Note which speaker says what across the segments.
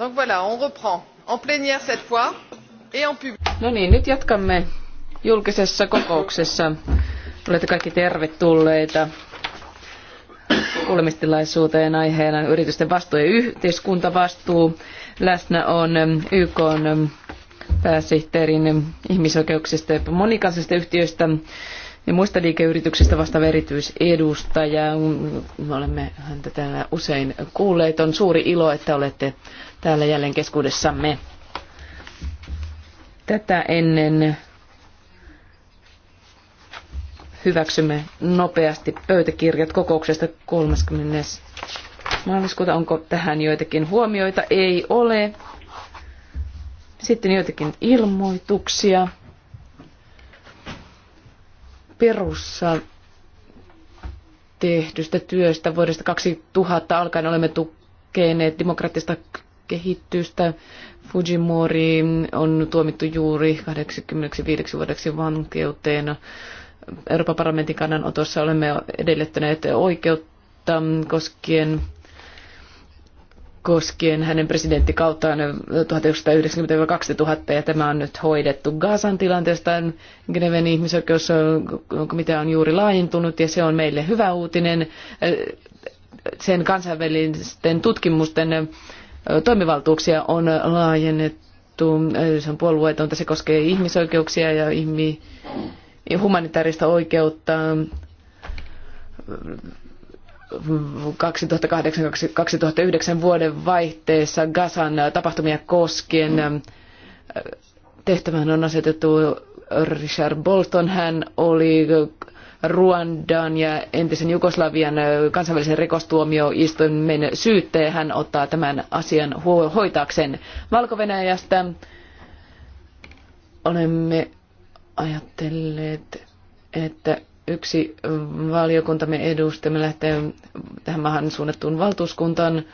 Speaker 1: Donc voilà, on reprend. En plénière cette
Speaker 2: fois et en public. No niin, nyt jatkamme julkisessa kokouksessa. Olette kaikki tervetulleita kuulemistilaisuuteen aiheena yritysten vastuu ja yhteiskuntavastuu. Läsnä on YK pääsihteerin ihmisoikeuksista ja monikansallisista yhtiöistä ja muista liikeyrityksistä vastaava erityisedustaja. Mm, me olemme häntä täällä usein kuulleet. On suuri ilo, että olette täällä jälleen keskuudessamme. Tätä ennen hyväksymme nopeasti pöytäkirjat kokouksesta 30. maaliskuuta. Onko tähän joitakin huomioita? Ei ole. Sitten joitakin ilmoituksia. Perussa tehdystä työstä vuodesta 2000 alkaen olemme tukeneet demokraattista kehitystä. Fujimori on tuomittu juuri 85 vuodeksi vankeuteen. Euroopan parlamentin kannanotossa olemme edellyttäneet oikeutta koskien koskien hänen presidenttikauttaan 1990-2000 ja tämä on nyt hoidettu Gazan tilanteesta. Geneven ihmisoikeuskomitea on juuri laajentunut ja se on meille hyvä uutinen. Sen kansainvälisten tutkimusten toimivaltuuksia on laajennettu. Se on puolueetonta, että se koskee ihmisoikeuksia ja ihmi- humanitaarista oikeutta 2008-2009 vuoden vaihteessa Gazan tapahtumia koskien. Tehtävän on asetettu Richard Bolton. Hän oli Ruandan ja entisen Jugoslavian kansainvälisen rikostuomioistuimen syyttäjä. Hän ottaa tämän asian hoitaakseen valko -Venäjästä. Olemme ajatelleet, että Yksi valiokuntamme edustamme lähtee tähän maahan suunnattuun valtuuskuntaan.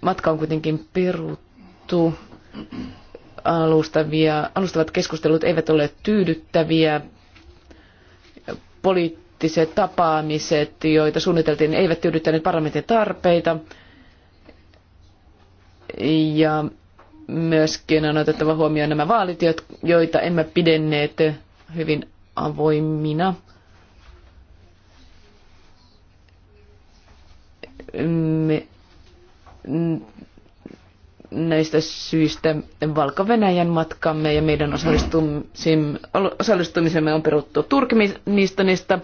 Speaker 2: Matka on kuitenkin peruttu. Alustavia, alustavat keskustelut eivät ole tyydyttäviä. Poliittiset tapaamiset, joita suunniteltiin, eivät tyydyttäneet parlamentin tarpeita. Ja myöskin on otettava huomioon nämä vaalit, joita emme pidenneet hyvin avoimina. Me, näistä syistä Valko-Venäjän matkamme ja meidän osallistumisemme on peruttu Turkmenistanista.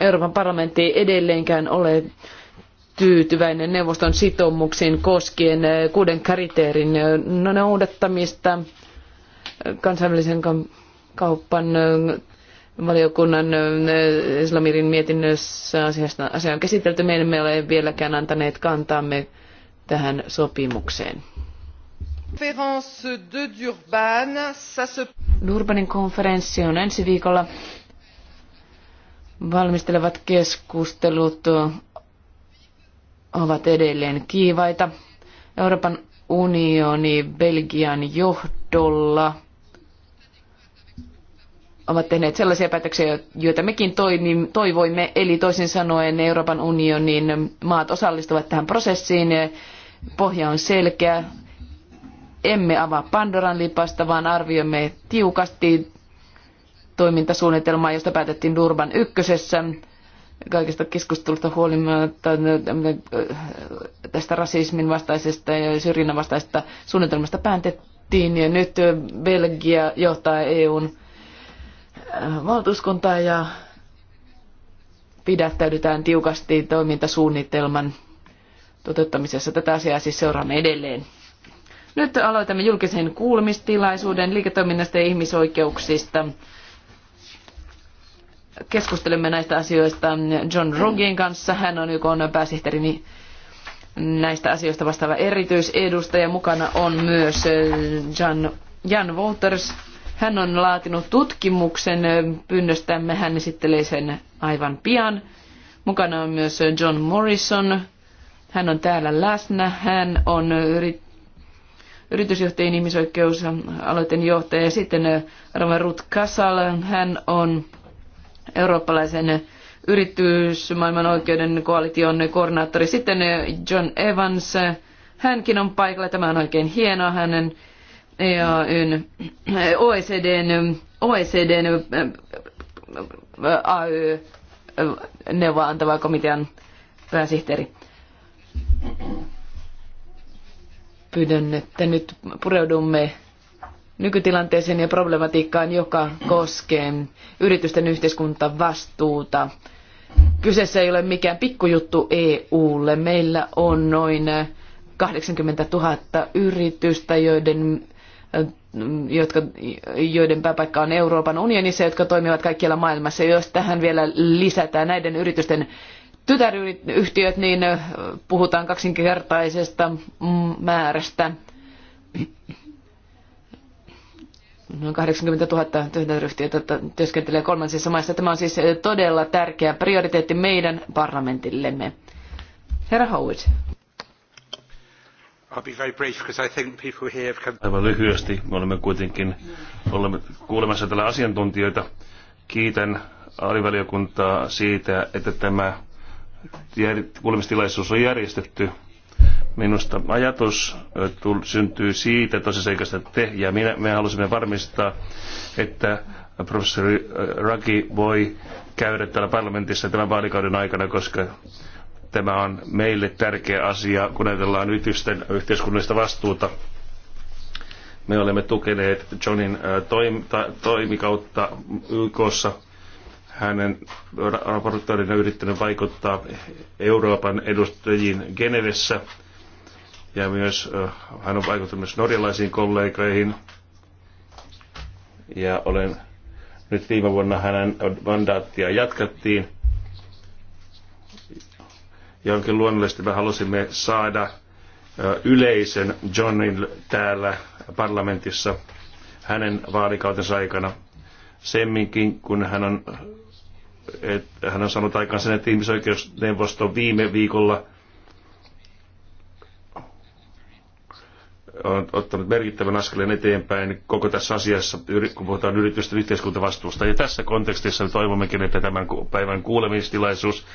Speaker 2: Euroopan parlamentti ei edelleenkään ole tyytyväinen neuvoston sitoumuksiin koskien eh, kuuden kriteerin eh, no, noudattamista eh, kansainvälisen kaupan valiokunnan Islamirin mietinnössä asiasta, asia on käsitelty. Me emme ole vieläkään antaneet kantaamme tähän sopimukseen. Durbanin konferenssi on ensi viikolla. Valmistelevat keskustelut ovat edelleen kiivaita. Euroopan unioni Belgian johdolla ovat tehneet sellaisia päätöksiä, joita mekin toivoimme, eli toisin sanoen Euroopan unionin maat osallistuvat tähän prosessiin. Pohja on selkeä. Emme avaa Pandoran lipasta, vaan arvioimme tiukasti toimintasuunnitelmaa, josta päätettiin Durban ykkösessä kaikista keskustelusta huolimatta äh, tästä rasismin vastaisesta ja syrjinnän vastaisesta suunnitelmasta päätettiin ja nyt äh, Belgia johtaa EUn äh, valtuuskuntaa ja pidättäydytään tiukasti toimintasuunnitelman toteuttamisessa. Tätä asiaa siis seuraamme edelleen. Nyt aloitamme julkisen kuulemistilaisuuden liiketoiminnasta ja ihmisoikeuksista keskustelemme näistä asioista John Rugin kanssa. Hän on YK pääsihteerini näistä asioista vastaava erityisedustaja. Mukana on myös eh, Jan, Jan Wouters. Hän on laatinut tutkimuksen eh, pyynnöstämme. Hän esittelee sen aivan pian. Mukana on myös eh, John Morrison. Hän on täällä läsnä. Hän on yrit- yritysjohtajien ihmisoikeusaloitteen johtaja. Sitten Rama Ruth Kasal. Hän on eurooppalaisen yritysmaailman oikeuden koalition koordinaattori. Sitten eh, John Evans, hänkin on paikalla. Tämä on oikein hienoa. Hänen EAYn, eh, eh, OECDn, OECDn AY neuvoa antava komitean pääsihteeri. Pyydän, että nyt pureudumme nykytilanteeseen ja problematiikkaan, joka koskee yritysten yhteiskuntavastuuta. Kyseessä ei ole mikään pikkujuttu EUlle. Meillä on noin 80 000 yritystä, joiden jotka, joiden pääpaikka on Euroopan unionissa, jotka toimivat kaikkialla maailmassa. Jos tähän vielä lisätään näiden yritysten tytäryhtiöt, niin puhutaan kaksinkertaisesta määrästä noin 80 000 työntekijöitä työskentelee kolmansissa maissa. Tämä on siis eh, todella tärkeä prioriteetti meidän parlamentillemme. Herra Howard.
Speaker 3: I'll be very brief because I think people here have
Speaker 4: come... Aivan lyhyesti. Me olemme kuitenkin olemme kuulemassa tällä asiantuntijoita. Kiitän alivaliokuntaa siitä, että tämä kuulemistilaisuus on järjestetty Minusta ajatus syntyy siitä tosiseikasta, että te ja minä, me halusimme varmistaa, että professori Raki voi käydä täällä parlamentissa tämän vaalikauden aikana, koska tämä on meille tärkeä asia, kun ajatellaan yhteisten yhteiskunnallista vastuuta. Me olemme tukeneet Johnin toimikautta YKssa hänen raportoidina yrittänyt vaikuttaa Euroopan edustajiin Genevessä ja myös hän on vaikuttanut myös norjalaisiin kollegoihin. Ja olen nyt viime vuonna hänen mandaattia jatkattiin. Ja onkin luonnollisesti me halusimme saada yleisen Johnin täällä parlamentissa hänen vaalikautensa aikana semminkin, kun hän on että hän on saanut aikaan sen, että ihmisoikeusneuvosto viime viikolla on ottanut merkittävän askeleen eteenpäin koko tässä asiassa, kun puhutaan yritysten yhteiskuntavastuusta. Ja tässä kontekstissa toivommekin, että tämän päivän kuulemistilaisuus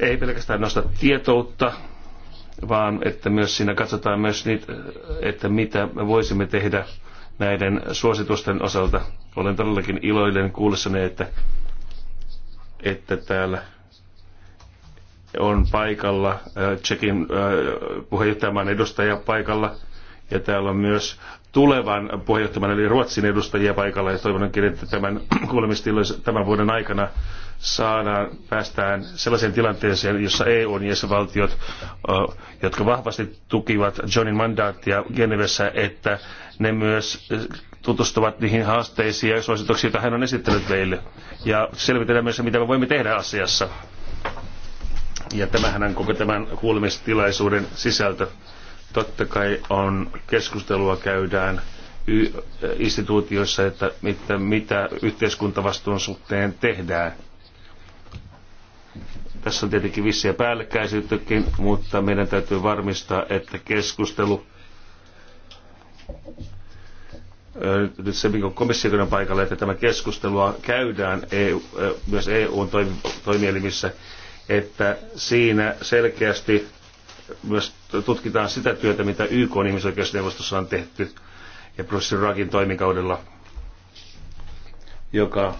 Speaker 4: ei pelkästään nosta tietoutta, vaan että myös siinä katsotaan myös niitä, että mitä me voisimme tehdä näiden suositusten osalta. Olen todellakin iloinen kuullessani, että että täällä on paikalla äh, Tsekin äh, puheenjohtajamaan edustaja paikalla ja täällä on myös tulevan puheenjohtajan eli Ruotsin edustajia paikalla ja toivonkin, että tämän kuulemistilaisuuden tämän vuoden aikana saadaan, päästään sellaiseen tilanteeseen, jossa EUn jäsenvaltiot, äh, jotka vahvasti tukivat Johnin mandaattia Genevessä, että ne myös tutustuvat niihin haasteisiin ja suosituksiin, joita hän on esittänyt meille. Ja selvitellään myös, mitä me voimme tehdä asiassa. Ja tämähän on koko tämän kuulemistilaisuuden sisältö. Totta kai on keskustelua käydään instituutioissa, että mitä, mitä yhteiskuntavastuun suhteen tehdään. Tässä on tietenkin vissiä päällekkäisyyttäkin, mutta meidän täytyy varmistaa, että keskustelu nyt se, kun komissiokin on paikalla, että tämä keskustelua käydään EU, myös EUn toimielimissä, että siinä selkeästi myös tutkitaan sitä työtä, mitä YK on ihmisoikeusneuvostossa on tehty ja professori Rakin toimikaudella, joka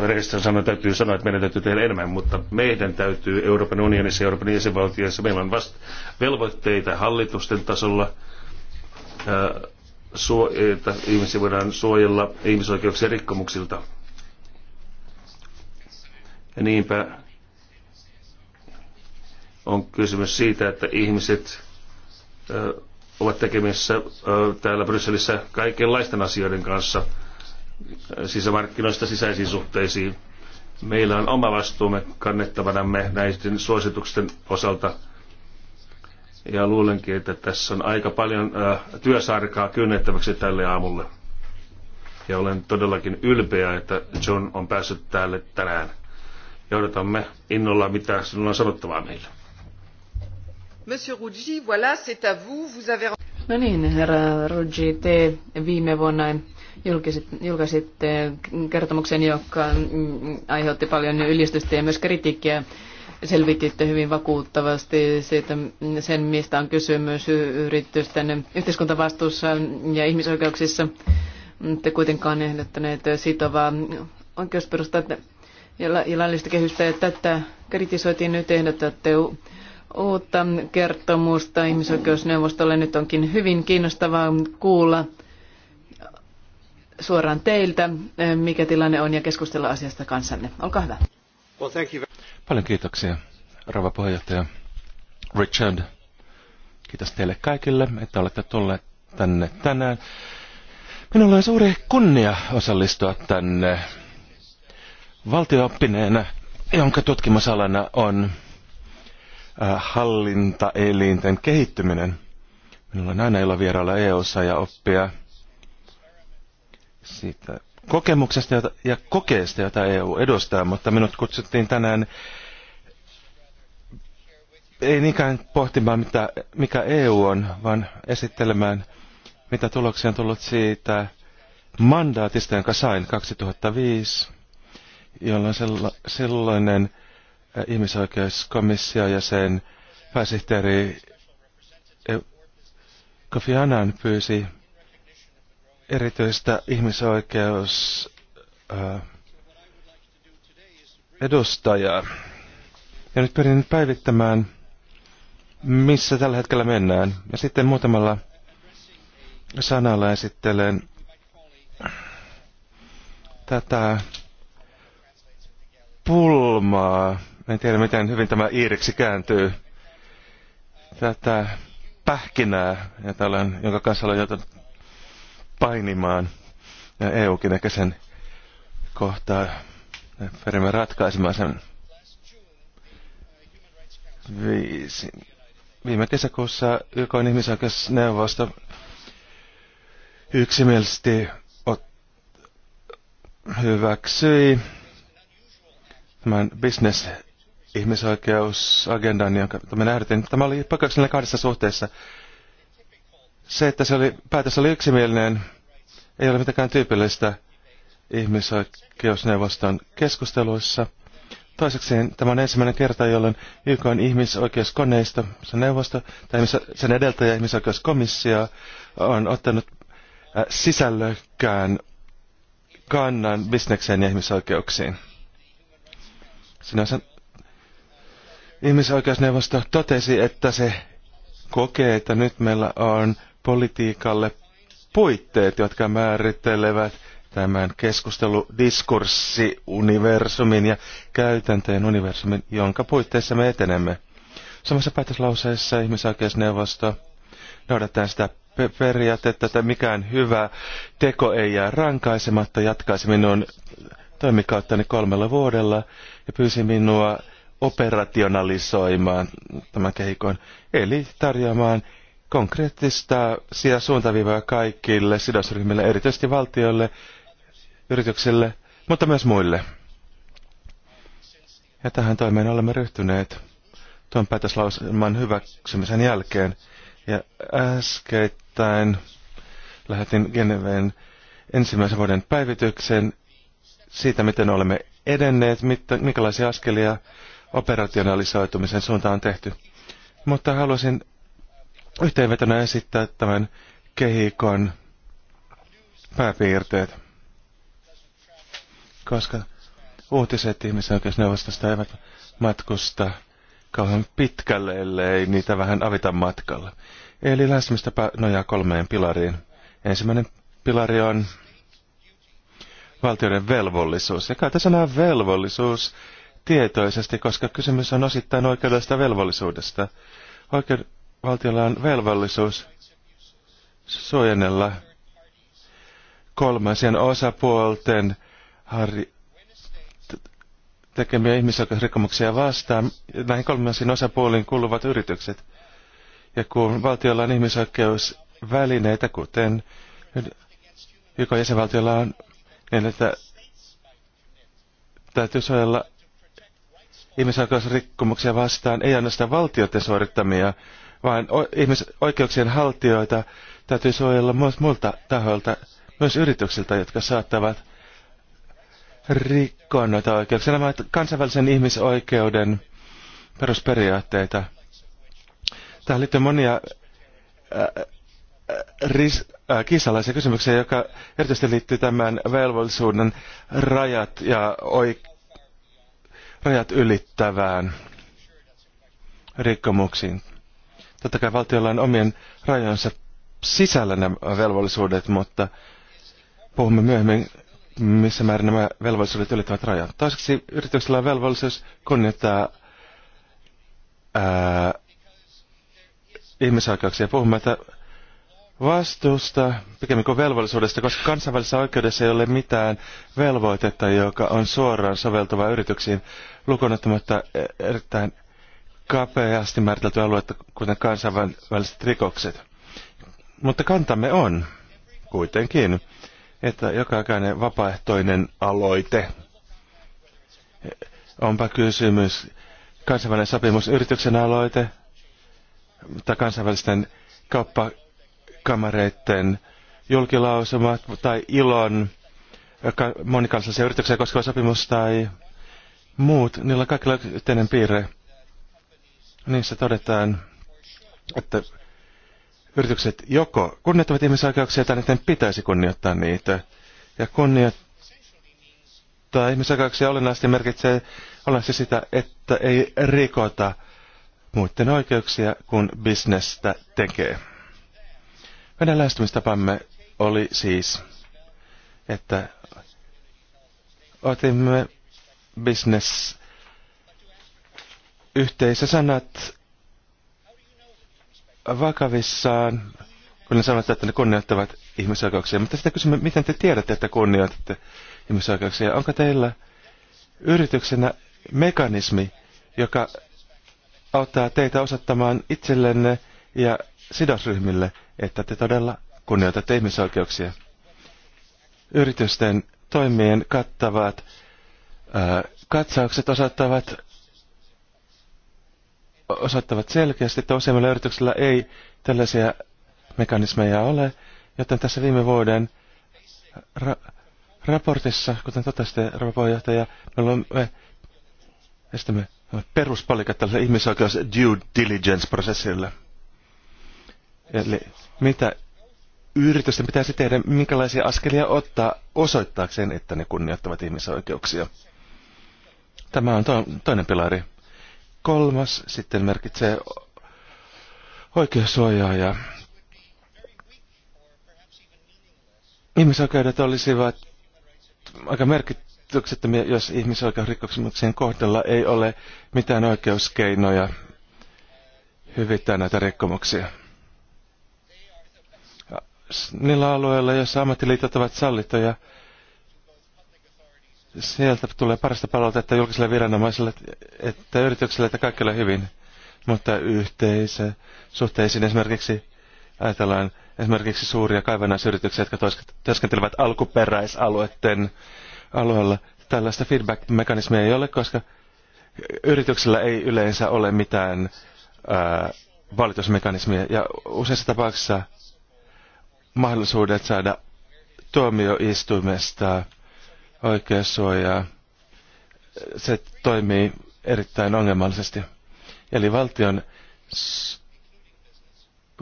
Speaker 4: rehellisesti sanoen täytyy sanoa, että meidän täytyy tehdä enemmän, mutta meidän täytyy Euroopan unionissa ja Euroopan jäsenvaltioissa, meillä on vasta velvoitteita hallitusten tasolla, suo, että ihmisiä voidaan suojella ihmisoikeuksien rikkomuksilta. Ja niinpä on kysymys siitä, että ihmiset ö, ovat tekemissä ö, täällä Brysselissä kaikenlaisten asioiden kanssa sisämarkkinoista sisäisiin suhteisiin. Meillä on oma vastuumme kannettavanamme näiden suositusten osalta – ja luulenkin, että tässä on aika paljon äh, työsarkaa kynnettäväksi tälle aamulle. Ja olen todellakin ylpeä, että John on päässyt täällä tänään. Ja odotamme innolla, mitä sinulla on sanottavaa meille.
Speaker 1: Monsieur Ruggi, voilà, c'est à vous. Vous avez...
Speaker 2: No niin, herra Ruggi, te viime vuonna julkaisitte kertomuksen, joka mm, aiheutti paljon ylistystä ja myös kritiikkiä selvititte hyvin vakuuttavasti siitä, sen, mistä on kysymys yritysten yhteiskuntavastuussa ja ihmisoikeuksissa, mutta kuitenkaan ehdottaneet sitovaa oikeusperustaa ja laillista kehystä. Ja tätä kritisoitiin nyt ehdotatte uutta kertomusta ihmisoikeusneuvostolle. Nyt onkin hyvin kiinnostavaa kuulla suoraan teiltä, mikä tilanne on ja keskustella asiasta kanssanne. Olkaa hyvä.
Speaker 3: Well, Paljon kiitoksia, rouva puheenjohtaja Richard. Kiitos teille kaikille, että olette tulleet tänne tänään. Minulla on suuri kunnia osallistua tänne valtiooppineena, jonka tutkimusalana on äh, hallintaelinten kehittyminen. Minulla on aina ilo vierailla EU-ssa ja oppia siitä kokemuksesta ja kokeesta, jota EU edustaa, mutta minut kutsuttiin tänään ei niinkään pohtimaan, mitä, mikä EU on, vaan esittelemään, mitä tuloksia on tullut siitä mandaatista, jonka sain 2005, jolloin silloinen äh, ihmisoikeuskomissio ja sen pääsihteeri äh, Kofi Annan pyysi erityistä ihmisoikeus äh, edustajaa. Ja nyt pyrin päivittämään missä tällä hetkellä mennään. Ja sitten muutamalla sanalla esittelen tätä pulmaa. En tiedä, miten hyvin tämä iiriksi kääntyy. Tätä pähkinää, jota olen, jonka kanssa olen joutunut painimaan. Ja EUkin ehkä sen kohtaa. Me perimme ratkaisemaan sen viisi Viime kesäkuussa YK ihmisoikeusneuvosto yksimielisesti hyväksyi tämän business ihmisoikeusagendan, jonka me nähdettiin. Tämä oli poikkeuksellinen kahdessa suhteessa. Se, että se oli, päätös oli yksimielinen, ei ole mitenkään tyypillistä ihmisoikeusneuvoston keskusteluissa – Toisekseen tämä on ensimmäinen kerta, jolloin YK on ihmisoikeuskoneisto, sen neuvosto, tai sen edeltäjä ihmisoikeuskomissio on ottanut äh, sisällökkään kannan bisnekseen ja ihmisoikeuksiin. Sinänsä ihmisoikeusneuvosto totesi, että se kokee, että nyt meillä on politiikalle puitteet, jotka määrittelevät tämän keskusteludiskurssi universumin ja käytänteen universumin, jonka puitteissa me etenemme. Samassa päätöslauseessa ihmisoikeusneuvosto noudattaa sitä periaatetta, että mikään hyvä teko ei jää rankaisematta. Jatkaisi minun toimikauttani kolmella vuodella ja pyysi minua operationalisoimaan tämän kehikon, eli tarjoamaan konkreettista sijasuuntaviivaa kaikille sidosryhmille, erityisesti valtioille, yrityksille, mutta myös muille. Ja tähän toimeen olemme ryhtyneet tuon päätöslauselman hyväksymisen jälkeen. Ja äskeittäin lähetin Geneveen ensimmäisen vuoden päivityksen siitä, miten olemme edenneet, mitä, minkälaisia askelia operationalisoitumisen suuntaan on tehty. Mutta haluaisin yhteenvetona esittää tämän kehikon pääpiirteet koska uutiset oikeusneuvostosta eivät matkusta kauhean pitkälle, ellei niitä vähän avita matkalla. Eli lähestymistä nojaa kolmeen pilariin. Ensimmäinen pilari on valtioiden velvollisuus. Ja käytä sanaa velvollisuus tietoisesti, koska kysymys on osittain oikeudesta velvollisuudesta. Oikeud valtiolla on velvollisuus suojennella kolmansien osapuolten harri, tekemiä ihmisoikeusrikkomuksia vastaan. Näihin kolmansiin osapuoliin kuuluvat yritykset. Ja kun valtiolla on ihmisoikeusvälineitä, kuten joka jäsenvaltiolla on, niin että täytyy suojella ihmisoikeusrikkomuksia vastaan ei ainoastaan valtioiden suorittamia, vaan ihmisoikeuksien haltijoita täytyy suojella myös muilta tahoilta, myös yrityksiltä, jotka saattavat rikkoa noita oikeuksia. Nämä kansainvälisen ihmisoikeuden perusperiaatteita. Tähän liittyy monia äh, äh ris, äh, kiisalaisia kysymyksiä, joka erityisesti liittyy tämän velvollisuuden rajat ja oik, rajat ylittävään rikkomuksiin. Totta kai valtiolla on omien rajansa sisällä nämä velvollisuudet, mutta puhumme myöhemmin missä määrin nämä velvollisuudet ylittävät rajan. Toiseksi yrityksellä on velvollisuus kunnioittaa ihmisoikeuksia puhumatta vastuusta, pikemmin kuin velvollisuudesta, koska kansainvälisessä oikeudessa ei ole mitään velvoitetta, joka on suoraan soveltuva yrityksiin lukunottamatta e, erittäin kapeasti määritelty aluetta, kuten kansainväliset rikokset. Mutta kantamme on kuitenkin että jokainen vapaaehtoinen aloite, onpa kysymys kansainvälinen sopimusyrityksen aloite tai kansainvälisten kauppakamareiden julkilausumat tai ilon monikansallisia yrityksiä koskeva sopimus tai muut, niillä on kaikilla yhteinen piirre. Niissä todetaan, että yritykset joko kunnioittavat ihmisoikeuksia tai niiden pitäisi kunnioittaa niitä. Ja kunnioittaa ihmisoikeuksia olennaisesti merkitsee olennaisesti sitä, että ei rikota muiden oikeuksia, kun bisnestä tekee. Meidän lähestymistapamme oli siis, että otimme business sanat vakavissaan, kun ne sanovat, että ne kunnioittavat ihmisoikeuksia. Mutta sitten kysymme, miten te tiedätte, että kunnioitatte ihmisoikeuksia? Onko teillä yrityksenä mekanismi, joka auttaa teitä osoittamaan itsellenne ja sidosryhmille, että te todella kunnioitatte ihmisoikeuksia? Yritysten toimien kattavat ää, katsaukset osoittavat osoittavat selkeästi, että useimmilla yrityksillä ei tällaisia mekanismeja ole, joten tässä viime vuoden ra- raportissa, kuten totesitte, rouva puheenjohtaja, meillä on, me estämme peruspalikat tälle ihmisoikeus due diligence-prosessille. Eli mitä yritysten pitäisi tehdä, minkälaisia askelia ottaa osoittaakseen, että ne kunnioittavat ihmisoikeuksia. Tämä on to- toinen pilari. Kolmas sitten merkitsee oikeussuojaa ja ihmisoikeudet olisivat aika merkityksettömiä, jos ihmisoikeusrikkomuksien kohdalla ei ole mitään oikeuskeinoja hyvittää näitä rikkomuksia. Niillä alueilla, joissa ammattiliitot ovat sallittuja, Sieltä tulee parasta palautetta julkisille viranomaisille, että yrityksille, että kaikki on hyvin. Mutta yhteisö, suhteisiin esimerkiksi ajatellaan esimerkiksi suuria kaivannaisyrityksiä, jotka työskentelevät alkuperäisalueiden alueella. Tällaista feedback-mekanismia ei ole, koska yrityksillä ei yleensä ole mitään ää, valitusmekanismia. Ja useissa tapauksissa mahdollisuudet saada tuomioistuimesta oikeussuojaa, se toimii erittäin ongelmallisesti. Eli valtion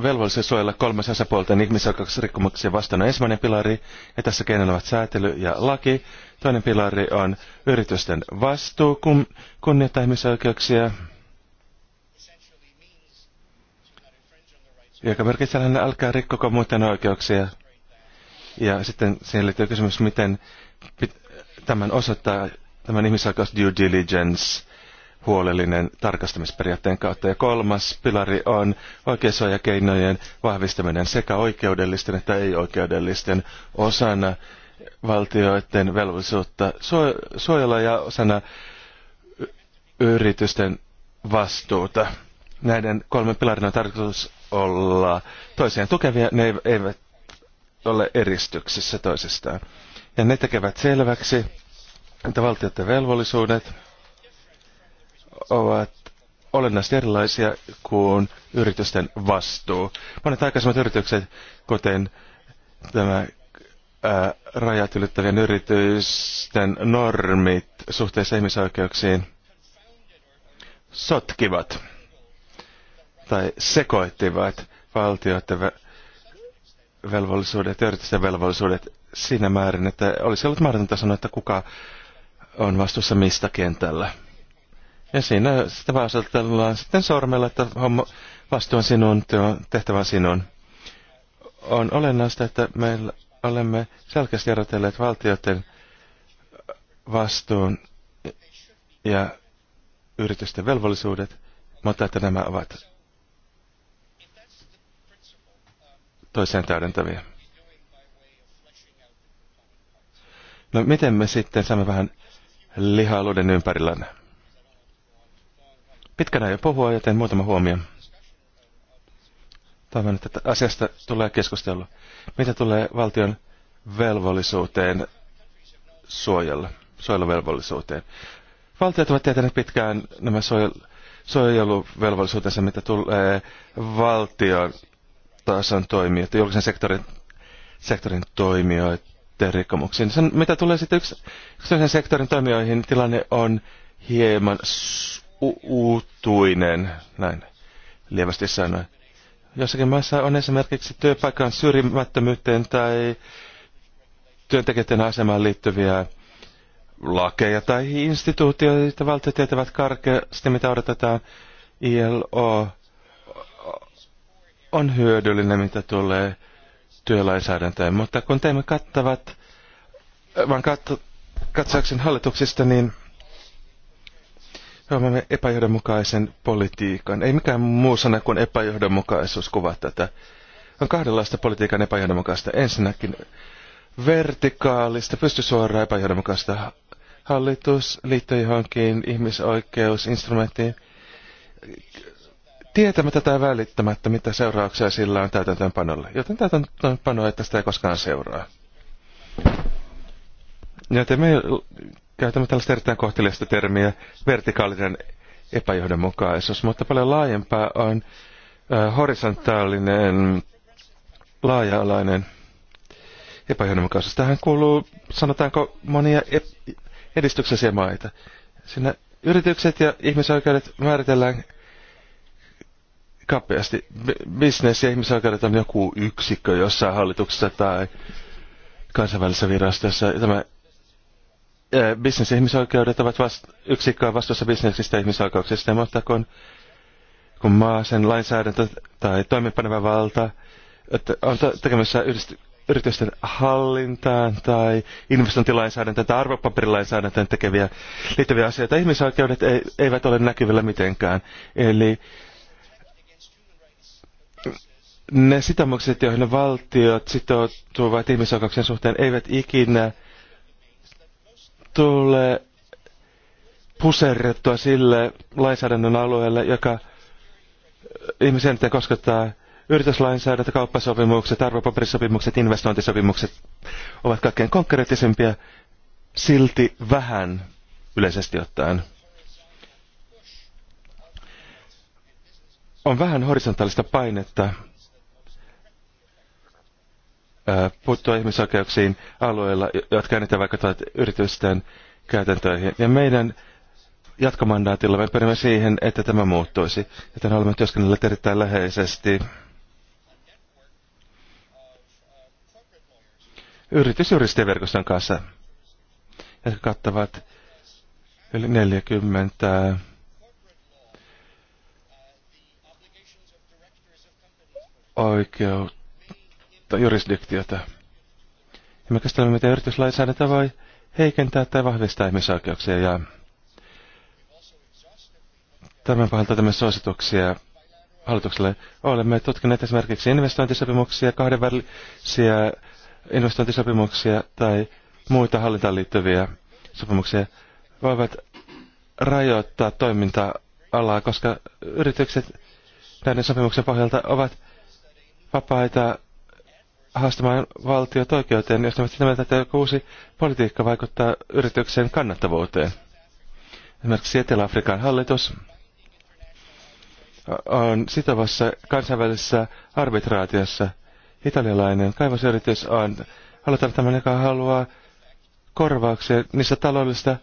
Speaker 3: velvollisuus suojella kolmas osapuolten ihmisoikeusrikkomuksia vastaan on ensimmäinen pilari, ja tässä keinoin ovat säätely ja laki. Toinen pilari on yritysten vastuu kun, kunnioittaa ihmisoikeuksia, joka merkitsee lähinnä älkää rikkoko muiden oikeuksia. Ja sitten siihen liittyy kysymys, miten pit, tämän osoittaa tämän ihmisoikeus due diligence huolellinen tarkastamisperiaatteen kautta. Ja kolmas pilari on oikeusohjakeinojen vahvistaminen sekä oikeudellisten että ei-oikeudellisten osana valtioiden velvollisuutta suojella ja osana yritysten vastuuta. Näiden kolmen pilarin on tarkoitus olla toisiaan tukevia, ne eivät ole eristyksissä toisistaan. Ja ne tekevät selväksi, että valtioiden velvollisuudet ovat olennaisesti erilaisia kuin yritysten vastuu. Monet aikaisemmat yritykset, kuten tämä ää, rajat ylittävien yritysten normit suhteessa ihmisoikeuksiin, sotkivat tai sekoittivat valtioiden velvollisuudet ja yritysten velvollisuudet siinä määrin, että olisi ollut mahdotonta sanoa, että kuka on vastuussa mistä kentällä. Ja siinä sitä vaasatellaan sitten sormella, että homma, vastuu on sinun, tehtävä on sinun. On olennaista, että meillä olemme selkeästi erotelleet valtioiden vastuun ja yritysten velvollisuudet, mutta että nämä ovat toiseen täydentäviä. No miten me sitten saamme vähän lihaa luiden ympärillä? Pitkänä jo puhua, joten muutama huomio. Toivon, että asiasta tulee keskustelua. Mitä tulee valtion velvollisuuteen suojella, suojeluvelvollisuuteen? Valtiot ovat tietäneet pitkään nämä suojeluvelvollisuutensa, mitä tulee valtion tason toimijoita, julkisen sektorin, sektorin toimijoita sitten rikkomuksiin. Sen, mitä tulee sitten yks, yksityisen sektorin toimijoihin, tilanne on hieman uutuinen, näin lievästi sanoen. Jossakin maissa on esimerkiksi työpaikan syrjimättömyyteen tai työntekijöiden asemaan liittyviä lakeja tai instituutioita. Valtiot tietävät karkeasti, mitä odotetaan. ILO on hyödyllinen, mitä tulee työlainsäädäntöä, Mutta kun teemme kattavat, vaan katso, katsauksen hallituksista, niin huomaamme epäjohdonmukaisen politiikan. Ei mikään muu sana kuin epäjohdonmukaisuus kuvaa tätä. On kahdenlaista politiikan epäjohdonmukaista. Ensinnäkin vertikaalista, pystysuoraa epäjohdonmukaista hallitus liittyy johonkin ihmisoikeusinstrumenttiin tietämättä tai välittämättä, mitä seurauksia sillä on täytäntöönpanolle. Joten täytäntöönpano, ei tästä ei koskaan seuraa. Joten me käytämme tällaista erittäin kohteliasta termiä vertikaalinen epäjohdonmukaisuus, mutta paljon laajempaa on äh, horisontaalinen, laaja-alainen epäjohdonmukaisuus. Tähän kuuluu, sanotaanko, monia edistyksellisiä maita. Siinä yritykset ja ihmisoikeudet määritellään kapeasti. Business ja ihmisoikeudet on joku yksikkö jossain hallituksessa tai kansainvälisessä virastossa. Tämä eh, business- ja ihmisoikeudet ovat vast, yksikköä vastuussa bisneksistä ja ihmisoikeuksista, mutta kun, kun maa, sen lainsäädäntö tai toimipaneva valta että on tekemässä yhdist, yritysten hallintaan tai investointilainsäädäntöön tai arvopaperilainsäädäntöön tekeviä liittyviä asioita. Ihmisoikeudet ei, eivät ole näkyvillä mitenkään. Eli ne sitoumukset, joihin valtiot sitoutuvat ihmisoikeuksien suhteen, eivät ikinä tule puserrettua sille lainsäädännön alueelle, joka ihmisen eniten koskettaa. Yrityslainsäädäntö, kauppasopimukset, arvopaperisopimukset, investointisopimukset ovat kaikkein konkreettisempia, silti vähän yleisesti ottaen. On vähän horisontaalista painetta puuttua ihmisoikeuksiin alueilla, jotka eniten vaikuttavat yritysten käytäntöihin. Ja meidän jatkomandaatilla me pyrimme siihen, että tämä muuttuisi. Joten olemme työskennelleet erittäin läheisesti yritysjuristien verkoston kanssa, jotka kattavat yli 40 oikeutta jurisdiktiota. Ja me käsittelemme, miten yrityslainsäädäntö voi heikentää tai vahvistaa ihmisoikeuksia. Ja tämän pohjalta tämän suosituksia hallitukselle. Olemme tutkineet esimerkiksi investointisopimuksia, kahdenvälisiä investointisopimuksia tai muita hallintaan liittyviä sopimuksia. Voivat rajoittaa toiminta-alaa, koska yritykset näiden sopimuksen pohjalta ovat vapaita haastamaan valtiot oikeuteen, jos ne ovat sitä mieltä, että joku uusi politiikka vaikuttaa yrityksen kannattavuuteen. Esimerkiksi Etelä-Afrikan hallitus on sitovassa kansainvälisessä arbitraatiossa. Italialainen kaivosyritys on aloittanut tämän, joka haluaa korvauksia niistä taloudellisista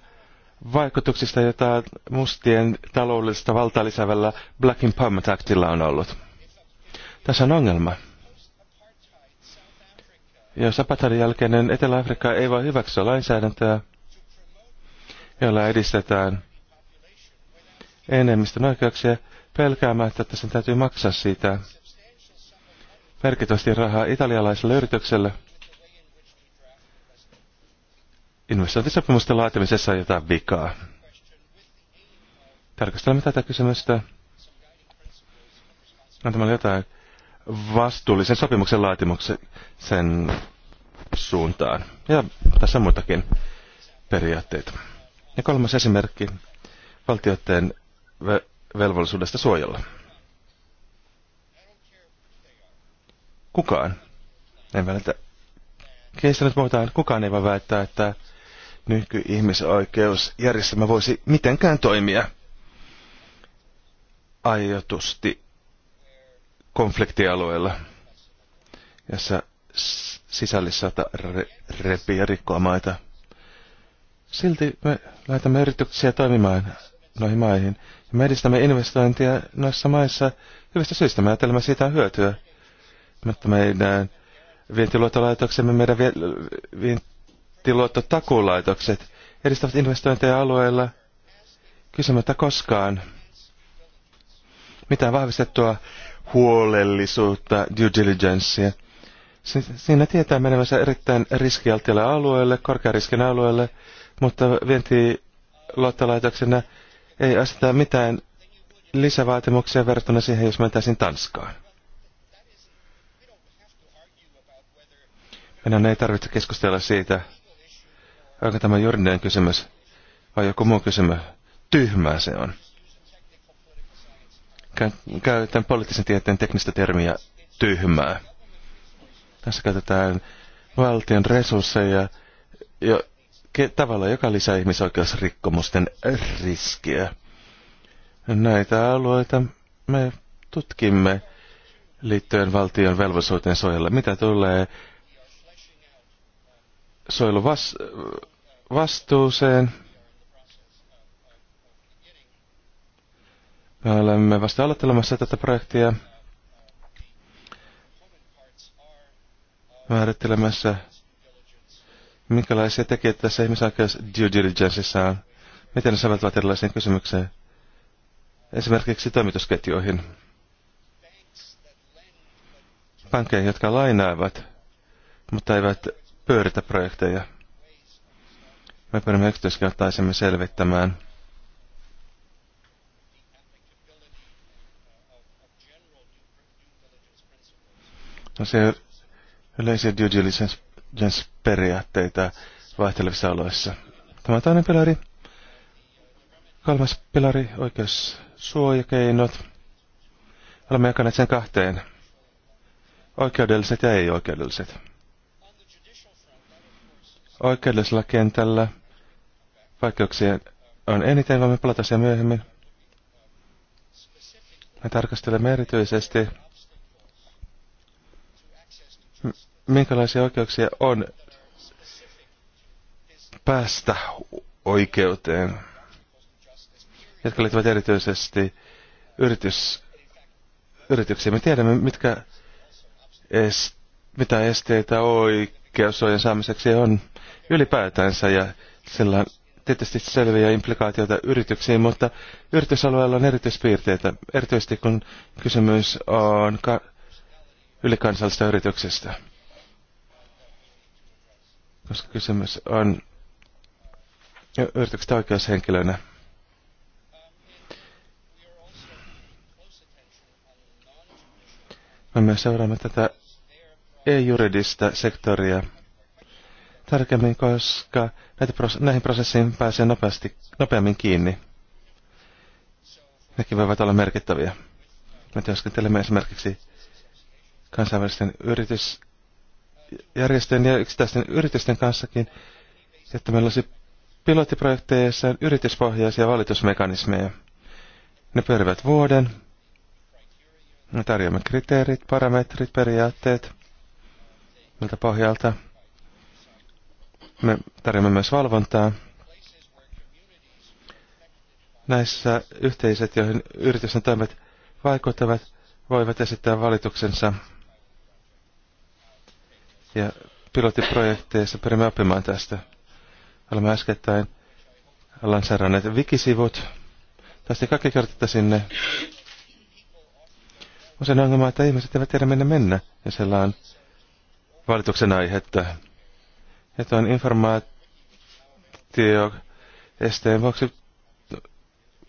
Speaker 3: vaikutuksista, joita mustien taloudellista valtaa lisäävällä Black Empowerment Actilla on ollut. Tässä on ongelma. Ja sapatarin jälkeinen Etelä-Afrikka ei voi hyväksyä lainsäädäntöä, jolla edistetään enemmistön oikeuksia pelkäämättä, että sen täytyy maksaa siitä merkittävästi rahaa italialaiselle yritykselle. Investointisopimusten laatimisessa on jotain vikaa. Tarkastelemme tätä kysymystä antamalla jotain vastuullisen sopimuksen laatimuksen sen suuntaan. Ja tässä on muitakin periaatteita. Ja kolmas esimerkki valtioiden ve- velvollisuudesta suojella. Kukaan, en välitä keistä nyt puhutaan, kukaan ei voi väittää, että nykyihmisoikeusjärjestelmä voisi mitenkään toimia aiotusti konfliktialueella, jossa sisällissota repii ja rikkoa maita. Silti me laitamme yrityksiä toimimaan noihin maihin ja me edistämme investointia noissa maissa hyvistä syistä. Me ajattelemme siitä on hyötyä, mutta meidän vientiluottolaitoksemme, meidän vientiluottotakuulaitokset edistävät investointeja alueella kysymättä koskaan mitään vahvistettua huolellisuutta, due diligencea. Siinä tietää menevänsä erittäin riskialtialle alueelle, riskin alueelle, mutta vientiluottolaitoksena ei aseta mitään lisävaatimuksia verrattuna siihen, jos mentäisiin Tanskaan. Meidän ei tarvitse keskustella siitä, onko tämä juridinen kysymys vai joku muu kysymys. Tyhmää se on käytän poliittisen tieteen teknistä termiä tyhmää. Tässä käytetään valtion resursseja jo, ke, tavalla, joka lisää ihmisoikeusrikkomusten riskiä. Näitä alueita me tutkimme liittyen valtion velvollisuuteen suojella. Mitä tulee suojeluvastuuseen, Me äh, olemme vasta aloittelemassa tätä projektia. Määrittelemässä, minkälaisia tekijöitä tässä ihmisoikeus due diligenceissa on. Miten ne soveltuvat erilaisiin kysymykseen? Esimerkiksi toimitusketjuihin. Pankkeihin, jotka lainaavat, mutta eivät pyöritä projekteja. Me pyrimme yksityiskohtaisemmin selvittämään – No se yleisiä due diligence-periaatteita vaihtelevissa oloissa. Tämä toinen pilari. Kolmas pilari, oikeussuojakeinot. Olemme jakaneet sen kahteen. Oikeudelliset ja ei-oikeudelliset. Oikeudellisella kentällä vaikeuksia on eniten, vaan me palataan siihen myöhemmin. Me tarkastelemme erityisesti minkälaisia oikeuksia on päästä oikeuteen, jotka liittyvät erityisesti yritys, yrityksiin. Me tiedämme, mitkä est, mitä esteitä oikeusojen saamiseksi on ylipäätänsä ja sillä on tietysti selviä implikaatioita yrityksiin, mutta yritysalueella on erityispiirteitä, erityisesti kun kysymys on ka- ylikansallisesta yrityksestä. Koska kysymys on yrityksestä oikeushenkilönä. Me myös seuraamme tätä ei-juridista sektoria tarkemmin, koska näitä, näihin prosessiin pääsee nopeasti, nopeammin kiinni. Nekin voivat olla merkittäviä. Me työskentelemme esimerkiksi kansainvälisten yritysjärjestöjen ja yksittäisten yritysten kanssakin, että meillä olisi pilottiprojekteja, joissa on yrityspohjaisia valitusmekanismeja. Ne pyörivät vuoden. Me tarjoamme kriteerit, parametrit, periaatteet, miltä pohjalta. Me tarjoamme myös valvontaa. Näissä yhteiset, joihin yritysten toimet vaikuttavat, voivat esittää valituksensa ja pilottiprojekteissa pyrimme oppimaan tästä. Olemme äskettäin lanseeranneet wikisivut. Tästä kaikki kertaa sinne. Usein ongelma, että ihmiset eivät tiedä minne mennä, ja siellä on valituksen aihetta. Ja tuon informaatio esteen vuoksi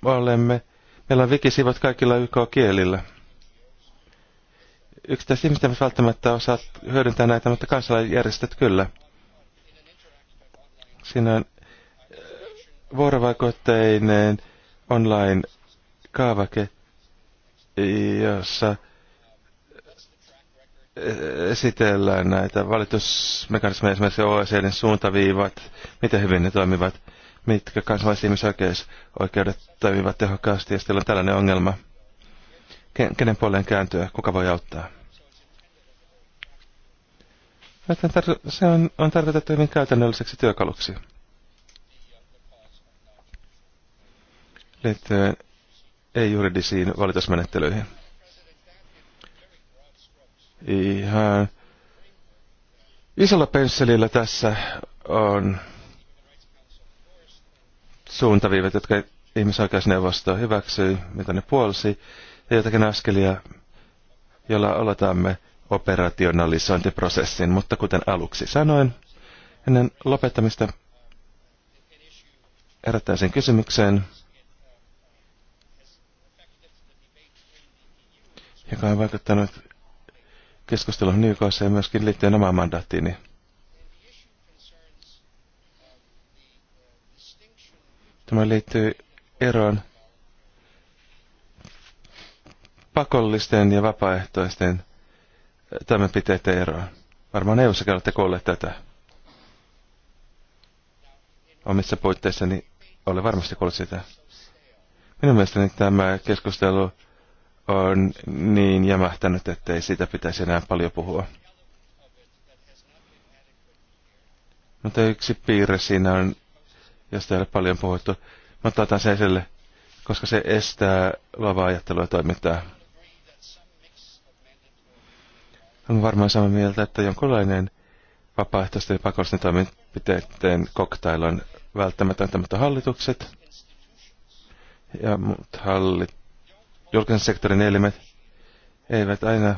Speaker 3: olemme, meillä on wikisivut kaikilla YK-kielillä. Yksittäiset ihmiset eivät välttämättä osaa hyödyntää näitä, mutta kansalaisjärjestöt kyllä. Siinä on eh, vuorovaikutteinen online-kaavake, jossa eh, esitellään näitä valitusmekanismeja, esimerkiksi OECDn suuntaviivat, miten hyvin ne toimivat, mitkä kansalaiset ihmisoikeudet toimivat tehokkaasti, ja sitten on tällainen ongelma. Kenen puoleen kääntyä, kuka voi auttaa? Joten tar- se on, on tarkoitettu hyvin käytännölliseksi työkaluksi. Liittyen ei-juridisiin valitusmenettelyihin. Ihan isolla pensselillä tässä on suuntaviivet, jotka ihmisoikeusneuvosto hyväksyi, mitä ne puolsi, ja jotakin askelia, jolla aloitamme operationalisointiprosessin, mutta kuten aluksi sanoin, ennen lopettamista herättäisin kysymykseen, joka on vaikuttanut keskustelun YKssa ja myöskin liittyen omaan mandaattiini. Tämä liittyy eroon pakollisten ja vapaaehtoisten toimenpiteitä eroa. Varmaan EU-sakin olette kuulleet tätä. Omissa puitteissani ole varmasti kuullut sitä. Minun mielestäni tämä keskustelu on niin jämähtänyt, ei siitä pitäisi enää paljon puhua. Mutta yksi piirre siinä on, josta ei ole paljon puhuttu. Mä otan sen esille, koska se estää luovaa ajattelua toimintaa. On varmaan samaa mieltä, että jonkinlainen vapaaehtoisten ja pakollisten toimenpiteiden koktail on välttämätöntä, mutta hallitukset ja muut hallit, julkisen sektorin elimet eivät aina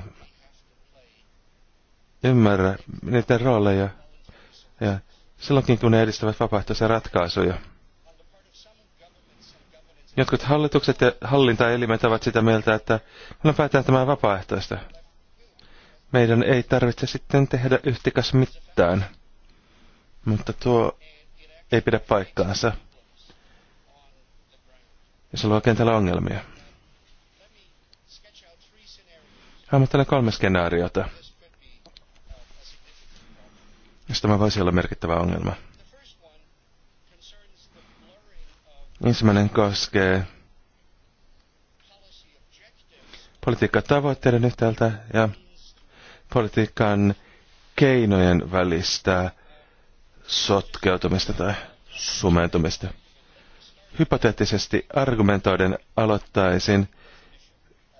Speaker 3: ymmärrä niiden rooleja. Ja silloinkin, kun ne edistävät vapaaehtoisia ratkaisuja. Jotkut hallitukset ja hallintaelimet ovat sitä mieltä, että me no, päätään tämä vapaaehtoista meidän ei tarvitse sitten tehdä yhtikäs mitään. Mutta tuo ei pidä paikkaansa. Ja se luo kentällä ongelmia. Hahmottelen kolme skenaariota, josta tämä voisi olla merkittävä ongelma. Ensimmäinen koskee tavoitteiden yhtäältä ja politiikan keinojen välistä sotkeutumista tai sumentumista. Hypoteettisesti argumentoiden aloittaisin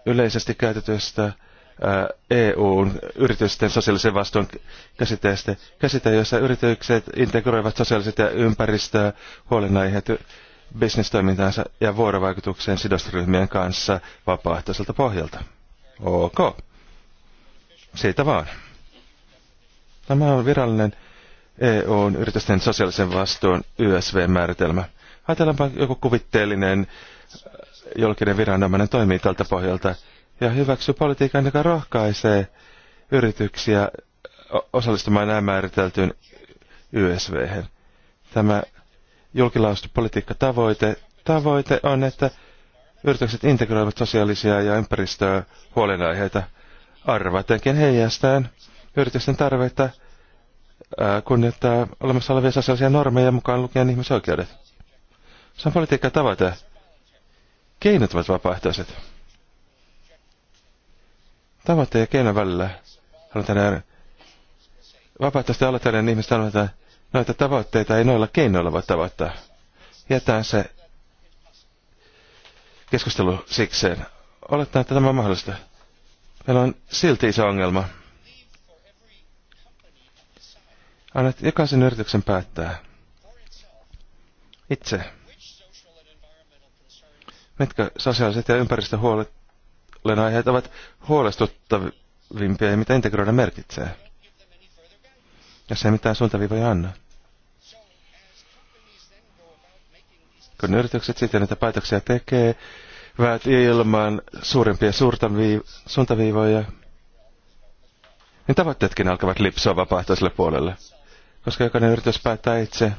Speaker 3: yleisesti käytetystä EUn yritysten sosiaalisen vastuun käsitteestä, käsite, jossa yritykset integroivat sosiaaliset ja ympäristöä huolenaiheet bisnestoimintaansa ja vuorovaikutukseen sidosryhmien kanssa vapaaehtoiselta pohjalta. Ok. Siitä vaan. Tämä on virallinen EUn yritysten sosiaalisen vastuun YSV-määritelmä. Ajatellaanpa joku kuvitteellinen äh, julkinen viranomainen toimii tältä pohjalta ja hyväksyy politiikan, joka rohkaisee yrityksiä osallistumaan näin määriteltyyn YSV. -hän. Tämä julkilaustopolitiikkatavoite Tavoite on, että yritykset integroivat sosiaalisia ja ympäristöä huolenaiheita – arvatenkin heijastaen yritysten tarveita kunnioittaa olemassa olevia sosiaalisia normeja mukaan lukien ihmisoikeudet. Se on politiikka tavoite. Keinot ovat vapaaehtoiset. Tavoite ja keinon välillä halutaan nähdä vapaaehtoisten aloitteiden ihmistä että noita tavoitteita ei noilla keinoilla voi tavoittaa. Jätään se keskustelu sikseen. Oletetaan, että tämä on mahdollista. Meillä on silti iso ongelma. Annat jokaisen yrityksen päättää itse, mitkä sosiaaliset ja aiheet ovat huolestuttavimpia ja mitä integroida merkitsee. Ja se ei mitään suuntaviivoja anna. Kun yritykset sitten näitä päätöksiä tekee, väät ilman suurempia suuntaviivoja, niin tavoitteetkin alkavat lipsoa vapaaehtoiselle puolelle, koska jokainen yritys päättää itse,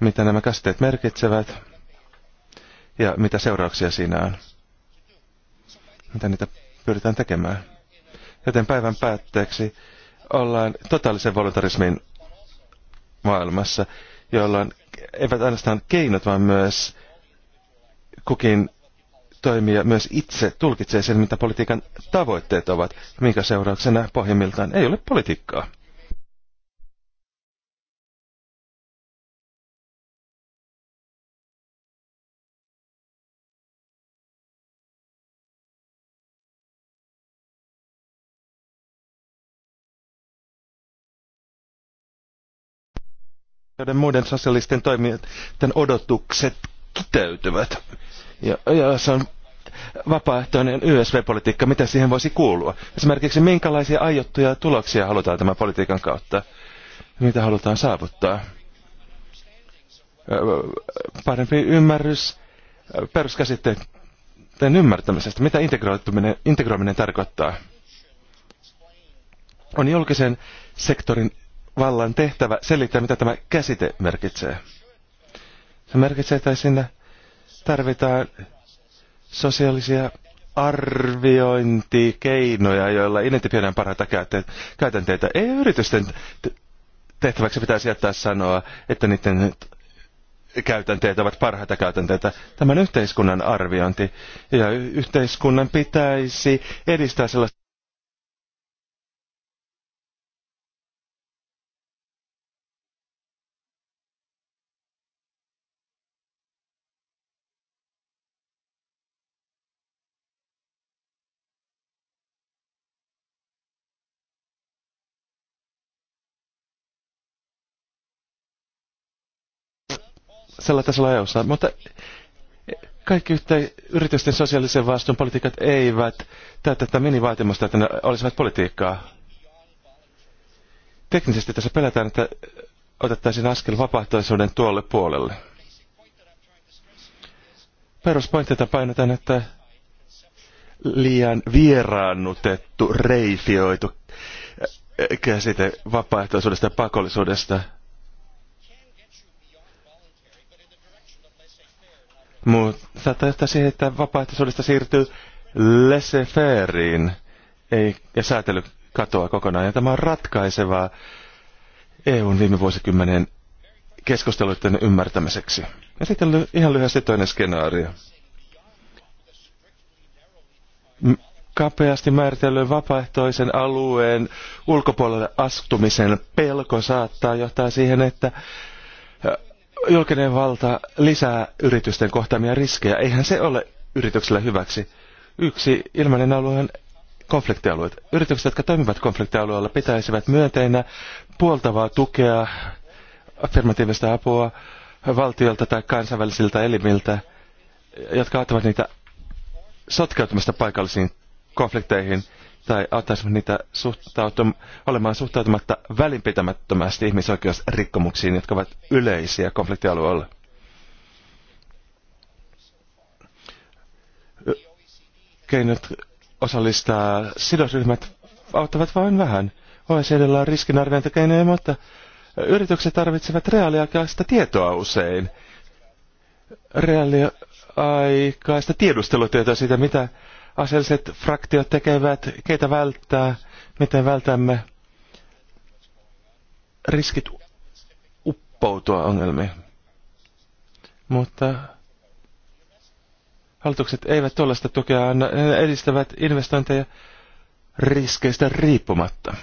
Speaker 3: mitä nämä kasteet merkitsevät ja mitä seurauksia siinä on, mitä niitä pyritään tekemään. Joten päivän päätteeksi ollaan totaalisen voluntarismin maailmassa, jolloin eivät ainoastaan keinot, vaan myös kukin toimija myös itse tulkitsee sen, mitä politiikan tavoitteet ovat, minkä seurauksena pohjimmiltaan ei ole politiikkaa. muiden sosialisten toimijoiden odotukset kiteytyvät ja, ja se on vapaaehtoinen YSV-politiikka, mitä siihen voisi kuulua? Esimerkiksi minkälaisia aiottuja tuloksia halutaan tämän politiikan kautta? Mitä halutaan saavuttaa? Parempi ymmärrys peruskäsitteiden ymmärtämisestä, mitä integroituminen, integroiminen tarkoittaa. On julkisen sektorin vallan tehtävä selittää, mitä tämä käsite merkitsee. Se merkitsee, että sinne Tarvitaan sosiaalisia arviointikeinoja, joilla identifioidaan parhaita käytänteitä. Ei yritysten tehtäväksi pitäisi jättää sanoa, että niiden käytänteet ovat parhaita käytänteitä. Tämän yhteiskunnan arviointi ja yhteiskunnan pitäisi edistää sellaista sellaisella tasolla eu Mutta kaikki yhtä yritysten sosiaalisen vastuun politiikat eivät täytä tätä minivaatimusta, että ne olisivat politiikkaa. Teknisesti tässä pelätään, että otettaisiin askel vapaaehtoisuuden tuolle puolelle. Peruspointeita painotan, että liian vieraannutettu, reifioitu käsite vapaaehtoisuudesta ja pakollisuudesta – Mutta tästä siihen, että vapaaehtoisuudesta siirtyy laissez ei, ja säätely katoaa kokonaan. Ja tämä on ratkaisevaa EUn viime vuosikymmenen keskusteluiden ymmärtämiseksi. Ja sitten ly- ihan lyhyesti toinen skenaario. Kapeasti määritellyn vapaaehtoisen alueen ulkopuolelle astumisen pelko saattaa johtaa siihen, että julkinen valta lisää yritysten kohtaamia riskejä. Eihän se ole yritykselle hyväksi. Yksi ilmainen alue on konfliktialueet. Yritykset, jotka toimivat konfliktialueella, pitäisivät myönteinä puoltavaa tukea, affirmatiivista apua valtiolta tai kansainvälisiltä elimiltä, jotka auttavat niitä sotkeutumasta paikallisiin konflikteihin – tai auttaisimme niitä suhtautum- olemaan suhtautumatta välinpitämättömästi ihmisoikeusrikkomuksiin, jotka ovat yleisiä konfliktialueella. Keinot osallistaa sidosryhmät auttavat vain vähän. OECDllä on riskinarviointikeinoja, mutta yritykset tarvitsevat reaaliaikaista tietoa usein. Reaaliaikaista tiedustelutietoa siitä, mitä aseelliset fraktiot tekevät, keitä välttää, miten vältämme riskit uppoutua ongelmiin. Mutta hallitukset eivät tuollaista tukea anna, ne edistävät investointeja riskeistä riippumatta.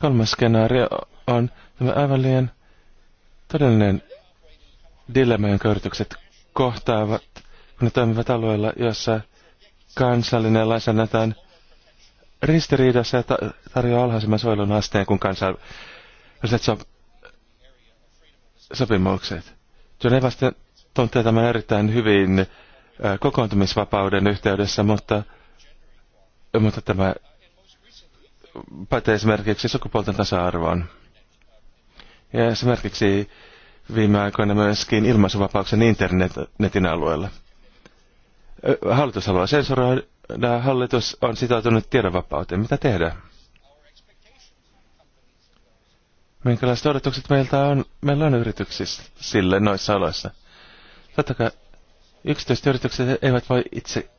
Speaker 3: Kolmas skenaario on tämä aivan liian todellinen dilemma, jonka yritykset kohtaavat ne toimivat alueella, jossa kansallinen lainsäädäntö on ristiriidassa ja ta tarjoaa alhaisemman suojelun asteen kuin kansainväliset so sopimukset. vasta tuntee tämän erittäin hyvin äh, kokoontumisvapauden yhteydessä, mutta, mutta tämä pätee esimerkiksi sukupuolten tasa-arvoon. Ja esimerkiksi viime aikoina myöskin ilmaisuvapauksen internetin alueella. Hallitus haluaa sensuroida, hallitus on sitoutunut tiedonvapauteen. Mitä tehdään? Minkälaiset odotukset meiltä on, meillä on yrityksissä sille noissa oloissa? Totta kai yksityiset yritykset eivät voi itse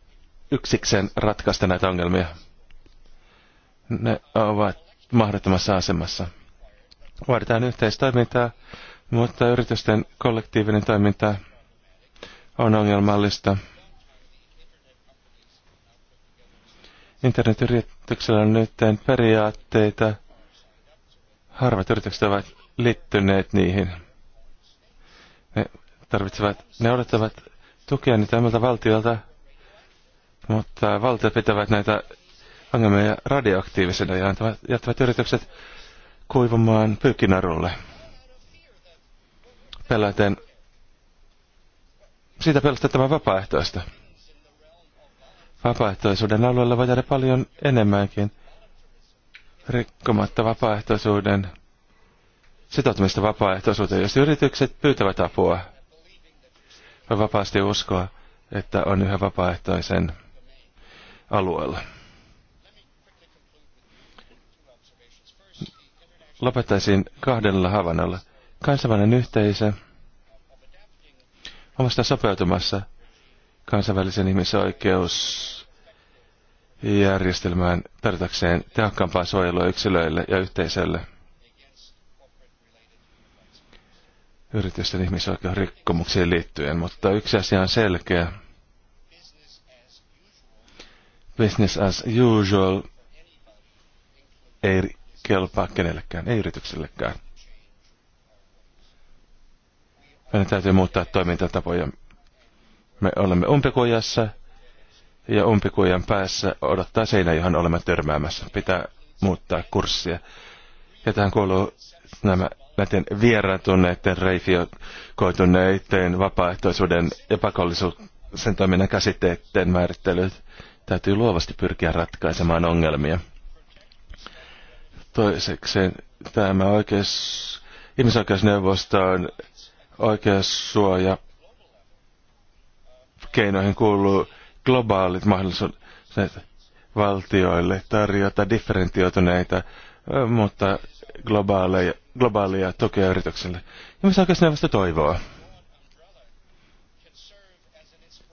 Speaker 3: yksikseen ratkaista näitä ongelmia. Ne ovat mahdottomassa asemassa. Vaaditaan yhteistoimintaa, mutta yritysten kollektiivinen toiminta on ongelmallista. Internetyrityksellä on nyt periaatteita. Harvat yritykset ovat liittyneet niihin. Ne tarvitsevat, ne odottavat tukea niitä omilta valtiolta, mutta valtiot pitävät näitä ongelmia radioaktiivisena ja antavat, jättävät yritykset kuivumaan pyykkinarulle. Pelätään siitä pelastetaan tämä vapaaehtoista. Vapaaehtoisuuden alueella voi jäädä paljon enemmänkin rikkomatta vapaaehtoisuuden sitoutumista vapaaehtoisuuteen, jos yritykset pyytävät apua. Voi vapaasti uskoa, että on yhä vapaaehtoisen alueella. Lopettaisin kahdella havainnolla. Kansainvälinen yhteisö on vasta sopeutumassa – kansainvälisen ihmisoikeusjärjestelmään tarjotakseen tehokkaampaa suojelua yksilöille ja yhteisölle. yritysten ihmisoikeusrikkomuksiin liittyen, mutta yksi asia on selkeä. Business as usual ei kelpaa kenellekään, ei yrityksellekään. Meidän täytyy muuttaa toimintatapoja me olemme umpikujassa ja umpikujan päässä odottaa seinä, johon olemme törmäämässä. Pitää muuttaa kurssia. Ja tähän kuuluu nämä näiden vieraantuneiden, reifiokoituneiden, vapaaehtoisuuden ja pakollisuuden toiminnan käsitteiden määrittelyt. Täytyy luovasti pyrkiä ratkaisemaan ongelmia. Toiseksi tämä oikeus, ihmisoikeusneuvoston oikeussuoja keinoihin kuuluu globaalit mahdollisuudet valtioille tarjota differentioituneita, mutta globaaleja, globaalia tukea yrityksille. Ja missä oikeastaan vasta toivoa?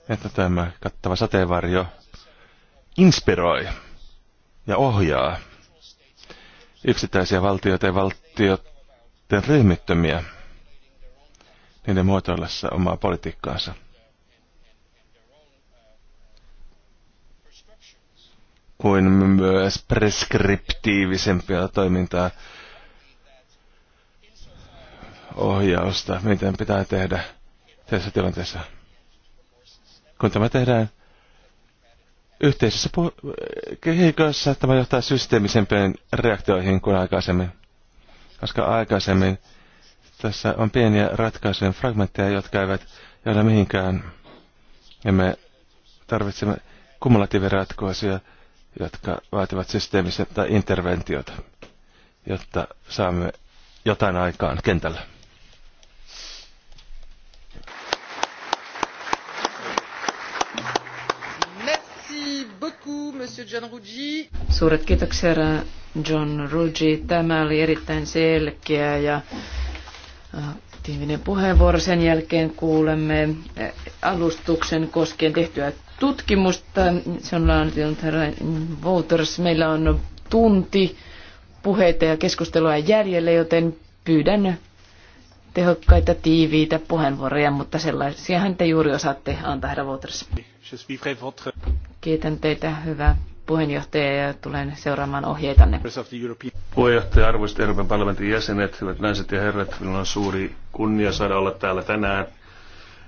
Speaker 3: Että tämä kattava sateenvarjo inspiroi ja ohjaa yksittäisiä valtioita ja valtioiden ryhmittömiä niiden muotoillessa omaa politiikkaansa. kuin myös preskriptiivisempia toimintaa ohjausta, miten pitää tehdä tässä tilanteessa. Kun tämä tehdään yhteisessä kehikössä, tämä johtaa systeemisempiin reaktioihin kuin aikaisemmin. Koska aikaisemmin tässä on pieniä ratkaisujen fragmentteja, jotka eivät johda mihinkään. Ja me tarvitsemme kumulatiiviratkaisuja, jotka vaativat systeemistä interventiota, jotta saamme jotain aikaan kentällä.
Speaker 2: Suuret kiitoksia, herra John Ruggi. Tämä oli erittäin selkeä ja äh, tiivinen puheenvuoro. Sen jälkeen kuulemme äh, alustuksen koskien tehtyä tutkimusta. Se on laatinut herra Wouters. Meillä on tunti puheita ja keskustelua jäljellä, joten pyydän tehokkaita, tiiviitä puheenvuoroja, mutta sellaisiahan te juuri osaatte antaa, herra Wouters. Kiitän teitä, hyvä puheenjohtaja, ja tulen seuraamaan ohjeitanne.
Speaker 4: Puheenjohtaja, arvoisat Euroopan parlamentin jäsenet, hyvät naiset ja herrat, minulla on suuri kunnia saada olla täällä tänään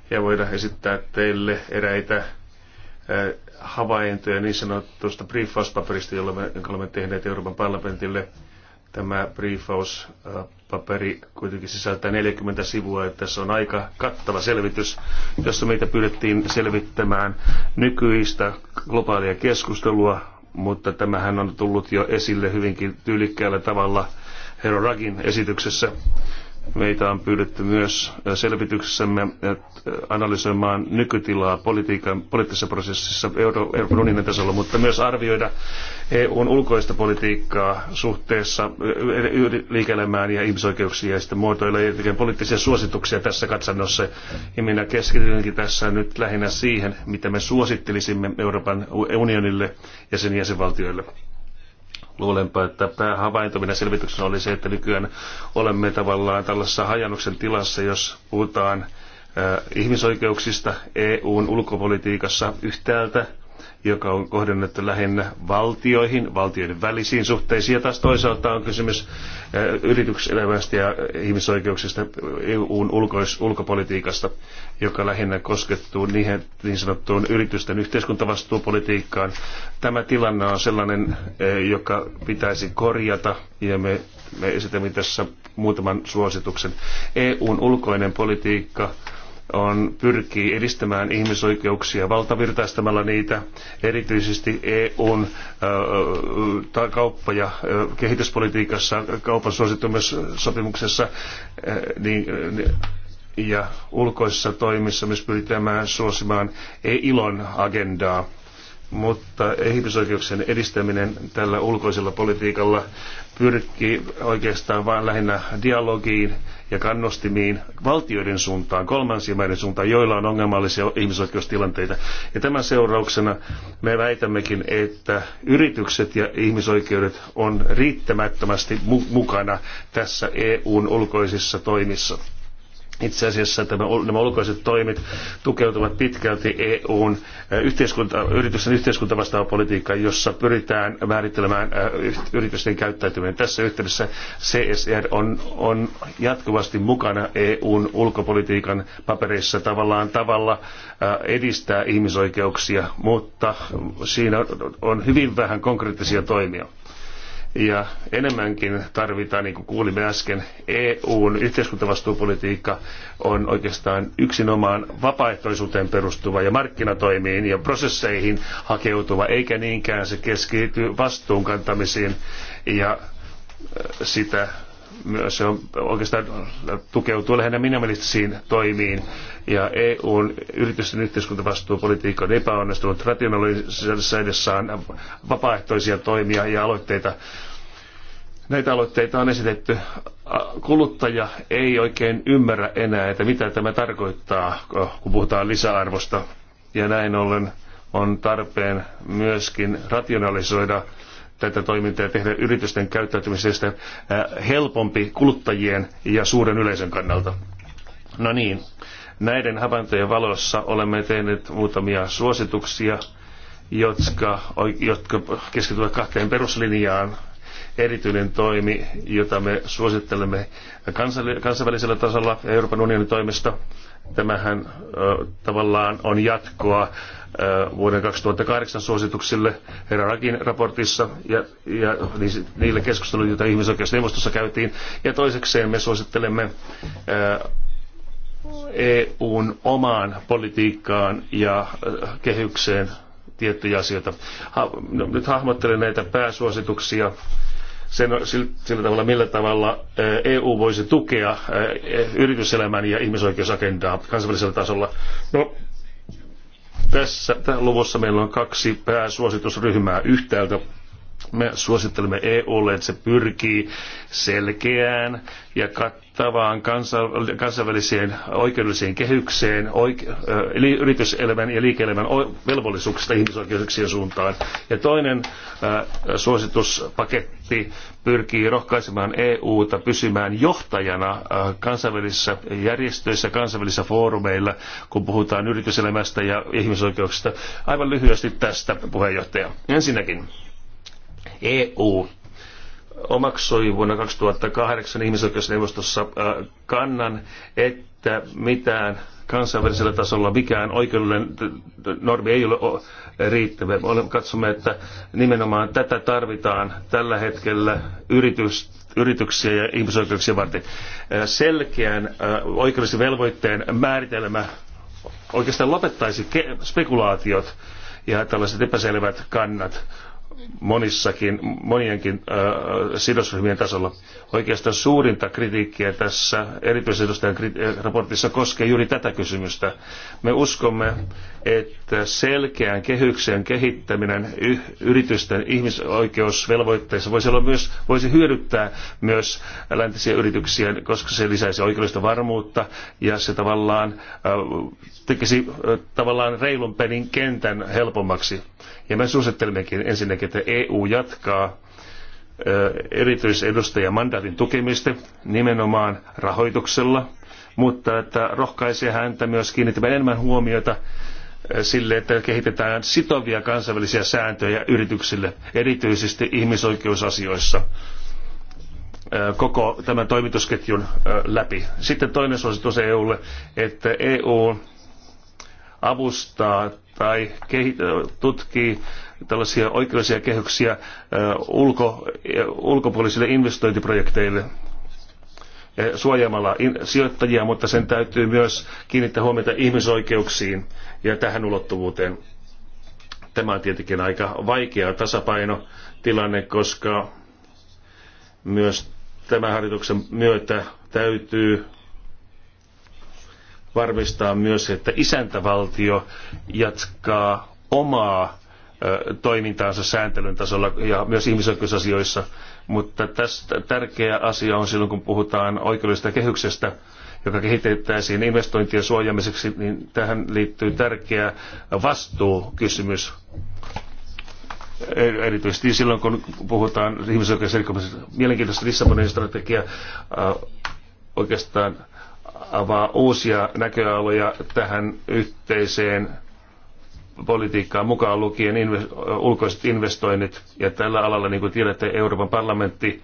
Speaker 4: ja voida esittää teille eräitä Eh, havaintoja niin sanotusta briefauspaperista, jolla me, jonka olemme tehneet Euroopan parlamentille. Tämä briefauspaperi kuitenkin sisältää 40 sivua, että se on aika kattava selvitys, jossa meitä pyydettiin selvittämään nykyistä globaalia keskustelua, mutta tämähän on tullut jo esille hyvinkin tyylikkäällä tavalla hero Ragin esityksessä. Meitä on pyydetty myös äh, selvityksessämme äh, analysoimaan nykytilaa politiikan, poliittisessa prosessissa Euroopan unionin tasolla, mutta myös arvioida EUn ulkoista politiikkaa suhteessa äh, liikelemään ja ihmisoikeuksia ja sitten muotoilla ja poliittisia suosituksia tässä katsannossa. Ja minä keskitynkin tässä nyt lähinnä siihen, mitä me suosittelisimme Euroopan unionille ja sen jäsenvaltioille. Luulenpa, että päähavainto minä selvityksessä oli se, että nykyään olemme tavallaan tällaisessa hajannuksen tilassa, jos puhutaan äh, ihmisoikeuksista EUn ulkopolitiikassa yhtäältä – joka on kohdennettu lähinnä valtioihin, valtioiden välisiin suhteisiin, ja taas toisaalta on kysymys eh, yrityselämästä ja ihmisoikeuksista EUn ulkois- ulkopolitiikasta, joka lähinnä koskettuu niihin niin sanottuun yritysten yhteiskuntavastuupolitiikkaan. Tämä tilanne on sellainen, eh, joka pitäisi korjata, ja me, me esitämme tässä muutaman suosituksen. EUn ulkoinen politiikka on, pyrkii edistämään ihmisoikeuksia valtavirtaistamalla niitä, erityisesti EUn ö, kauppa- ja ö, kehityspolitiikassa, kaupan suosittumissopimuksessa niin, ja ulkoisissa toimissa myös pyritään suosimaan e ilon agendaa mutta ihmisoikeuksien edistäminen tällä ulkoisella politiikalla pyrkii oikeastaan vain lähinnä dialogiin ja kannustimiin valtioiden suuntaan, kolmansien maiden suuntaan, joilla on ongelmallisia ihmisoikeustilanteita. Ja tämän seurauksena me väitämmekin, että yritykset ja ihmisoikeudet on riittämättömästi mukana tässä EUn ulkoisissa toimissa. Itse asiassa tämä, nämä ulkoiset toimet tukeutuvat pitkälti EUn yhteiskunta, yritysten yhteiskuntavastaapolitiikkaan, jossa pyritään määrittelemään yritysten käyttäytyminen. Tässä yhteydessä CSR on, on jatkuvasti mukana EUn ulkopolitiikan papereissa tavallaan tavalla edistää ihmisoikeuksia, mutta siinä on hyvin vähän konkreettisia toimia ja enemmänkin tarvitaan, niin kuin kuulimme äsken, EUn yhteiskuntavastuupolitiikka on oikeastaan yksinomaan vapaaehtoisuuteen perustuva ja markkinatoimiin ja prosesseihin hakeutuva, eikä niinkään se keskity vastuunkantamiseen ja sitä se on, oikeastaan tukeutuu lähinnä minimalistisiin toimiin. Ja EUn yritysten yhteiskuntavastuupolitiikka on epäonnistunut rationalisoidessaan vapaaehtoisia toimia ja aloitteita. Näitä aloitteita on esitetty. Kuluttaja ei oikein ymmärrä enää, että mitä tämä tarkoittaa, kun puhutaan lisäarvosta. Ja näin ollen on tarpeen myöskin rationalisoida tätä toimintaa tehdä yritysten käyttäytymisestä helpompi kuluttajien ja suuren yleisön kannalta. No niin, näiden havaintojen valossa olemme tehneet muutamia suosituksia, jotka, jotka keskittyvät kahteen peruslinjaan. Erityinen toimi, jota me suosittelemme kansainvälisellä tasolla Euroopan unionin toimesta Tämähän tavallaan on jatkoa vuoden 2008 suosituksille Herarakin raportissa ja, ja niin niille keskusteluille, joita ihmisoikeusneuvostossa käytiin. Ja toisekseen me suosittelemme EUn omaan politiikkaan ja kehykseen tiettyjä asioita. Ha, no, nyt hahmottelen näitä pääsuosituksia sen, sillä tavalla, millä tavalla EU eh, e voisi tukea eh, yrityselämän ja ihmisoikeusagendaa kansainvälisellä tasolla. No, tässä luvussa meillä on kaksi pääsuositusryhmää yhtäältä me suosittelemme EUlle, että se pyrkii selkeään ja kattavaan kansainväliseen oikeudelliseen kehykseen oike- eli yrityselämän ja liike-elämän velvollisuuksista ihmisoikeuksien suuntaan. Ja toinen suosituspaketti pyrkii rohkaisemaan EUta pysymään johtajana kansainvälisissä järjestöissä, kansainvälisissä foorumeilla, kun puhutaan yrityselämästä ja ihmisoikeuksista. Aivan lyhyesti tästä, puheenjohtaja. Ensinnäkin EU omaksui vuonna 2008 ihmisoikeusneuvostossa äh, kannan, että mitään kansainvälisellä tasolla mikään oikeudellinen normi ei ole riittävä. Katsomme, että nimenomaan tätä tarvitaan tällä hetkellä yritys, yrityksiä ja ihmisoikeuksia varten. Äh, selkeän äh, oikeudellisen velvoitteen määritelmä oikeastaan lopettaisi spekulaatiot ja tällaiset epäselvät kannat monissakin, monienkin äh, sidosryhmien tasolla. Oikeastaan suurinta kritiikkiä tässä erityisedustajan äh, raportissa koskee juuri tätä kysymystä. Me uskomme, että selkeän kehyksen kehittäminen y- yritysten ihmisoikeusvelvoitteissa voisi, olla myös, voisi hyödyttää myös läntisiä yrityksiä, koska se lisäisi oikeudellista varmuutta ja se tavallaan äh, tekisi äh, tavallaan reilun pelin kentän helpommaksi ja me suosittelemmekin ensinnäkin, että EU jatkaa erityisedustajan mandaatin tukemista nimenomaan rahoituksella, mutta että rohkaisee häntä myös kiinnittämään enemmän huomiota sille, että kehitetään sitovia kansainvälisiä sääntöjä yrityksille, erityisesti ihmisoikeusasioissa koko tämän toimitusketjun läpi. Sitten toinen suositus EUlle, että EU avustaa tai tutkii tällaisia oikeudellisia kehyksiä ulko, ulkopuolisille investointiprojekteille e, suojaamalla sijoittajia, mutta sen täytyy myös kiinnittää huomiota ihmisoikeuksiin ja tähän ulottuvuuteen. Tämä on tietenkin aika vaikea tasapainotilanne, koska myös tämän harjoituksen myötä täytyy varmistaa myös, että isäntävaltio jatkaa omaa toimintaansa sääntelyn tasolla ja myös ihmisoikeusasioissa. Mutta tästä tärkeä asia on silloin, kun puhutaan oikeudellisesta kehyksestä, joka kehitettäisiin investointien suojaamiseksi, niin tähän liittyy tärkeä vastuukysymys. E- erityisesti silloin, kun puhutaan ihmisoikeusrikkomisesta. Mielenkiintoista Lissabonin strategia oikeastaan avaa uusia näköaloja tähän yhteiseen politiikkaan mukaan lukien inves- ulkoiset investoinnit. Ja tällä alalla, niin kuin tiedätte, Euroopan parlamentti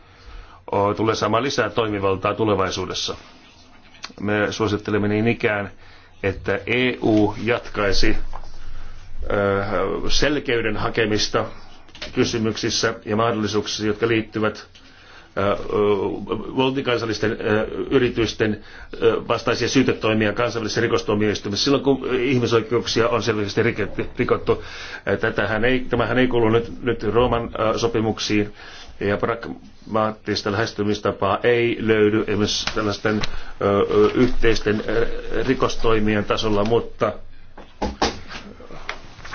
Speaker 4: tulee saamaan lisää toimivaltaa tulevaisuudessa. Me suosittelemme niin ikään, että EU jatkaisi selkeyden hakemista kysymyksissä ja mahdollisuuksissa, jotka liittyvät multikansallisten yritysten vastaisia syytetoimia kansainvälisessä rikostuomioistuimessa silloin, kun ihmisoikeuksia on selvästi rikottu. Tätähän ei, tämähän ei kuulu nyt, nyt Rooman sopimuksiin ja pragmaattista lähestymistapaa ei löydy esimerkiksi tällaisten yhteisten rikostoimien tasolla, mutta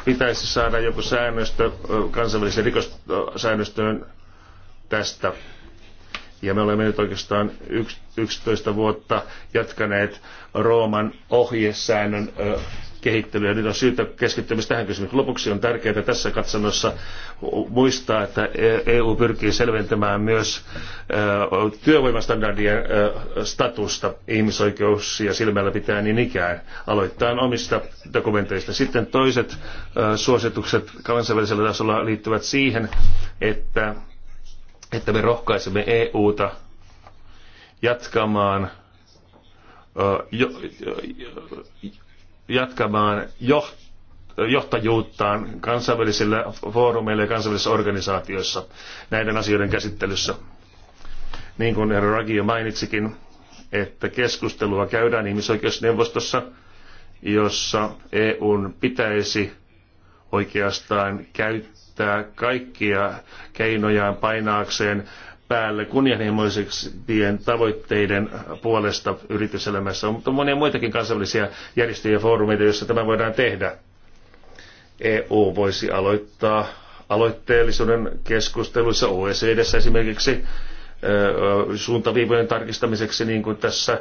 Speaker 4: pitäisi saada joku säännöstö, kansainväliseen rikossäännöstöön tästä ja me olemme nyt oikeastaan 11 vuotta jatkaneet Rooman ohjesäännön kehittelyä. Nyt on syytä keskittymistä tähän kysymykseen. Lopuksi on tärkeää tässä katsannossa muistaa, että EU e pyrkii selventämään myös työvoimastandardien statusta ihmisoikeuksia silmällä pitää niin ikään aloittaa omista dokumenteista. Sitten toiset suositukset kansainvälisellä tasolla liittyvät siihen, että että me rohkaisemme EUta jatkamaan, jatkamaan johtajuuttaan kansainvälisillä foorumeilla ja kansainvälisissä organisaatioissa näiden asioiden käsittelyssä. Niin kuin herra Ragi jo mainitsikin, että keskustelua käydään ihmisoikeusneuvostossa, jossa EUn pitäisi oikeastaan käyttää kaikkia keinojaan painaakseen päälle kunnianhimoisempien tavoitteiden puolesta yrityselämässä. Mutta on monia muitakin kansainvälisiä järjestöjä ja foorumeita, joissa tämä voidaan tehdä. EU voisi aloittaa aloitteellisuuden keskusteluissa OECDssä esimerkiksi suuntaviivojen tarkistamiseksi, niin kuin tässä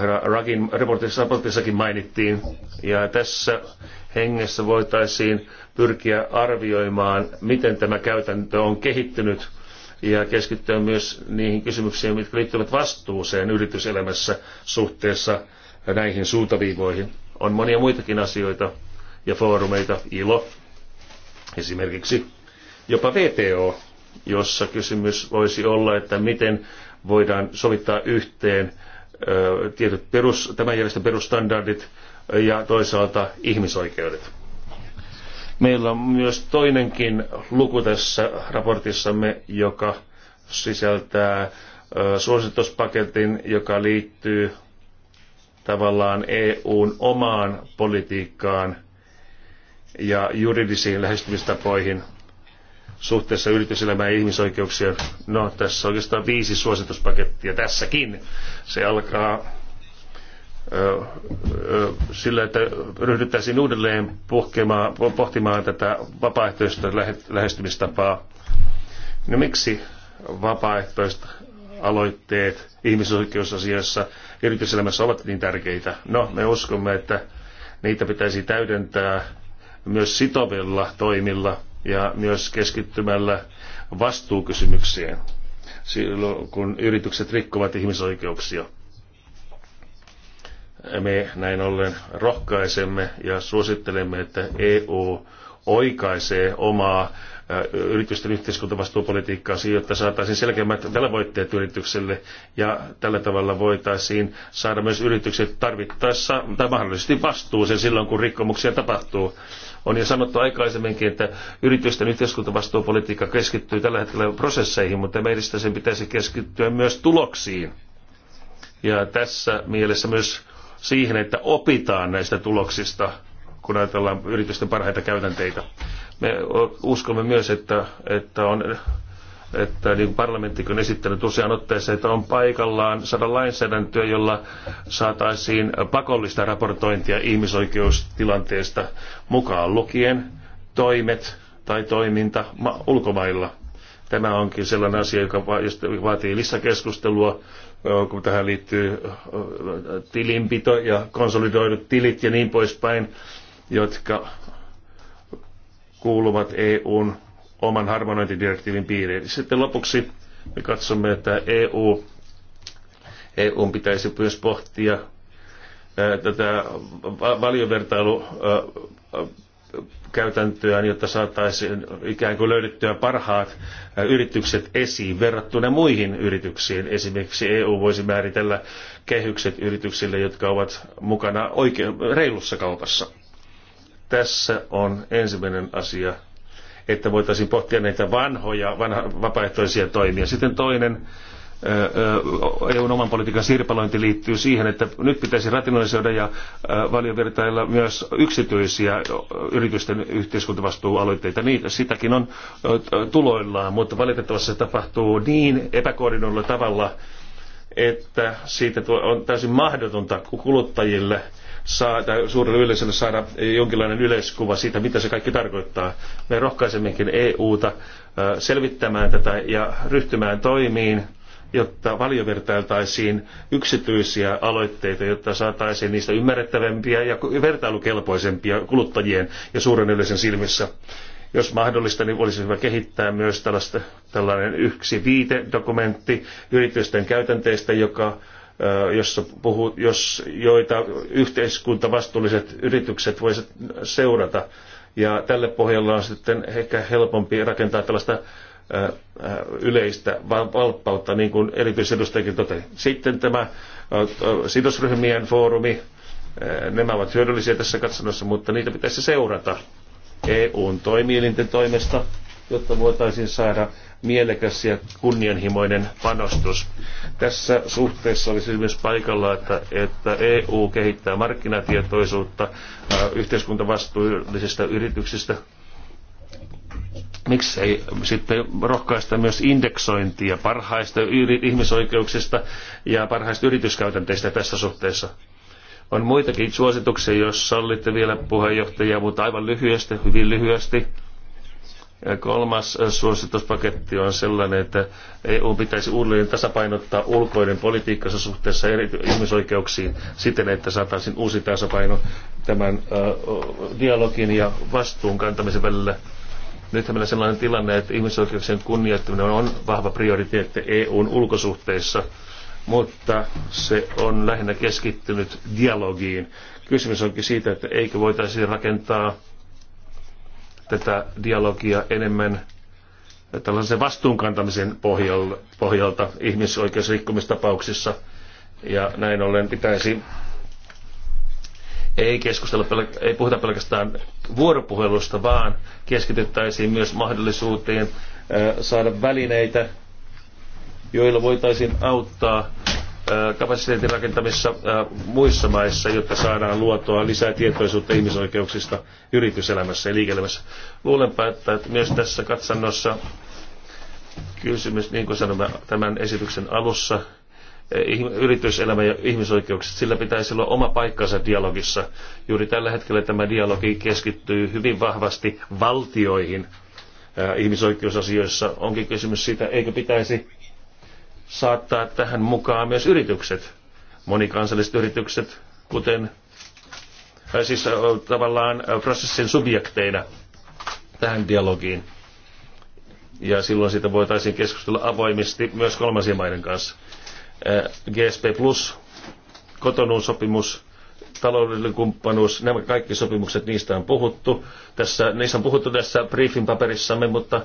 Speaker 4: herra Ragin raportissakin mainittiin. Ja tässä hengessä voitaisiin pyrkiä arvioimaan, miten tämä käytäntö on kehittynyt ja keskittyä myös niihin kysymyksiin, mitkä liittyvät vastuuseen yrityselämässä suhteessa näihin suuntaviivoihin. On monia muitakin asioita ja foorumeita, ILO esimerkiksi, jopa VTO jossa kysymys voisi olla, että miten voidaan sovittaa yhteen tietyt perus, tämän järjestön perustandardit ja toisaalta ihmisoikeudet. Meillä on myös toinenkin luku tässä raportissamme, joka sisältää suosituspaketin, joka liittyy tavallaan EUn omaan politiikkaan ja juridisiin lähestymistapoihin – suhteessa yrityselämään ja ihmisoikeuksia. No, tässä on oikeastaan viisi suosituspakettia tässäkin. Se alkaa ö, ö, sillä, että ryhdyttäisiin uudelleen pohtimaan tätä vapaaehtoista lähestymistapaa. No miksi vapaaehtoista aloitteet ihmisoikeusasiassa yrityselämässä ovat niin tärkeitä? No, me uskomme, että niitä pitäisi täydentää myös sitovilla toimilla – ja myös keskittymällä vastuukysymykseen silloin, kun yritykset rikkovat ihmisoikeuksia. Me näin ollen rohkaisemme ja suosittelemme, että EU oikaisee omaa äh, yritysten yhteiskuntavastuupolitiikkaa siihen, että saataisiin selkeämmät velvoitteet yritykselle ja tällä tavalla voitaisiin saada myös yritykset tarvittaessa tai mahdollisesti vastuuseen silloin, kun rikkomuksia tapahtuu. On jo sanottu aikaisemminkin, että yritysten yhteiskuntavastuupolitiikka keskittyy tällä hetkellä prosesseihin, mutta meistä sen pitäisi keskittyä myös tuloksiin. Ja tässä mielessä myös siihen, että opitaan näistä tuloksista, kun ajatellaan yritysten parhaita käytänteitä. Me uskomme myös, että, että on että niin parlamenttikin on esittänyt usean otteeseen, että on paikallaan saada lainsäädäntöä, jolla saataisiin pakollista raportointia ihmisoikeustilanteesta mukaan lukien toimet tai toiminta ulkomailla. Tämä onkin sellainen asia, joka vaatii lisäkeskustelua, kun tähän liittyy tilinpito ja konsolidoidut tilit ja niin poispäin, jotka kuuluvat EUn oman harmonointidirektiivin piiriin. Sitten lopuksi me katsomme, että EU, EU pitäisi myös pohtia tätä valiovertailukäytäntöä, jotta saataisiin ikään kuin löydettyä parhaat yritykset esiin verrattuna muihin yrityksiin. Esimerkiksi EU voisi määritellä kehykset yrityksille, jotka ovat mukana oikein, reilussa kaupassa. Tässä on ensimmäinen asia, että voitaisiin pohtia näitä vanhoja vanha, vapaaehtoisia toimia. Sitten toinen EUn oman politiikan sirpalointi liittyy siihen, että nyt pitäisi rationalisoida ja valiovertailla myös yksityisiä yritysten yhteiskuntavastuualoitteita. Niitä sitäkin on tuloillaan, mutta valitettavasti se tapahtuu niin epäkoordinoidulla tavalla, että siitä on täysin mahdotonta kuluttajille – saada, suurelle yleisölle saada jonkinlainen yleiskuva siitä, mitä se kaikki tarkoittaa. Me rohkaisemmekin EUta selvittämään tätä ja ryhtymään toimiin, jotta valiovertailtaisiin yksityisiä aloitteita, jotta saataisiin niistä ymmärrettävämpiä ja vertailukelpoisempia kuluttajien ja suuren yleisön silmissä jos mahdollista, niin olisi hyvä kehittää myös tällaista, tällainen yksi viitedokumentti yritysten käytänteistä, joka jossa jos, joita yhteiskuntavastuulliset yritykset voisivat seurata. Ja tälle pohjalla on sitten ehkä helpompi rakentaa tällaista yleistä valppautta, niin kuin erityisedustajakin totesi. Sitten tämä sidosryhmien foorumi, nämä ovat hyödyllisiä tässä katsannossa, mutta niitä pitäisi seurata EUn toimielinten toimesta jotta voitaisiin saada mielekäs ja kunnianhimoinen panostus. Tässä suhteessa olisi myös paikalla, että, että EU kehittää markkinatietoisuutta äh, yhteiskuntavastuullisista yrityksistä. ei sitten rohkaista myös indeksointia parhaista ihmisoikeuksista ja parhaista yrityskäytänteistä tässä suhteessa? On muitakin suosituksia, jos sallitte vielä puheenjohtajia, mutta aivan lyhyesti, hyvin lyhyesti Kolmas suosituspaketti on sellainen, että EU pitäisi uudelleen tasapainottaa ulkoinen politiikkansa suhteessa eri ihmisoikeuksiin siten, että saataisiin uusi tasapaino tämän dialogin ja vastuun kantamisen välillä. Nyt meillä on sellainen tilanne, että ihmisoikeuksien kunnioittaminen on vahva prioriteetti EUn ulkosuhteissa, mutta se on lähinnä keskittynyt dialogiin. Kysymys onkin siitä, että eikö voitaisiin rakentaa tätä dialogia enemmän tällaisen vastuunkantamisen pohjalta, pohjalta ihmisoikeusrikkomistapauksissa. Ja näin ollen pitäisi ei, keskustella, ei puhuta pelkästään vuoropuhelusta, vaan keskityttäisiin myös mahdollisuuteen saada välineitä, joilla voitaisiin auttaa kapasiteetin rakentamissa muissa maissa, jotta saadaan luotua lisää tietoisuutta ihmisoikeuksista yrityselämässä ja liikelemässä. Luulenpa, että myös tässä katsannossa kysymys, niin kuin sanomme tämän esityksen alussa, e, yrityselämä ja ihmisoikeukset, sillä pitäisi olla oma paikkansa dialogissa. Juuri tällä hetkellä tämä dialogi keskittyy hyvin vahvasti valtioihin ihmisoikeusasioissa. Onkin kysymys siitä, eikö pitäisi saattaa tähän mukaan myös yritykset, monikansalliset yritykset, kuten siis tavallaan prosessin subjekteina tähän dialogiin. Ja silloin siitä voitaisiin keskustella avoimesti myös kolmansien maiden kanssa. GSP Plus, kotonuun sopimus, taloudellinen kumppanuus, nämä kaikki sopimukset, niistä on puhuttu. Tässä, niistä on puhuttu tässä briefin paperissamme, mutta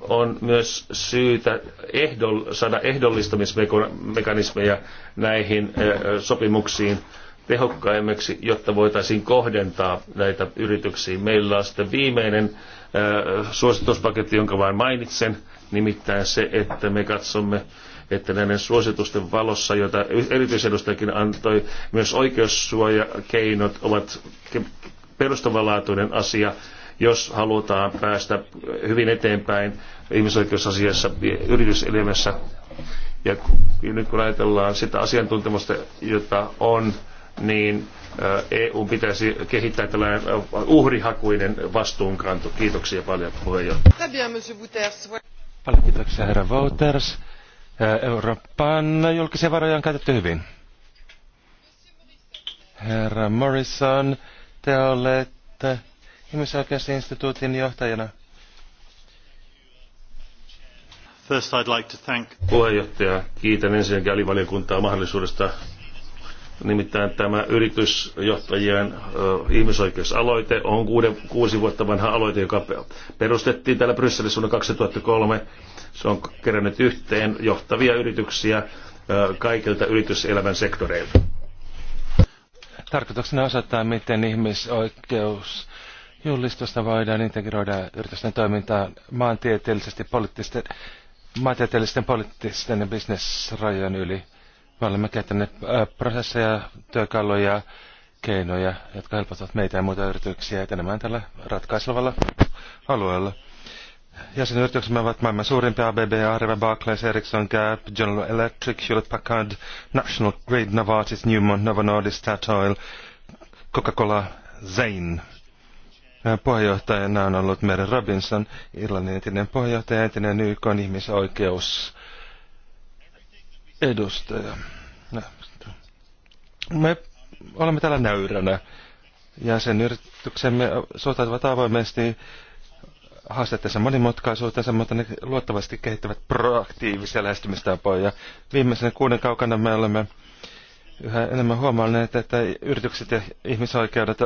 Speaker 4: on myös syytä ehdol, saada ehdollistamismekanismeja näihin sopimuksiin tehokkaimmiksi, jotta voitaisiin kohdentaa näitä yrityksiin. Meillä on sitten viimeinen suosituspaketti, jonka vain mainitsen, nimittäin se, että me katsomme, että näiden suositusten valossa, joita erityisedustajakin antoi, myös oikeussuojakeinot ovat perustavanlaatuinen asia jos halutaan päästä hyvin eteenpäin ihmisoikeusasiassa yrityselämässä. Ja nyt kun ajatellaan sitä asiantuntemusta, jota on, niin EU pitäisi kehittää tällainen uhrihakuinen vastuunkanto. Kiitoksia paljon puheenjohtaja. Paljon kiitoksia
Speaker 3: herra Wouters. Euroopan julkisia varoja on käytetty hyvin. Herra Morrison, te olette ihmisoikeusinstituutin johtajana.
Speaker 1: First I'd like to thank...
Speaker 4: Puheenjohtaja, kiitän ensinnäkin alivaliokuntaa mahdollisuudesta Nimittäin tämä yritysjohtajien ihmisoikeusaloite on kuuden, kuusi vuotta vanha aloite, joka perustettiin täällä Brysselissä vuonna 2003. Se on kerännyt yhteen johtavia yrityksiä kaikilta yrityselämän sektoreilta.
Speaker 3: Tarkoituksena osoittaa, miten ihmisoikeus Julistusta voidaan integroida yritysten toimintaan maantieteellisesti poliittisten, maantieteellisten poliittisten ja bisnesrajojen yli. Me olemme käyttäneet prosesseja, työkaluja, keinoja, jotka helpottavat meitä ja muita yrityksiä etenemään tällä ratkaisevalla alueella. Jäsenyrityksemme ovat maailman suurimpia ABB, Areva, Barclays, Ericsson, Gap, General Electric, Hewlett Packard, National Grid, Novartis, Newmont, Novo Nordisk, Statoil, Coca-Cola, Zain. Puheenjohtajana on ollut Mary Robinson, Irlannin entinen puheenjohtaja, entinen YK on ihmisoikeus edustaja. Me olemme täällä nöyränä ja sen yrityksemme suhtautuvat avoimesti haasteettensa monimutkaisuutensa, mutta ne luottavasti kehittävät proaktiivisia lähestymistapoja. Viimeisen kuuden kaukana me olemme yhä enemmän huomanneet, että yritykset ja ihmisoikeudet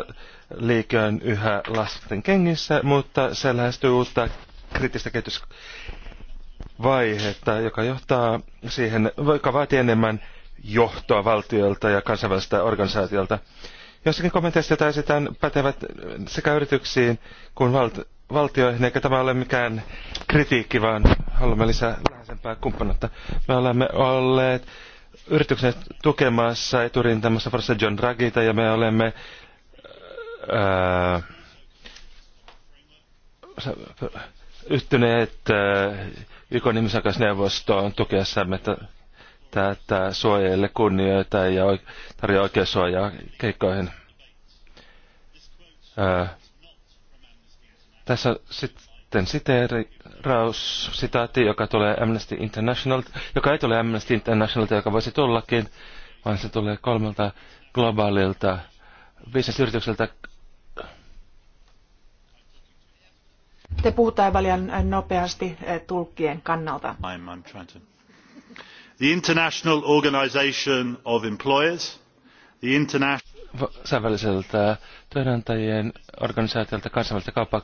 Speaker 3: liiköön yhä lasten kengissä, mutta se lähestyy uutta kriittistä kehitysvaihetta, joka johtaa siihen, joka vaatii enemmän johtoa valtiolta ja kansainväliseltä organisaatiolta. Jossakin kommenteissa, joita esitän, pätevät sekä yrityksiin kuin valti- valtioihin, eikä tämä ole mikään kritiikki, vaan haluamme lisää läheisempää kumppanuutta. Me olemme olleet yrityksen tukemassa eturintamassa varsin John Dragita ja me olemme ää, äh, yhtyneet äh, YKn neuvostoon tukeessamme tätä suojelle kunnioita ja tarjoaa oikeusuojaa keikkoihin. Ää, äh, tässä sitten sitten siteeraus, sitaatti, joka tulee Amnesty International, joka ei tule Amnesty Internationalta, joka voisi tullakin, vaan se tulee kolmelta globaalilta bisnesyritykseltä.
Speaker 5: Te puhutaan väliin äh, nopeasti äh, tulkkien kannalta.
Speaker 4: I'm, I'm trying to.
Speaker 1: The International Organization of Employers,
Speaker 4: the International
Speaker 3: Sävälliseltä työnantajien organisaatiolta, kansainvälistä kaupan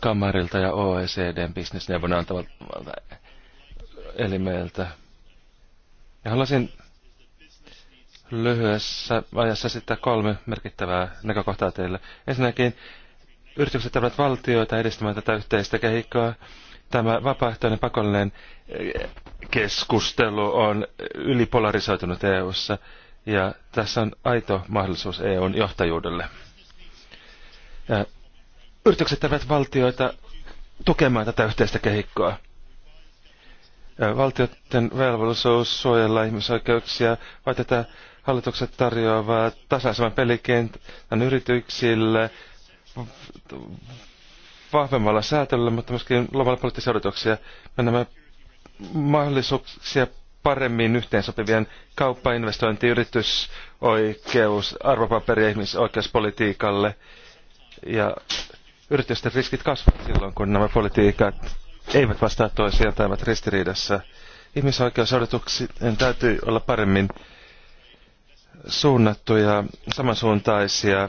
Speaker 3: kamarilta ja OECDn bisnesneuvon antavalta elimeltä. Ja haluaisin lyhyessä ajassa sitten kolme merkittävää näkökohtaa teille. Ensinnäkin yritykset ovat valtioita edistämään tätä yhteistä kehikkoa. Tämä vapaaehtoinen pakollinen eh, keskustelu on ylipolarisoitunut EU:ssa ja tässä on aito mahdollisuus EUn johtajuudelle. Ja Yritykset eivät valtioita tukemaan tätä yhteistä kehikkoa. Valtioiden velvollisuus suojella ihmisoikeuksia, vai tätä hallitukset tarjoavat tasaisemman pelikentän yrityksille, vahvemmalla säätelyllä, mutta myöskin luomalla poliittisia odotuksia. Me nämä mahdollisuuksia paremmin yhteensopivien kauppa-, investointi-, yritysoikeus, arvopaperi- ja ihmisoikeuspolitiikalle. Ja yritysten riskit kasvavat silloin, kun nämä politiikat eivät vastaa toisiaan tai ovat ristiriidassa. Ihmisoikeusodotuksien täytyy olla paremmin suunnattuja, samansuuntaisia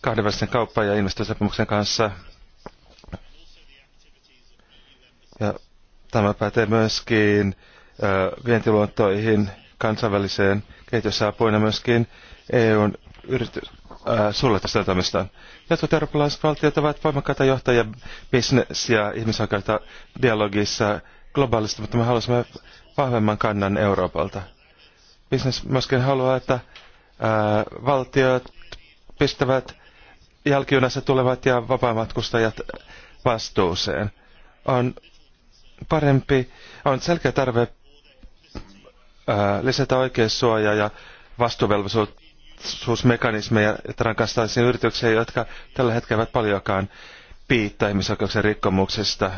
Speaker 3: kahdenvälisen kauppa- ja investointisopimuksen kanssa. Ja tämä pätee myöskin vientiluontoihin, kansainväliseen kehitysapuun ja myöskin EUn yritys. Äh, tästä toimista. Jotkut eurooppalaiset valtiot ovat voimakkaita johtajia bisnes- ja ihmisoikeutta dialogissa globaalisti, mutta me haluaisimme vahvemman kannan Euroopalta. Bisnes, myöskin haluaa, että ää, äh, valtiot pistävät jälkijunassa tulevat ja vapaamatkustajat vastuuseen. On parempi, on selkeä tarve ää, äh, lisätä oikeussuojaa ja vastuvelvollisuutta vastuullisuusmekanismeja transnationaalisiin yrityksiin, jotka tällä hetkellä eivät paljoakaan piittaa ihmisoikeuksien rikkomuksista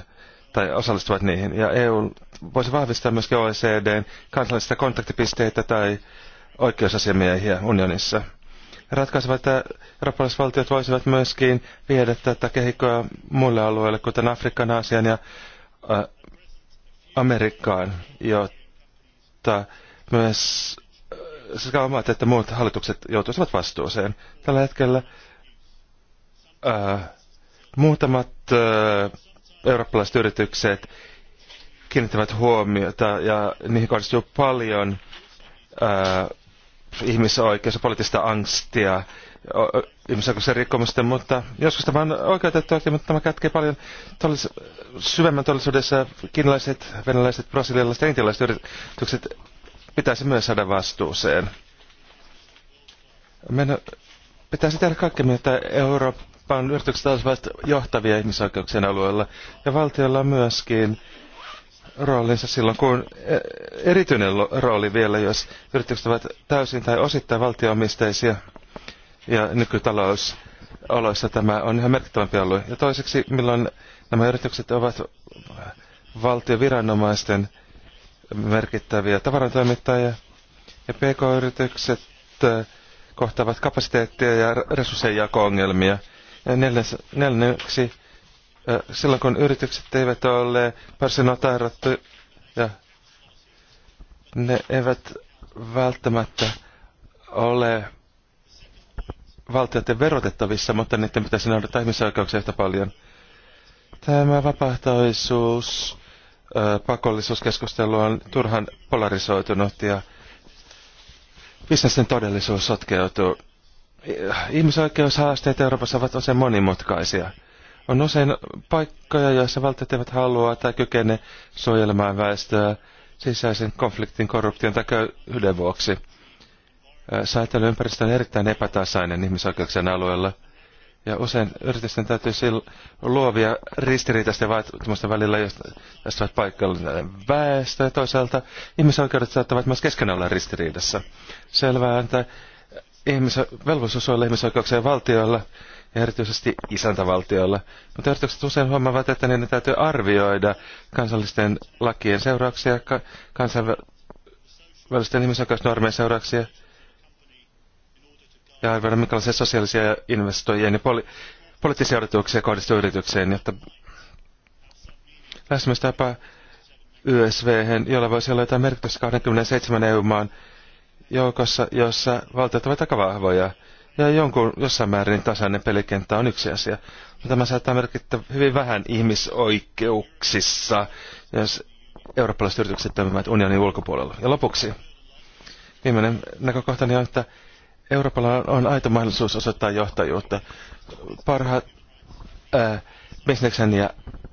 Speaker 3: tai osallistuvat niihin. Ja EU voisi vahvistaa myöskin OECDn kansallisia kontaktipisteitä tai oikeusasiamiehiä unionissa. Ratkaisevat, että eurooppalaiset valtiot voisivat myöskin viedä tätä kehikkoa muille alueille, kuten Afrikan, Aasian ja äh, Amerikkaan, jotta myös sekä omat että muut hallitukset joutuisivat vastuuseen. Tällä hetkellä ää, muutamat ää, eurooppalaiset yritykset kiinnittävät huomiota ja niihin kohdistuu paljon ää, ihmisoikeus- ja poliittista angstia ihmisoikeuksien rikkomusten, mutta joskus tämä on oikeutettu, mutta tämä kätkee paljon tollis, syvemmän todellisuudessa kiinalaiset, venäläiset, brasilialaiset ja intialaiset yritykset pitäisi myös saada vastuuseen. Meidän pitäisi tehdä kaikki, että Euroopan yritykset olisivat johtavia ihmisoikeuksien alueella ja valtiolla myöskin roolinsa silloin, kun e, erityinen rooli vielä, jos yritykset ovat täysin tai osittain valtioomisteisia ja nykytalousoloissa tämä on ihan merkittävämpi alue. Ja toiseksi, milloin nämä yritykset ovat valtioviranomaisten merkittäviä tavarantoimittajia ja pk-yritykset äh, kohtaavat kapasiteettia ja resurssien jako-ongelmia. Ja neljänneksi, äh, silloin kun yritykset eivät ole varsin ja ne eivät välttämättä ole valtioiden verotettavissa, mutta niiden pitäisi noudattaa ihmisoikeuksia yhtä paljon. Tämä vapaaehtoisuus pakollisuuskeskustelu on turhan polarisoitunut ja bisnesten todellisuus sotkeutuu. Ihmisoikeushaasteet Euroopassa ovat usein monimutkaisia. On usein paikkoja, joissa valtiot eivät halua tai kykene suojelemaan väestöä sisäisen konfliktin, korruption tai köyhyyden vuoksi. Säätelyympäristö on erittäin epätasainen ihmisoikeuksien alueella – ja usein yritysten täytyy luovia ristiriitaisten vaatimusten välillä, joista ovat paikallinen väestö ja toisaalta ihmisoikeudet saattavat myös keskenään olla ristiriidassa. Selvää, että ihmiso- velvollisuus on ihmisoikeuksia valtioilla ja erityisesti isäntävaltioilla, mutta yritykset usein huomaavat, että niiden täytyy arvioida kansallisten lakien seurauksia, ka- kansainvälisten ihmisoikeusnormien seurauksia – ja arvioida, minkälaisia sosiaalisia investoijien niin ja poli- poliittisia odotuksia kohdistuu yritykseen, jotta lähestymistapa YSV, jolla voisi olla jotain merkitystä 27 EU-maan joukossa, jossa valtiot ovat aika vahvoja. Ja jonkun jossain määrin niin tasainen pelikenttä on yksi asia. Mutta tämä saattaa merkittää hyvin vähän ihmisoikeuksissa, jos eurooppalaiset yritykset toimivat unionin ulkopuolella. Ja lopuksi, viimeinen näkökohtani on, että Euroopalla on aito mahdollisuus osoittaa johtajuutta. Parhaat ää, äh, bisneksen ja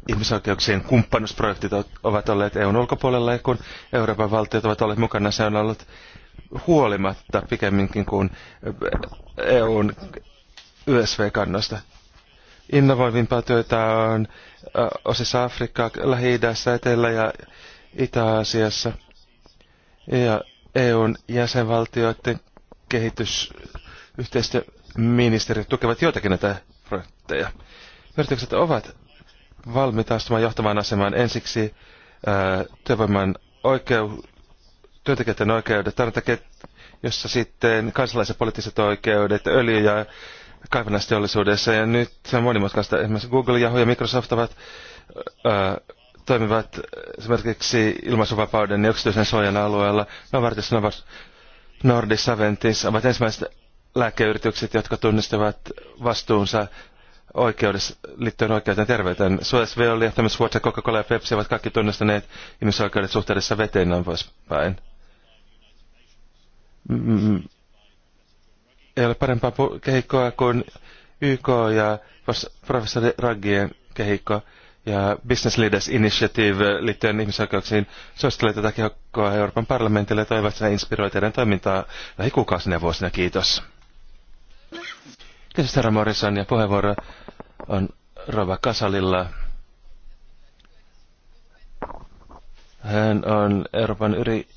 Speaker 3: ihmisoikeuksien kumppanuusprojektit ovat olleet EUn ulkopuolella ja kun Euroopan valtiot ovat olleet mukana, se on ollut huolimatta pikemminkin kuin äh, EUn ysv kannosta Innovoivimpaa työtä on äh, osissa Afrikkaa, Lähi-idässä, Etelä- ja Itä-Aasiassa. Ja EUn jäsenvaltioiden kehitysyhteistyöministerit tukevat joitakin näitä projekteja. Yritykset ovat valmiita astumaan johtamaan asemaan ensiksi työvoiman oikeu, työntekijöiden oikeudet, jossa sitten kansalaiset poliittiset oikeudet, öljy- ja kaivannaisteollisuudessa. Ja nyt se on monimutkaista. Esimerkiksi Google, Yahoo ja Microsoft ovat, ö, toimivat esimerkiksi ilmaisuvapauden ja yksityisen suojan alueella. ne ovat Nordis Aventis ovat ensimmäiset lääkeyritykset, jotka tunnistavat vastuunsa oikeudessa, liittyen oikeuteen terveyteen. Suez Veolia, Johtamis Water, Coca-Cola ja Pepsi ovat kaikki tunnistaneet ihmisoikeudet suhteessa veteen noin poispäin. Mm, ei ole parempaa kehikkoa kuin YK ja professori Raggien kehikkoa ja Business Leaders Initiative eh, liittyen ihmisoikeuksiin suosittelee tätä kehokkoa Euroopan parlamentille ja toivovat sen inspiroi teidän toimintaa lähikuukausina ja vuosina. Kiitos. Kiitos herra Morrison ja puheenvuoro on Rova Kasalilla. Hän on Euroopan yri,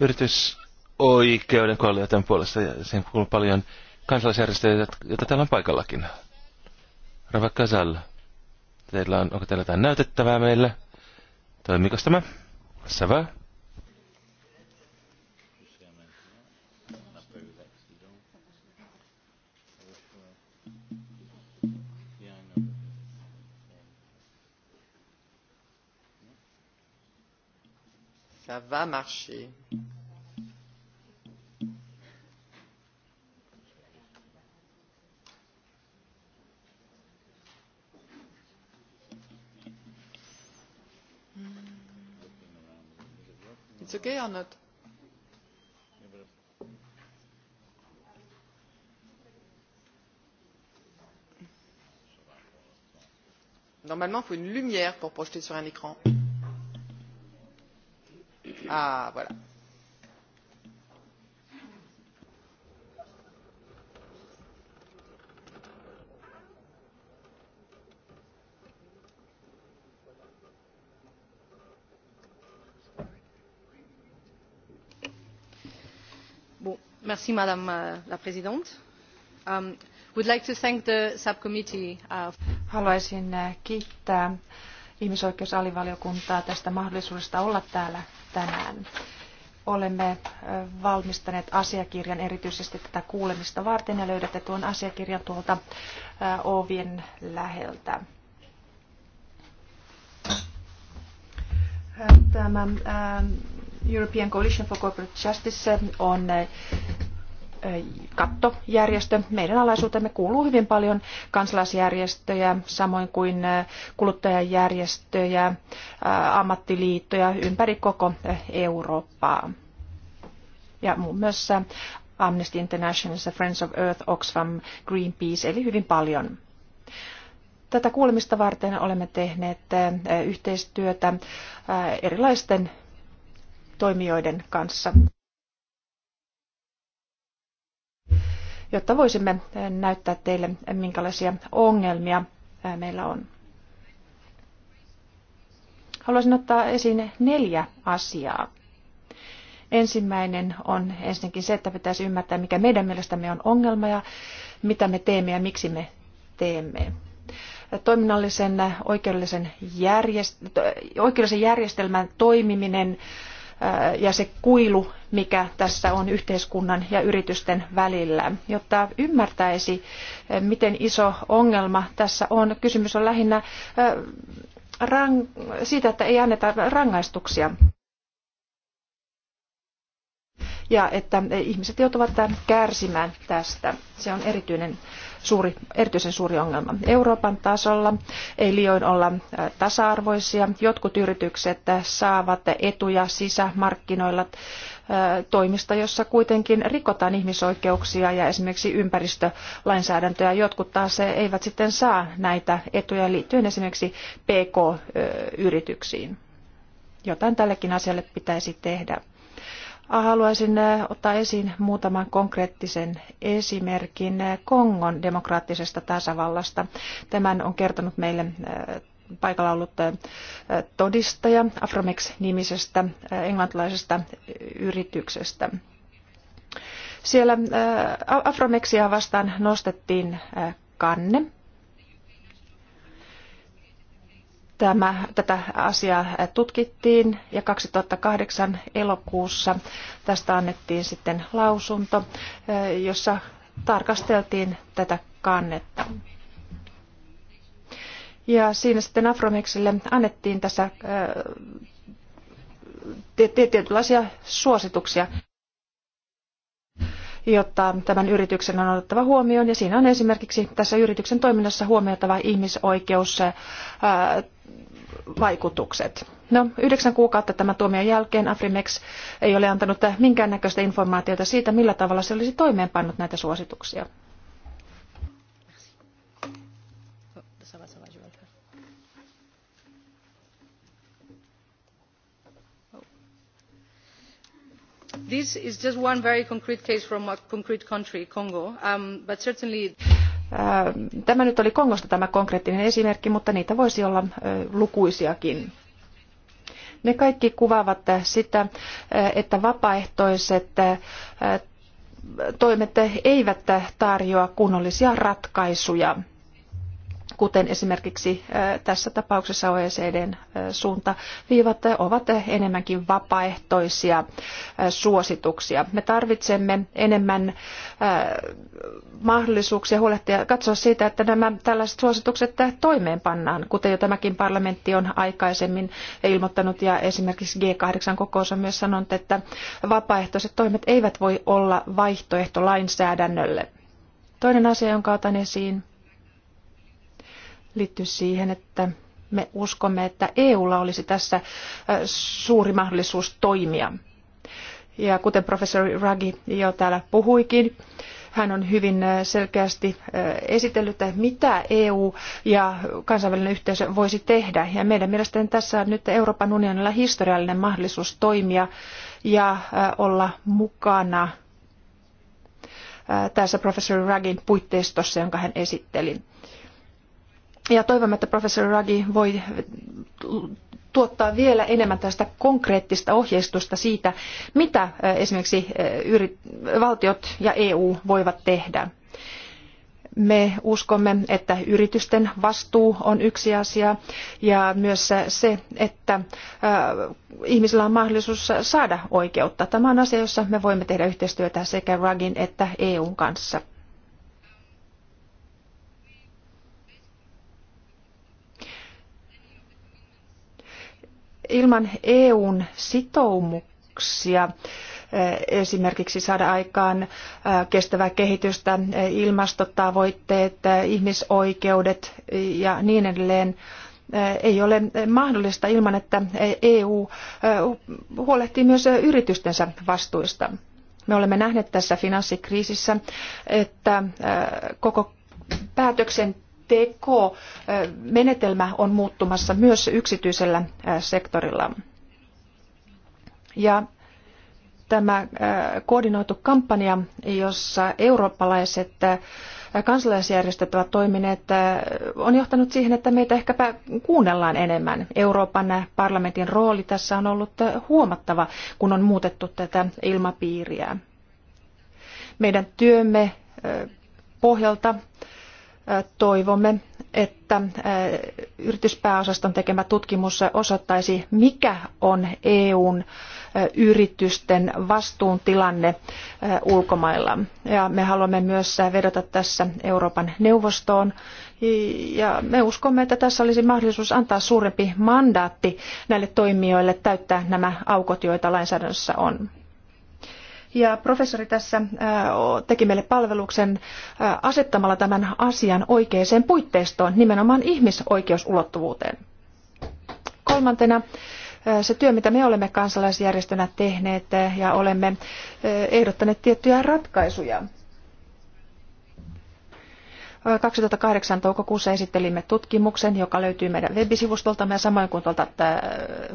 Speaker 3: yritysoikeuden kuolleiden puolesta ja siihen kuuluu paljon kansalaisjärjestöjä, joita täällä on paikallakin. Rova Kasalla. Teillä on, onko teillä jotain näytettävää meille? Toimiko tämä? Savä?
Speaker 1: Ça va marcher. It's okay or not? Normalement, il faut une lumière pour projeter sur un écran. Ah, voilà. Merci, Madame euh, la um, would like to thank
Speaker 5: the subcommittee. Uh, Haluaisin uh, kiittää ihmisoikeusalivaliokuntaa tästä mahdollisuudesta olla täällä tänään. Olemme uh, valmistaneet asiakirjan erityisesti tätä kuulemista varten ja löydätte tuon asiakirjan tuolta ovien läheltä. Tämä European Coalition for Corporate Justice on kattojärjestö. Meidän alaisuutemme kuuluu hyvin paljon kansalaisjärjestöjä, samoin kuin kuluttajajärjestöjä, ammattiliittoja ympäri koko Eurooppaa. Ja muun muassa Amnesty International, Friends of Earth, Oxfam, Greenpeace, eli hyvin paljon. Tätä kuulemista varten olemme tehneet yhteistyötä erilaisten toimijoiden kanssa. jotta voisimme eh, näyttää teille, eh, minkälaisia ongelmia eh, meillä on. Haluaisin ottaa esiin neljä asiaa. Ensimmäinen on ensinnäkin se, että pitäisi ymmärtää, mikä meidän mielestämme on ongelma ja mitä me teemme ja miksi me teemme. Toiminnallisen oikeudellisen, järjest- oikeudellisen järjestelmän toimiminen ja se kuilu, mikä tässä on yhteiskunnan ja yritysten välillä. Jotta ymmärtäisi, miten iso ongelma tässä on, kysymys on lähinnä siitä, että ei anneta rangaistuksia. Ja että ihmiset joutuvat kärsimään tästä. Se on erityinen suuri, erityisen suuri ongelma. Euroopan tasolla ei liioin olla tasa-arvoisia. Jotkut yritykset saavat etuja sisämarkkinoilla toimista, jossa kuitenkin rikotaan ihmisoikeuksia ja esimerkiksi ympäristölainsäädäntöä. Jotkut taas eivät sitten saa näitä etuja liittyen esimerkiksi PK-yrityksiin. Jotain tällekin asialle pitäisi tehdä. Haluaisin äh, ottaa esiin muutaman konkreettisen esimerkin äh, Kongon demokraattisesta tasavallasta. Tämän on kertonut meille äh, paikalla ollut todistaja Afromex-nimisestä englantilaisesta yrityksestä. Siellä Afromexia vastaan nostettiin kanne tämä, tätä asiaa tutkittiin ja 2008 elokuussa tästä annettiin sitten lausunto, jossa tarkasteltiin tätä kannetta. Ja siinä sitten Afromexille annettiin tässä tietynlaisia suosituksia, jotta tämän yrityksen on otettava huomioon. Ja siinä on esimerkiksi tässä yrityksen toiminnassa huomioitava ihmisoikeus, vaikutukset. No, yhdeksän kuukautta tämän tuomion jälkeen Afrimex ei ole antanut minkäännäköistä informaatiota siitä, millä tavalla se olisi toimeenpannut näitä suosituksia.
Speaker 2: this is just
Speaker 5: one very concrete case from a concrete country congo um, but certainly. Tämä nyt oli Kongosta tämä konkreettinen esimerkki, mutta niitä voisi olla lukuisiakin. Ne kaikki kuvaavat sitä, että vapaaehtoiset toimet eivät tarjoa kunnollisia ratkaisuja kuten esimerkiksi tässä tapauksessa OECDn suuntaviivat ovat enemmänkin vapaaehtoisia suosituksia. Me tarvitsemme enemmän mahdollisuuksia huolehtia katsoa siitä, että nämä tällaiset suositukset toimeenpannaan, kuten jo tämäkin parlamentti on aikaisemmin ilmoittanut ja esimerkiksi G8-kokous on myös sanonut, että vapaaehtoiset toimet eivät voi olla vaihtoehto lainsäädännölle. Toinen asia, jonka otan esiin, liittyy siihen, että me uskomme, että EUlla olisi tässä suuri mahdollisuus toimia. Ja kuten professori Raggi jo täällä puhuikin, hän on hyvin selkeästi esitellyt, mitä EU ja kansainvälinen yhteisö voisi tehdä. Ja meidän mielestäni tässä on nyt Euroopan unionilla historiallinen mahdollisuus toimia ja olla mukana tässä professori Raggin puitteistossa, jonka hän esitteli. Ja toivomme, että professori Ragi voi tuottaa vielä enemmän tästä konkreettista ohjeistusta siitä, mitä esimerkiksi valtiot ja EU voivat tehdä. Me uskomme, että yritysten vastuu on yksi asia ja myös se, että ihmisillä on mahdollisuus saada oikeutta. Tämä on asia, jossa me voimme tehdä yhteistyötä sekä RAGin että EUn kanssa. ilman EUn sitoumuksia eh, esimerkiksi saada aikaan eh, kestävää kehitystä, eh, ilmastotavoitteet, ihmisoikeudet ja niin edelleen ei ole mahdollista ilman, että EU huolehtii myös yritystensä vastuista. Me olemme nähneet tässä finanssikriisissä, että koko päätöksen tk eh, menetelmä on muuttumassa myös yksityisellä eh, sektorilla. Ja tämä eh, koordinoitu kampanja, jossa eurooppalaiset kansalaisjärjestöt ovat toimineet, on johtanut siihen, että meitä ehkäpä kuunnellaan enemmän. Euroopan parlamentin rooli tässä on ollut huomattava, kun on muutettu tätä ilmapiiriä. Meidän työmme pohjalta toivomme, että yrityspääosaston tekemä tutkimus osoittaisi, mikä on EUn yritysten vastuuntilanne ulkomailla. Ja me haluamme myös vedota tässä Euroopan neuvostoon. Ja me uskomme, että tässä olisi mahdollisuus antaa suurempi mandaatti näille toimijoille täyttää nämä aukot, joita lainsäädännössä on. Ja professori tässä teki meille palveluksen asettamalla tämän asian oikeaan puitteistoon, nimenomaan ihmisoikeusulottuvuuteen. Kolmantena se työ, mitä me olemme kansalaisjärjestönä tehneet ja olemme ehdottaneet tiettyjä ratkaisuja. 2008 toukokuussa esittelimme tutkimuksen, joka löytyy meidän webisivustoltamme ja samoin kuin tuolta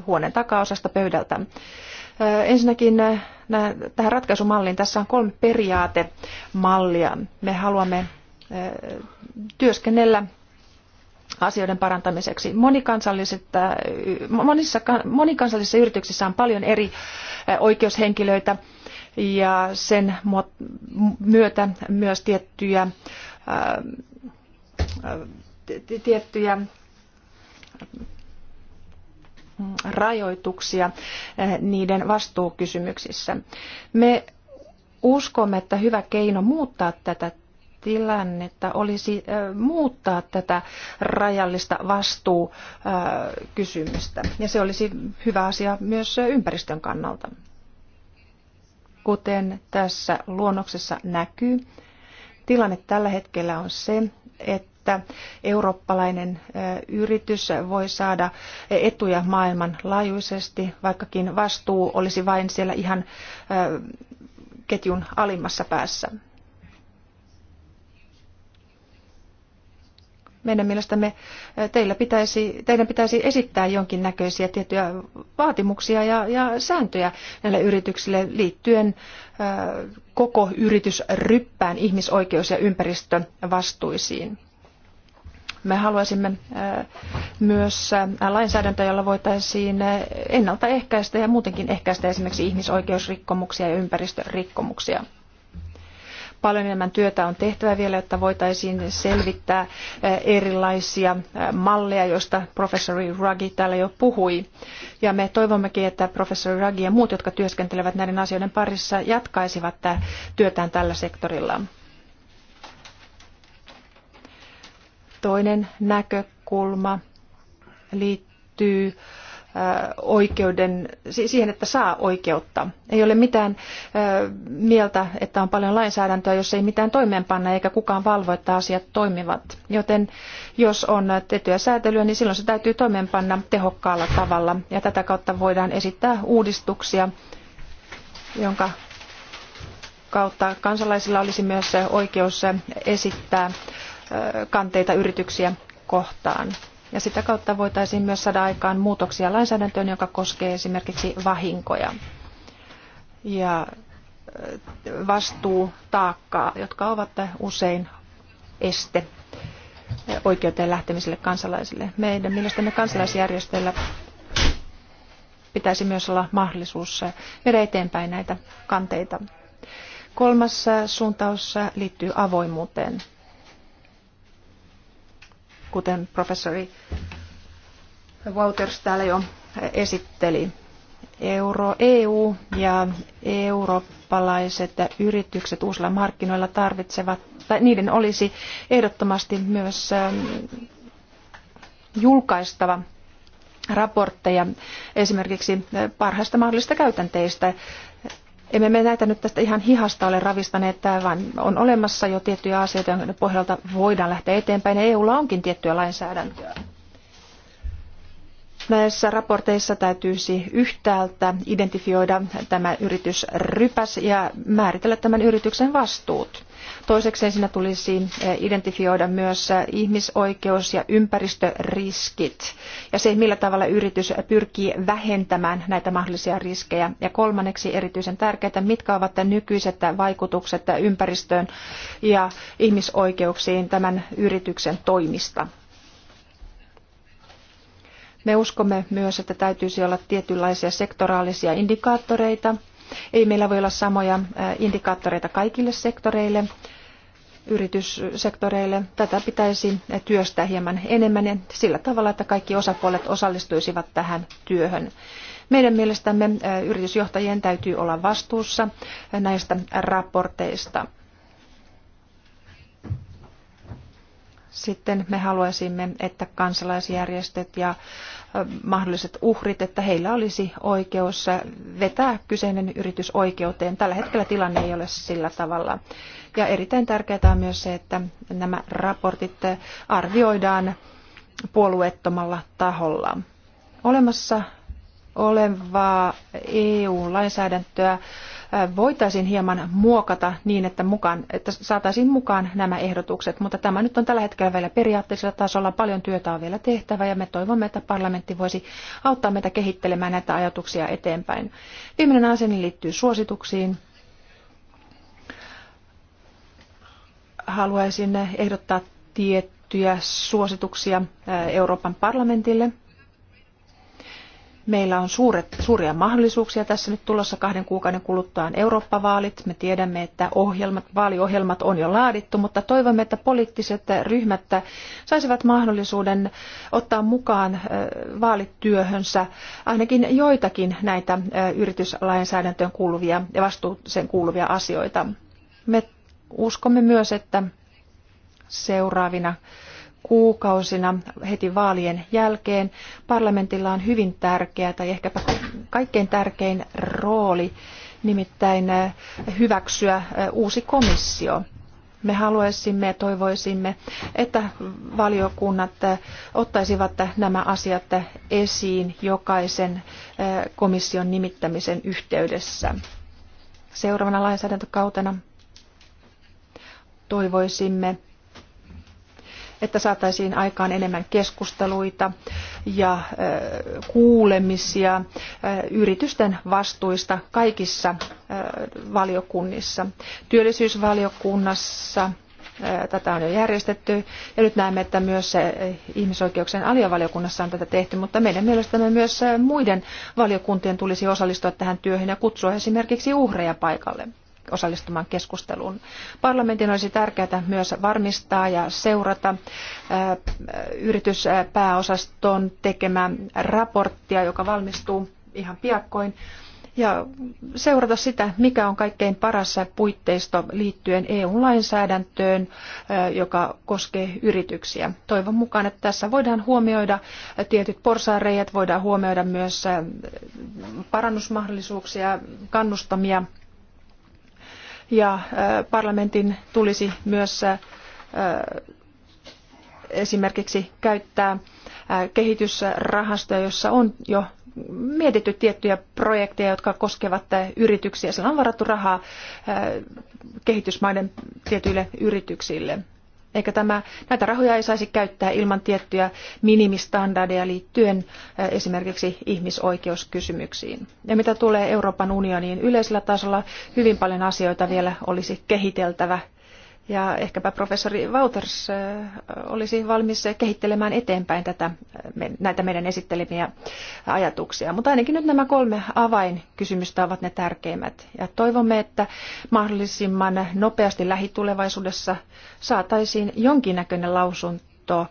Speaker 5: huoneen takaosasta pöydältä. Äh, ensinnäkin äh, tähän ratkaisumalliin tässä on kolme periaatemallia. Me haluamme äh, työskennellä asioiden parantamiseksi. monissa, monikansallisissa yrityksissä on paljon eri oikeushenkilöitä ja sen myötä myös tiettyjä, tiettyjä rajoituksia eh, niiden vastuukysymyksissä. Me uskomme, että hyvä keino muuttaa tätä tilannetta olisi eh, muuttaa tätä rajallista vastuukysymystä. Ja se olisi hyvä asia myös ympäristön kannalta. Kuten tässä luonnoksessa näkyy, tilanne tällä hetkellä on se, että että eurooppalainen yritys voi saada etuja maailmanlaajuisesti, vaikkakin vastuu olisi vain siellä ihan ketjun alimmassa päässä. meidän mielestämme teillä pitäisi, teidän pitäisi esittää jonkinnäköisiä tiettyjä vaatimuksia ja, ja sääntöjä näille yrityksille liittyen koko yritysryppään ihmisoikeus- ja ympäristövastuisiin. Me haluaisimme myös lainsäädäntöä, jolla voitaisiin ennaltaehkäistä ja muutenkin ehkäistä esimerkiksi ihmisoikeusrikkomuksia ja ympäristörikkomuksia paljon enemmän työtä on tehtävä vielä, jotta voitaisiin selvittää erilaisia malleja, joista professori Ruggi täällä jo puhui. Ja me toivommekin, että professori Ruggi ja muut, jotka työskentelevät näiden asioiden parissa, jatkaisivat työtään tällä sektorilla. Toinen näkökulma liittyy oikeuden, siihen, että saa oikeutta. Ei ole mitään mieltä, että on paljon lainsäädäntöä, jos ei mitään toimeenpanna eikä kukaan valvo, että asiat toimivat. Joten jos on tiettyä säätelyä, niin silloin se täytyy toimeenpanna tehokkaalla tavalla ja tätä kautta voidaan esittää uudistuksia, jonka kautta kansalaisilla olisi myös oikeus esittää kanteita yrityksiä kohtaan. Ja sitä kautta voitaisiin myös saada aikaan muutoksia lainsäädäntöön, joka koskee esimerkiksi vahinkoja ja vastuutaakkaa, jotka ovat usein este oikeuteen lähtemiselle kansalaisille. Meidän mielestämme kansalaisjärjestöillä pitäisi myös olla mahdollisuus viedä eteenpäin näitä kanteita. Kolmas suuntaus liittyy avoimuuteen kuten professori Wouters täällä jo esitteli. Euro, EU ja eurooppalaiset yritykset uusilla markkinoilla tarvitsevat, tai niiden olisi ehdottomasti myös ähm, julkaistava raportteja esimerkiksi parhaista mahdollisista käytänteistä emme me näitä nyt tästä ihan hihasta ole ravistaneet, vaan on olemassa jo tiettyjä asioita, joiden pohjalta voidaan lähteä eteenpäin. EUlla onkin tiettyä lainsäädäntöä. Näissä raporteissa täytyisi yhtäältä identifioida tämä yritysrypäs ja määritellä tämän yrityksen vastuut. Toiseksi siinä tulisi eh, identifioida myös eh, ihmisoikeus- ja ympäristöriskit ja se, millä tavalla yritys pyrkii vähentämään näitä mahdollisia riskejä. Ja kolmanneksi erityisen tärkeää, mitkä ovat nykyiset vaikutukset ympäristöön ja ihmisoikeuksiin tämän yrityksen toimista. Me uskomme myös, että täytyisi olla tietynlaisia sektoraalisia indikaattoreita. Ei meillä voi olla samoja äh, indikaattoreita kaikille sektoreille, yrityssektoreille. Tätä pitäisi äh, työstää hieman enemmän sillä tavalla, että kaikki osapuolet osallistuisivat tähän työhön. Meidän mielestämme äh, yritysjohtajien täytyy olla vastuussa näistä raporteista. Sitten me haluaisimme, että kansalaisjärjestöt ja mahdolliset uhrit, että heillä olisi oikeus vetää kyseinen yritys oikeuteen. Tällä hetkellä tilanne ei ole sillä tavalla. Ja erittäin tärkeää on myös se, että nämä raportit arvioidaan puolueettomalla taholla. Olemassa olevaa EU-lainsäädäntöä voitaisiin hieman muokata niin, että, mukaan, että saataisiin mukaan nämä ehdotukset, mutta tämä nyt on tällä hetkellä vielä periaatteellisella tasolla. Paljon työtä on vielä tehtävä ja me toivomme, että parlamentti voisi auttaa meitä kehittelemään näitä ajatuksia eteenpäin. Viimeinen asia liittyy suosituksiin. Haluaisin ehdottaa tiettyjä suosituksia Euroopan parlamentille – Meillä on suuret, suuria mahdollisuuksia tässä nyt tulossa kahden kuukauden kuluttua on Eurooppa-vaalit. Me tiedämme, että ohjelmat, vaaliohjelmat on jo laadittu, mutta toivomme, että poliittiset ryhmät saisivat mahdollisuuden ottaa mukaan vaalityöhönsä ainakin joitakin näitä yrityslainsäädäntöön kuuluvia ja vastuuseen kuuluvia asioita. Me uskomme myös, että seuraavina kuukausina heti vaalien jälkeen parlamentilla on hyvin tärkeä tai ehkäpä kaikkein tärkein rooli, nimittäin eh, hyväksyä eh, uusi komissio. Me haluaisimme ja toivoisimme, että valiokunnat eh, ottaisivat nämä asiat esiin jokaisen komission nimittämisen yhteydessä. Seuraavana lainsäädäntökautena toivoisimme, että saataisiin aikaan enemmän keskusteluita ja kuulemisia yritysten vastuista kaikissa valiokunnissa. Työllisyysvaliokunnassa tätä on jo järjestetty ja nyt näemme, että myös ihmisoikeuksien aliavaliokunnassa on tätä tehty, mutta meidän mielestämme myös muiden valiokuntien tulisi osallistua tähän työhön ja kutsua esimerkiksi uhreja paikalle osallistumaan keskusteluun. Parlamentin olisi tärkeää myös varmistaa ja seurata äh, yrityspääosaston tekemää raporttia, joka valmistuu ihan piakkoin ja seurata sitä, mikä on kaikkein paras puitteisto liittyen EU-lainsäädäntöön, äh, joka koskee yrityksiä. Toivon mukaan, että tässä voidaan huomioida tietyt porsaanreijät, voidaan huomioida myös äh, parannusmahdollisuuksia, kannustamia ja äh, parlamentin tulisi myös äh, esimerkiksi käyttää äh, kehitysrahastoja, jossa on jo mietitty tiettyjä projekteja, jotka koskevat yrityksiä. Sillä on varattu rahaa kehitysmaiden tietyille yrityksille. Eikä tämä, näitä rahoja ei saisi käyttää ilman tiettyjä minimistandardeja liittyen esimerkiksi ihmisoikeuskysymyksiin. Ja mitä tulee Euroopan unioniin yleisellä tasolla, hyvin paljon asioita vielä olisi kehiteltävä ja ehkäpä professori Wouters äh, olisi valmis kehittelemään eteenpäin tätä, äh, näitä meidän esittelemiä ajatuksia. Mutta ainakin nyt nämä kolme avainkysymystä ovat ne tärkeimmät. Ja toivomme, että mahdollisimman nopeasti lähitulevaisuudessa saataisiin jonkinnäköinen lausunto,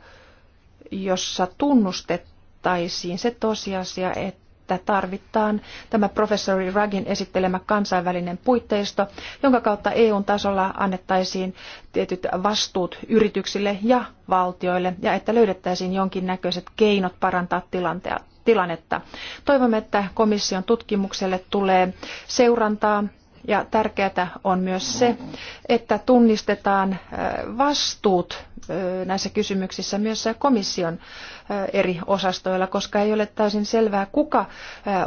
Speaker 5: jossa tunnustettaisiin se tosiasia, että että tarvitaan tämä professori Ruggin esittelemä kansainvälinen puitteisto, jonka kautta EUn tasolla annettaisiin tietyt vastuut yrityksille ja valtioille ja että löydettäisiin jonkinnäköiset keinot parantaa tilannetta. Toivomme, että komission tutkimukselle tulee seurantaa ja tärkeää on myös se, että tunnistetaan vastuut näissä kysymyksissä myös komission eri osastoilla, koska ei ole täysin selvää, kuka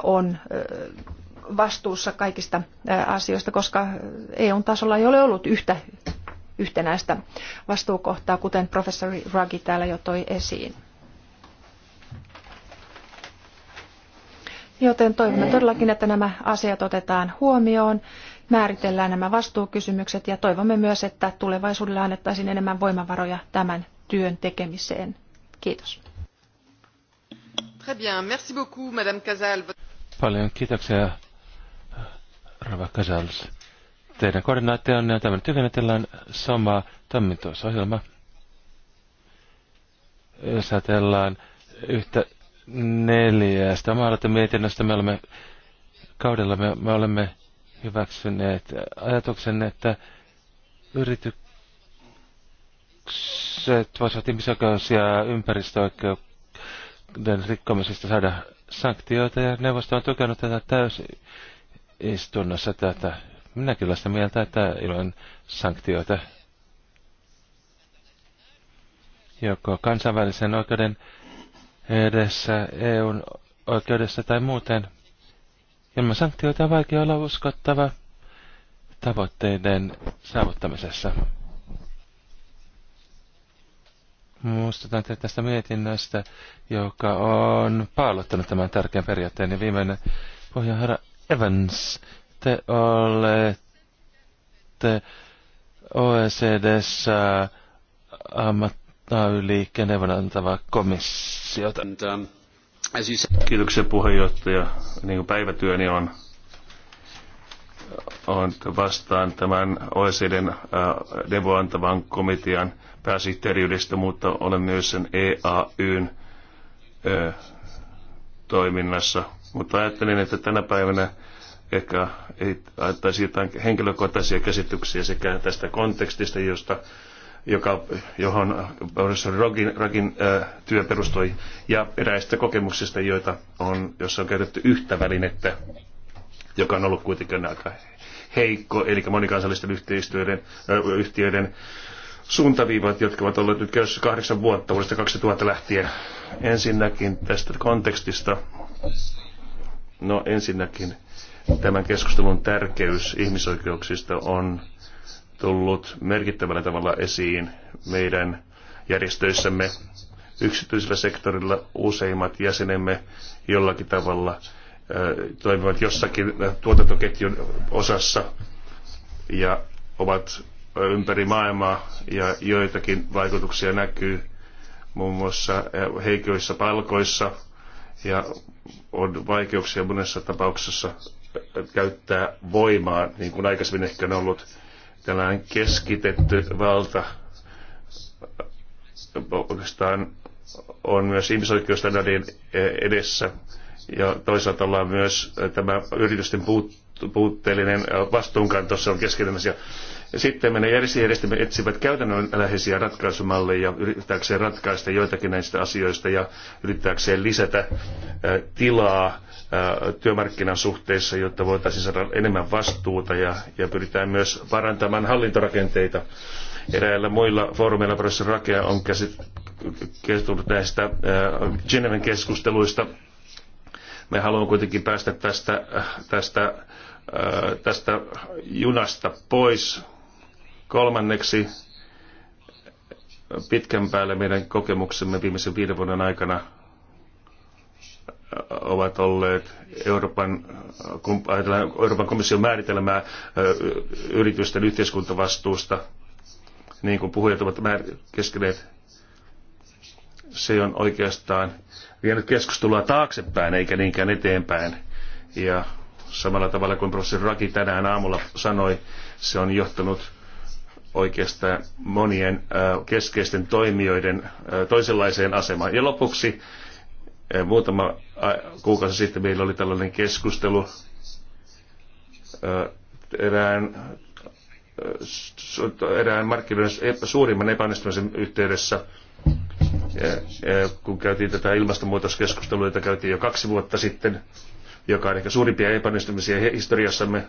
Speaker 5: on vastuussa kaikista asioista, koska EUn tasolla ei ole ollut yhtä yhtenäistä vastuukohtaa, kuten professori Ruggi täällä jo toi esiin. Joten toivomme todellakin, että nämä asiat otetaan huomioon, määritellään nämä vastuukysymykset ja toivomme myös, että tulevaisuudella annettaisiin enemmän voimavaroja tämän työn tekemiseen. Kiitos.
Speaker 3: Paljon kiitoksia, Rava Casals. Teidän koordinaattionne on tämmöinen tyhjennetellään sama toimintoosohjelma. Jos ajatellaan yhtä neljästä mietinnöstä me olemme kaudella me, me olemme hyväksyneet ajatuksen, että yritykset voisivat ihmisoikeus- ja ympäristöoikeuden rikkomisista saada sanktioita ja neuvosto on tukenut tätä täysistunnossa tätä. minä kyllä sitä mieltä, että ilman sanktioita joko kansainvälisen oikeuden edessä EUn oikeudessa tai muuten. Ilman sanktioita on vaikea olla uskottava tavoitteiden saavuttamisessa. Muistutan teitä tästä mietinnöstä, joka on paalottanut tämän tärkeän periaatteen. Ja viimeinen pohja herra Evans, te olette OECDssä ammat,
Speaker 4: yli Genevan antava komissiota. Um, Kiitoksia puheenjohtaja. Niin kuin päivätyöni on, on vastaan tämän OECDn äh, neuvoantavan komitean pääsihteeriydestä, mutta olen myös sen EAYn ö, toiminnassa. Mutta ajattelin, että tänä päivänä ehkä ajattaisi jotain henkilökohtaisia käsityksiä sekä tästä kontekstista, josta joka, johon professori Rogin, Rogin äh, työ perustui, ja eräistä kokemuksista, joita on, jossa on käytetty yhtä välinettä, joka on ollut kuitenkin aika heikko, eli monikansallisten yhteistyöiden, äh, yhtiöiden suuntaviivat, jotka ovat olleet nyt käytössä kahdeksan vuotta vuodesta 2000 lähtien. Ensinnäkin tästä kontekstista. No ensinnäkin tämän keskustelun tärkeys ihmisoikeuksista on tullut merkittävällä tavalla esiin meidän järjestöissämme yksityisellä sektorilla useimmat jäsenemme jollakin tavalla toimivat jossakin tuotantoketjun osassa ja ovat ympäri maailmaa ja joitakin vaikutuksia näkyy muun muassa heikoissa palkoissa ja on vaikeuksia monessa tapauksessa käyttää voimaa, niin kuin aikaisemmin ehkä on ollut tällainen keskitetty valta oikeastaan on myös ihmisoikeusstandardien edessä. Ja toisaalta ollaan myös tämä yritysten puutteellinen vastuunkanto, se on keskeinen asia. Sitten me järjestelmä etsivät käytännönläheisiä ratkaisumalleja yrittääkseen ratkaista joitakin näistä asioista ja yrittääkseen lisätä tilaa työmarkkinasuhteissa, jotta voitaisiin saada enemmän vastuuta ja, ja pyritään myös parantamaan hallintorakenteita. Eräillä muilla foorumeilla professori Rakea on keskustellut näistä Geneven keskusteluista. Me haluamme kuitenkin päästä tästä, tästä tästä junasta pois. Kolmanneksi pitkän päälle meidän kokemuksemme viimeisen viiden vuoden aikana ovat olleet Euroopan, kun Euroopan komission määritelmää yritysten yhteiskuntavastuusta, niin kuin puhujat ovat keskeneet, se on oikeastaan vienyt keskustelua taaksepäin eikä niinkään eteenpäin. Ja samalla tavalla kuin professori Raki tänään aamulla sanoi, se on johtanut oikeastaan monien keskeisten toimijoiden toisenlaiseen asemaan. Ja lopuksi muutama kuukausi sitten meillä oli tällainen keskustelu erään, erään markkinoiden suurimman epäonnistumisen yhteydessä, kun käytiin tätä ilmastonmuutoskeskustelua, jota käytiin jo kaksi vuotta sitten, joka on ehkä suurimpia epäonnistumisia historiassamme,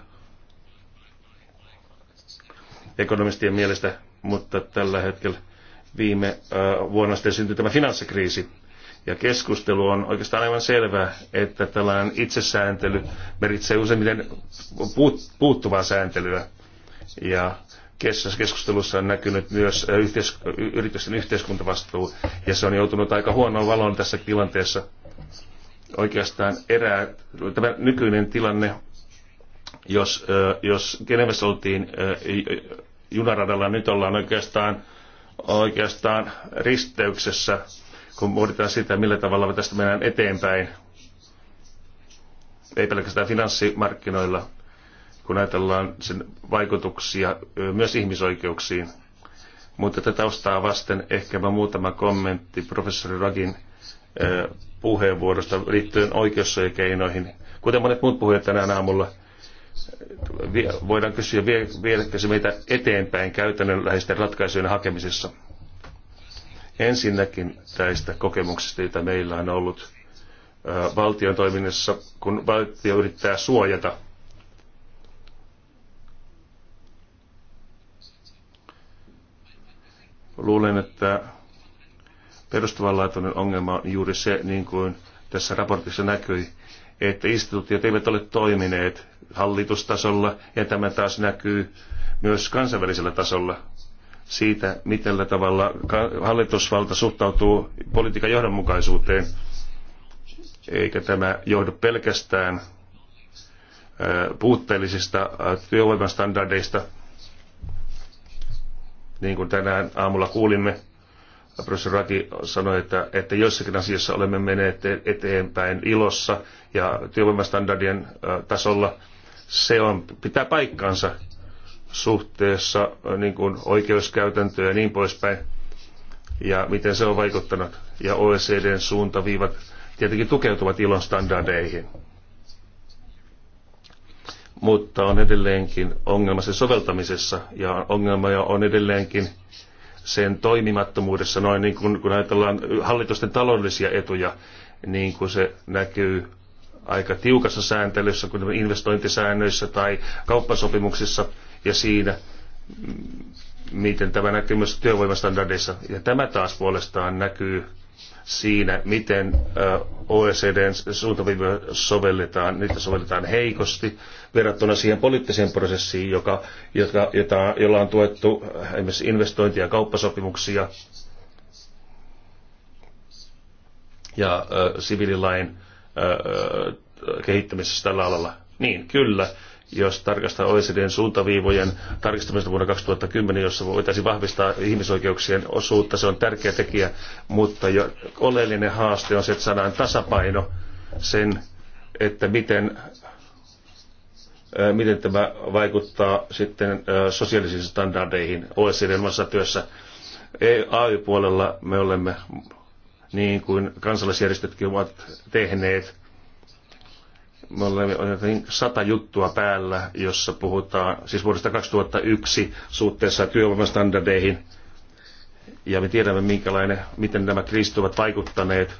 Speaker 4: ekonomistien mielestä, mutta tällä hetkellä viime vuonna sitten syntyi tämä finanssikriisi. Ja keskustelu on oikeastaan aivan selvää, että tällainen itsesääntely merkitsee useimmiten puut, puuttuvaa sääntelyä. Ja keskustelussa on näkynyt myös yhteis- yritysten yhteiskuntavastuu, ja se on joutunut aika huonoon valoon tässä tilanteessa. Oikeastaan erää, tämä nykyinen tilanne, jos, jos Genevessä oltiin junaradalla nyt ollaan oikeastaan, oikeastaan risteyksessä, kun muodetaan sitä, millä tavalla me tästä mennään eteenpäin. Ei pelkästään finanssimarkkinoilla, kun ajatellaan sen vaikutuksia myös ihmisoikeuksiin. Mutta tätä taustaa vasten ehkäpä muutama kommentti professori Ragin puheenvuorosta liittyen oikeussuojakeinoihin. Kuten monet muut puhujat tänään aamulla, voidaan kysyä, viedäkö se meitä eteenpäin käytännönläheisten ratkaisujen hakemisessa. Ensinnäkin tästä kokemuksesta, joita meillä on ollut valtion toiminnassa, kun valtio yrittää suojata Luulen, että perustavanlaatuinen ongelma on juuri se, niin kuin tässä raportissa näkyi, että instituutiot eivät ole toimineet hallitustasolla, ja tämä taas näkyy myös kansainvälisellä tasolla siitä, miten tavalla hallitusvalta suhtautuu politiikan johdonmukaisuuteen, eikä tämä johdu pelkästään puutteellisista työvoimastandardeista, niin kuin tänään aamulla kuulimme, professori Raki sanoi, että, että jossakin asiassa olemme menneet eteenpäin ilossa ja työvoimastandardien tasolla. Se on, pitää paikkaansa suhteessa niin kuin oikeuskäytäntöön ja niin poispäin, ja miten se on vaikuttanut. Ja OECDn suuntaviivat tietenkin tukeutuvat ilon standardeihin. Mutta on edelleenkin ongelma sen soveltamisessa, ja ongelma on edelleenkin sen toimimattomuudessa, noin niin kuin, kun ajatellaan hallitusten taloudellisia etuja, niin kuin se näkyy aika tiukassa sääntelyssä, kuten investointisäännöissä tai kauppasopimuksissa ja siinä, miten tämä näkyy myös työvoimastandardeissa. Ja tämä taas puolestaan näkyy siinä, miten OECDn suuntaviivoja sovelletaan, niitä sovelletaan heikosti verrattuna siihen poliittiseen prosessiin, joka, jota, jota, jolla on tuettu äh, esimerkiksi investointia ja kauppasopimuksia ja äh, sivililain äh, kehittämisessä tällä alalla. Niin, kyllä jos tarkastaa OECDn suuntaviivojen tarkistamista vuonna 2010, jossa voitaisiin vahvistaa ihmisoikeuksien osuutta. Se on tärkeä tekijä, mutta jo oleellinen haaste on se, että saadaan tasapaino sen, että miten, äh, miten tämä vaikuttaa sitten äh, sosiaalisiin standardeihin OECDn omassa työssä. E, AY-puolella me olemme, niin kuin kansalaisjärjestötkin ovat tehneet, me olemme niin sata juttua päällä, jossa puhutaan siis vuodesta 2001 suhteessa työvoimastandardeihin. Ja me tiedämme, minkälainen, miten nämä kriisit ovat vaikuttaneet.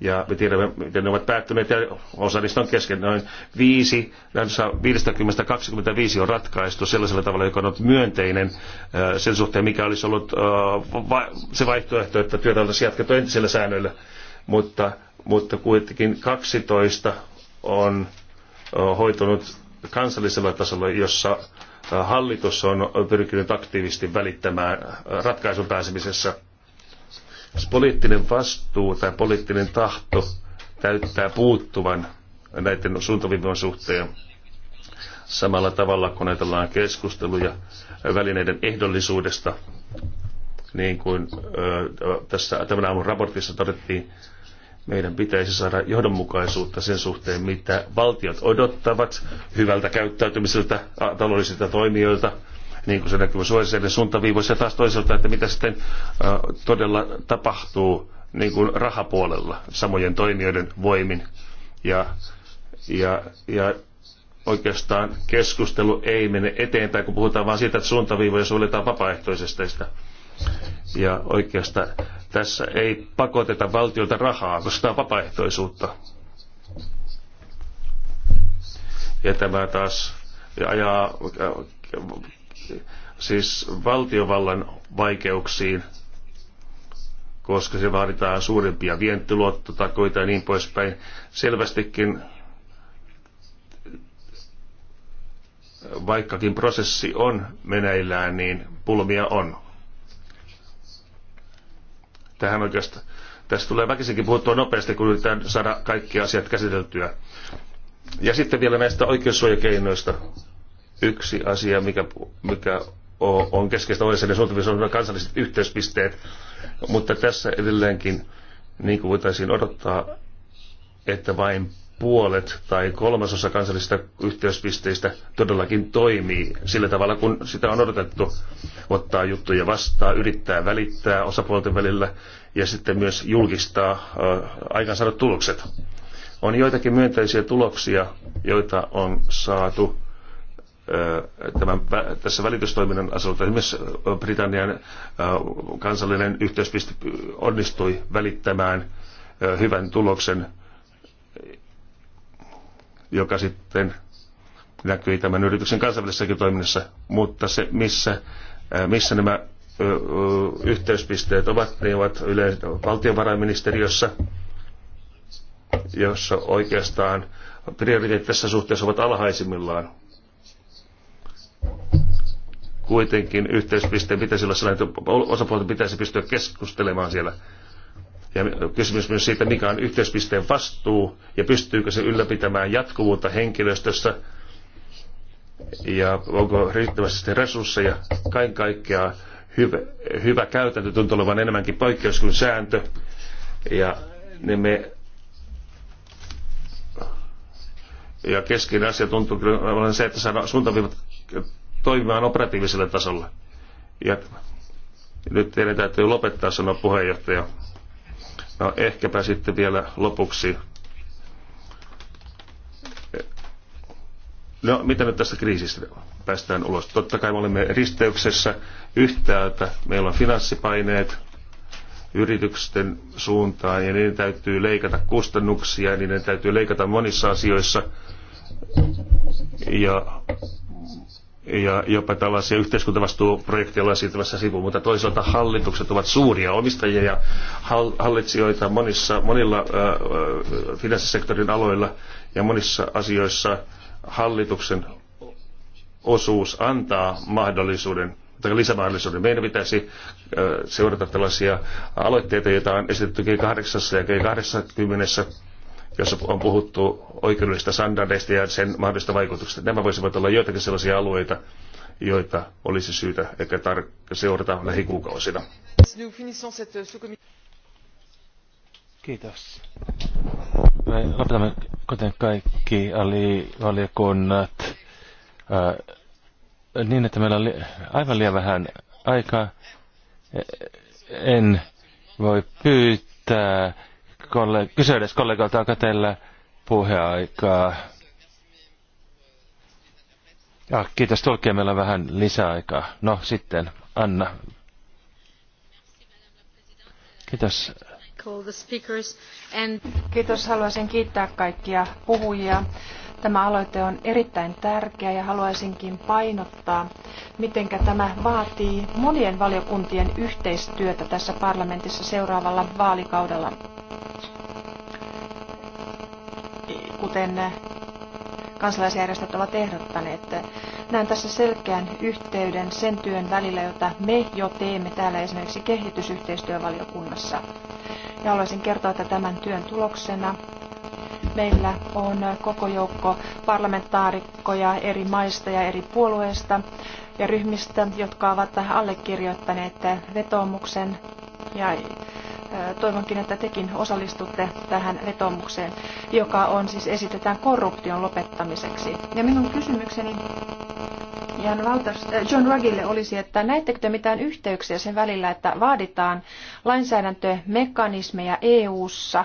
Speaker 4: Ja me tiedämme, miten ne ovat päättyneet ja osa niistä on kesken. Noin 5, 50-25 on ratkaistu sellaisella tavalla, joka on ollut myönteinen äh, sen suhteen, mikä olisi ollut äh, se vaihtoehto, että työtä oltaisiin jatkettu entisellä säännöillä. Mutta mutta kuitenkin 12 on hoitunut kansallisella tasolla, jossa hallitus on pyrkinyt aktiivisesti välittämään ratkaisun pääsemisessä. Poliittinen vastuu tai poliittinen tahto täyttää puuttuvan näiden suuntaviivojen suhteen samalla tavalla, kun ajatellaan keskusteluja välineiden ehdollisuudesta, niin kuin tässä tämän aamun raportissa todettiin, meidän pitäisi saada johdonmukaisuutta sen suhteen, mitä valtiot odottavat hyvältä käyttäytymiseltä taloudellisilta toimijoilta, niin kuin se näkyy suojelisen suuntaviivoissa, ja taas toisaalta, että mitä sitten todella tapahtuu niin kuin rahapuolella samojen toimijoiden voimin. Ja, ja, ja oikeastaan keskustelu ei mene eteenpäin, kun puhutaan vain siitä, että suuntaviivoja suljetaan vapaaehtoisesti. Ja oikeastaan tässä ei pakoteta valtiolta rahaa, koska tämä on vapaaehtoisuutta. Ja tämä taas ajaa äh, siis valtiovallan vaikeuksiin, koska se vaaditaan suurempia vientiluottotakoita ja niin poispäin. Selvästikin vaikkakin prosessi on meneillään, niin pulmia on tähän oikeastaan. Tässä tulee väkisinkin puhuttua nopeasti, kun yritetään saada kaikki asiat käsiteltyä. Ja sitten vielä näistä oikeussuojakeinoista. Yksi asia, mikä, mikä on keskeistä OECD suuntaviissa, on kansalliset yhteyspisteet. Mutta tässä edelleenkin, niin kuin voitaisiin odottaa, että vain puolet tai kolmasosa kansallisista yhteyspisteistä todellakin toimii sillä tavalla, kun sitä on odotettu ottaa juttuja vastaan, yrittää välittää osapuolten välillä ja sitten myös julkistaa aikaansaadut tulokset. On joitakin myönteisiä tuloksia, joita on saatu tämän, tässä välitystoiminnan asioita. Esimerkiksi Britannian kansallinen yhteyspiste onnistui välittämään hyvän tuloksen joka sitten näkyi tämän yrityksen kansainvälisessäkin toiminnassa, mutta se, missä, missä nämä yhteyspisteet ovat, niin ovat yleensä valtiovarainministeriössä, jossa oikeastaan prioriteetit tässä suhteessa ovat alhaisimmillaan. Kuitenkin yhteyspisteen pitäisi olla sellainen, että osapuolten pitäisi pystyä keskustelemaan siellä ja kysymys myös siitä, mikä on yhteispisteen vastuu ja pystyykö se ylläpitämään jatkuvuutta henkilöstössä ja onko riittävästi resursseja. Kaiken kaikkiaan hyvä, hyvä käytäntö tuntuu olevan enemmänkin poikkeus kuin sääntö. Ja niin me ja keskeinen asia tuntuu kyllä olevan se, että saadaan suuntaviivat toimimaan operatiivisella tasolla. Ja nyt teidän täytyy lopettaa, sanoi puheenjohtaja. No ehkäpä sitten vielä lopuksi. No mitä nyt tästä kriisistä päästään ulos? Totta kai me olemme risteyksessä yhtäältä. Meillä on finanssipaineet yritysten suuntaan ja niiden täytyy leikata kustannuksia, niiden täytyy leikata monissa asioissa. Ja ja jopa tällaisia yhteiskuntavastuuprojekteja ollaan siirtymässä sivuun, mutta toisaalta hallitukset ovat suuria omistajia ja hallitsijoita monissa, monilla äh, finanssisektorin aloilla ja monissa asioissa hallituksen osuus antaa mahdollisuuden tai lisämahdollisuuden. Meidän pitäisi seurata tällaisia aloitteita, joita on esitetty G8 ja g 20 jossa on puhuttu oikeudellisista standardeista ja sen mahdollisista vaikutuksista. Nämä voisivat olla joitakin sellaisia alueita, joita olisi syytä ehkä tar- seurata lähikuukausina. Kiitos.
Speaker 3: Me lopetamme, kuten kaikki alivaliokunnat, äh, niin, että meillä on li- aivan liian vähän aikaa. E- en voi pyytää kollega, kysy edes kollegalta, onko teillä puheaikaa. Ja, ah, kiitos tulkia, meillä on vähän lisäaikaa. No sitten, Anna. Kiitos.
Speaker 5: Kiitos, haluaisin kiittää kaikkia puhujia. Tämä aloite on erittäin tärkeä ja haluaisinkin painottaa, miten tämä vaatii monien valiokuntien yhteistyötä tässä parlamentissa seuraavalla vaalikaudella kuten eh, kansalaisjärjestöt ovat ehdottaneet. Eh, näen tässä selkeän yhteyden sen työn välillä, jota me jo teemme täällä esimerkiksi kehitysyhteistyövaliokunnassa. Ja haluaisin kertoa, että tämän työn tuloksena meillä on eh, koko joukko parlamentaarikkoja eri maista ja eri puolueista ja ryhmistä, jotka ovat allekirjoittaneet vetoomuksen ja toivonkin, että tekin osallistutte tähän vetomukseen, joka on siis esitetään korruption lopettamiseksi. Ja minun kysymykseni Jan Walters, John Ruggille olisi, että näettekö te mitään yhteyksiä sen välillä, että vaaditaan lainsäädäntömekanismeja EU-ssa,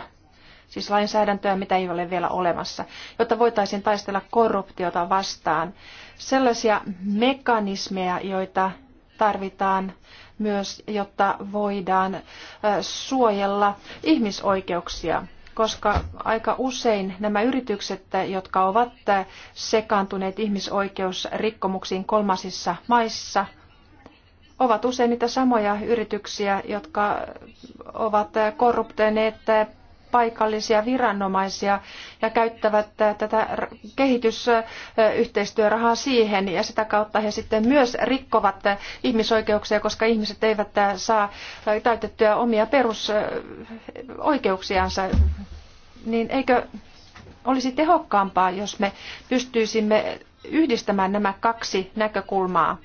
Speaker 5: siis lainsäädäntöä, mitä ei ole vielä olemassa, jotta voitaisiin taistella korruptiota vastaan. Sellaisia mekanismeja, joita tarvitaan myös, jotta voidaan suojella ihmisoikeuksia koska aika usein nämä yritykset, jotka ovat sekaantuneet ihmisoikeusrikkomuksiin kolmasissa maissa, ovat usein niitä samoja yrityksiä, jotka ovat korruptoineet paikallisia viranomaisia ja käyttävät tätä kehitysyhteistyörahaa siihen ja sitä kautta he sitten myös rikkovat ihmisoikeuksia, koska ihmiset eivät saa täytettyä omia perusoikeuksiansa. Niin eikö olisi tehokkaampaa, jos me pystyisimme yhdistämään nämä kaksi näkökulmaa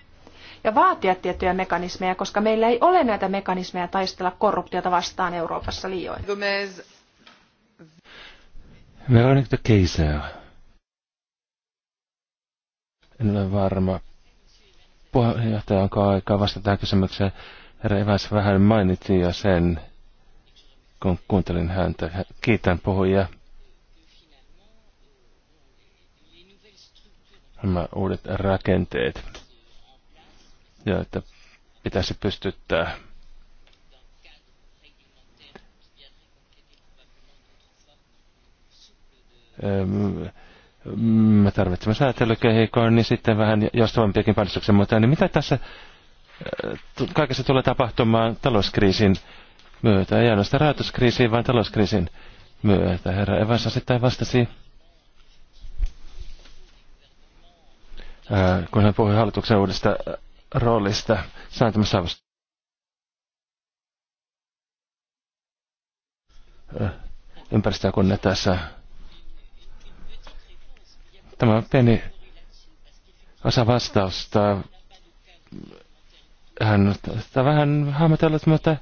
Speaker 5: ja vaatia tiettyjä mekanismeja, koska meillä ei ole näitä mekanismeja taistella korruptiota vastaan Euroopassa liioin.
Speaker 3: Veronika Keiser. En ole varma. Puheenjohtaja, onko aikaa vastata tähän kysymykseen? Herra Eväs vähän mainitsi jo sen, kun kuuntelin häntä. Kiitän puhujia. Nämä uudet rakenteet, joita pitäisi pystyttää Mm, me tarvitsemme säätelykehikkoa, niin sitten vähän joustavampiakin panostuksen muuta. Niin mitä tässä kaikessa tulee tapahtumaan talouskriisin myötä? Ei ainoastaan rahoituskriisiin, vaan talouskriisin myötä. Herra Evans osittain vastasi, kun hän puhui hallituksen uudesta roolista sääntämässä ympäristöä kunnioittaessa Tämä on pieni osa vastausta. Hän on vähän hahmotellut, mutta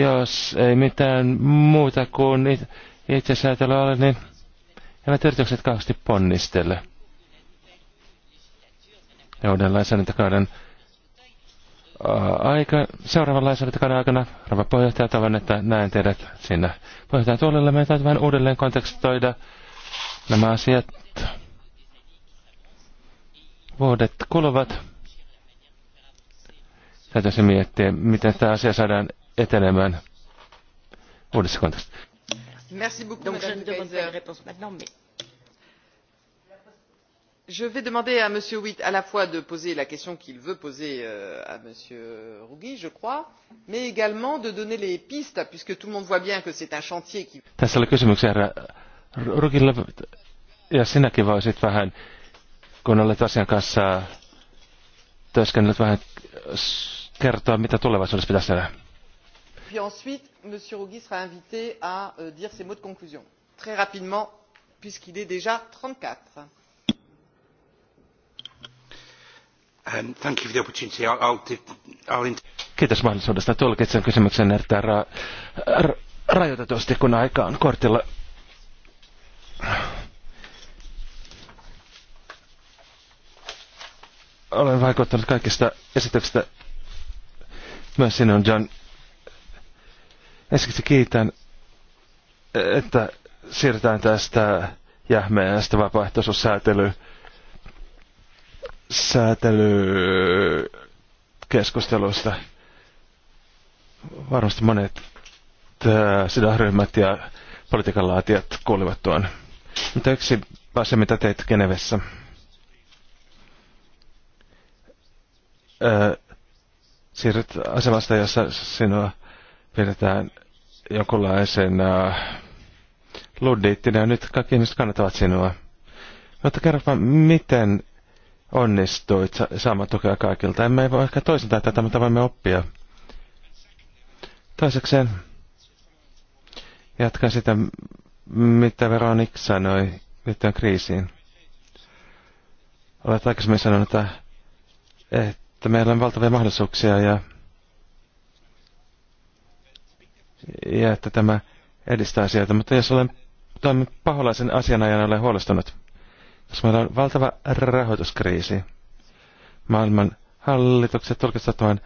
Speaker 3: jos ei mitään muuta kuin itsesäätelyä ole, niin eivät yritykset kauheasti ponnistele. Ja uuden lainsäädäntökauden aika, seuraavan lainsäädäntökauden aikana, rouva puheenjohtaja, tavan, että näen teidät siinä puheenjohtajan tuolilla. Meidän täytyy vähän uudelleen kontekstoida Nämä asiat vuodet kuluvat. Täytyisi miettiä, miten tämä asia saadaan etenemään uudessa kontekstissa.
Speaker 1: Merci beaucoup, Donc, Madame je ne demande pas une réponse maintenant, mais je vais demander à m. Witt à la fois de poser la question qu'il veut poser euh, à m. Rougui, je crois mais également de donner les pistes puisque tout le monde voit bien que c'est un chantier qui.
Speaker 3: tässä oli kysymyksiä, herra Rukilla, ja sinäkin voisit vähän, kun olet asian kanssa työskennellyt vähän kertoa, mitä tulevaisuudessa pitäisi tehdä.
Speaker 1: Puis ensuite, M. Ruggi sera invité à euh, dire ses mots de conclusion. Très rapidement, puisqu'il est déjà 34.
Speaker 3: Um, thank you for the opportunity. I'll, I'll, I'll... Kiitos mahdollisuudesta. Tulkitsen kysymyksen erittäin ra- ra- rajoitetusti, kun aika on kortilla. Olen vaikuttanut kaikista esityksistä. Myös sinun, John. Ensiksi kiitän, että siirrytään tästä jähmeästä vapaaehtoisuussäätely säätelykeskusteluista. Varmasti monet äh, sidosryhmät ja politiikan laatijat kuulivat tuon mutta yksi asia, mitä teit Genevessä. Öö, siirryt asemasta, jossa sinua pidetään jonkunlaisen öö, luddiittina, ja nyt kaikki ihmiset kannattavat sinua. Mutta kerropa, miten onnistuit sa- saamaan tukea kaikilta? Emme voi ehkä toisilta tätä, mutta voimme oppia. Toisekseen jatkan sitä, mitä Veronik sanoi liittyen kriisiin. Olet aikaisemmin sanonut, että, että meillä on valtavia mahdollisuuksia ja, ja että tämä edistää asioita, mutta jos olen toimin paholaisen asianajan, olen huolestunut, koska meillä on valtava rahoituskriisi. Maailman hallitukset tulkitsevat vain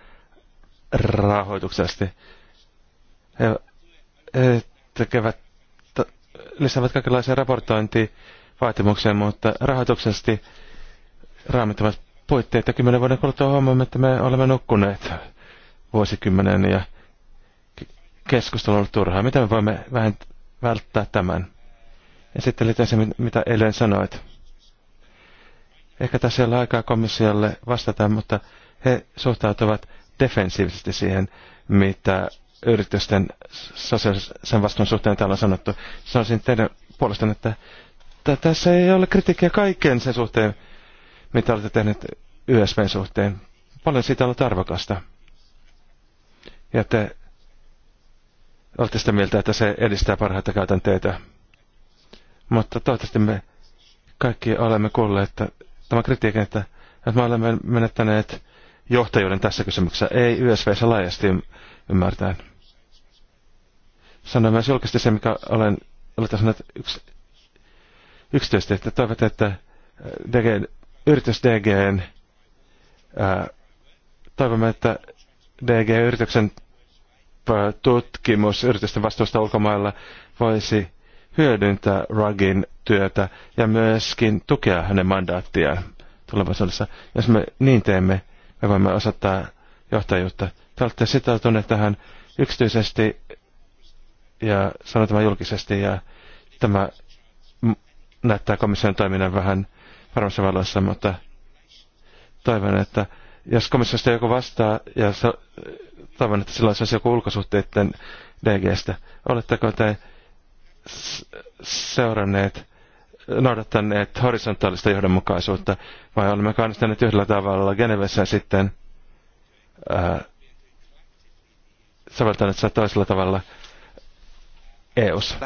Speaker 3: rahoituksesti. He, he tekevät lisäävät kaikenlaisia raportointivaatimuksia, mutta rahoituksesti raamittavat puitteet. Ja kymmenen vuoden kuluttua huomaamme, että me olemme nukkuneet vuosikymmenen ja keskustelu on ollut turhaa. Miten me voimme vähän välttää tämän? Ja sitten liittyen se, mitä eilen sanoit. Ehkä tässä ei ole aikaa komissiolle vastata, mutta he suhtautuvat defensiivisesti siihen, mitä yritysten sen vastuun suhteen täällä on sanottu. Sanoisin teidän puolestaan, että tässä ei ole kritiikkiä kaiken sen suhteen, mitä olette tehneet YSVn suhteen. Paljon siitä on ollut arvokasta. Ja te olette sitä mieltä, että se edistää parhaita käytänteitä. Mutta toivottavasti me kaikki olemme kuulleet, että tämä kritiikki, että, että me olemme menettäneet johtajuuden tässä kysymyksessä, ei YSVssä laajasti ymmärtäen sanoa myös julkisesti se, mikä olen, ollut sanonut yks, yksityisesti, että toivotte, että äh, DG, yritys DGn, äh, toivomme, että DG-yrityksen äh, tutkimus yritysten vastuusta ulkomailla voisi hyödyntää Rugin työtä ja myöskin tukea hänen mandaattiaan tulevaisuudessa. Jos me niin teemme, me voimme osoittaa johtajuutta. Te olette sitoutuneet tähän yksityisesti ja sanoi tämä julkisesti ja tämä näyttää komission toiminnan vähän varmassa valossa, mutta toivon, että jos komissiosta joku vastaa ja so, toivon, että sillä olisi joku ulkosuhteiden DGstä. Oletteko te seuranneet, noudattaneet horisontaalista johdonmukaisuutta vai olemme kannustaneet yhdellä tavalla Genevessä sitten ää, soveltaneet sitä toisella tavalla EU:ssa.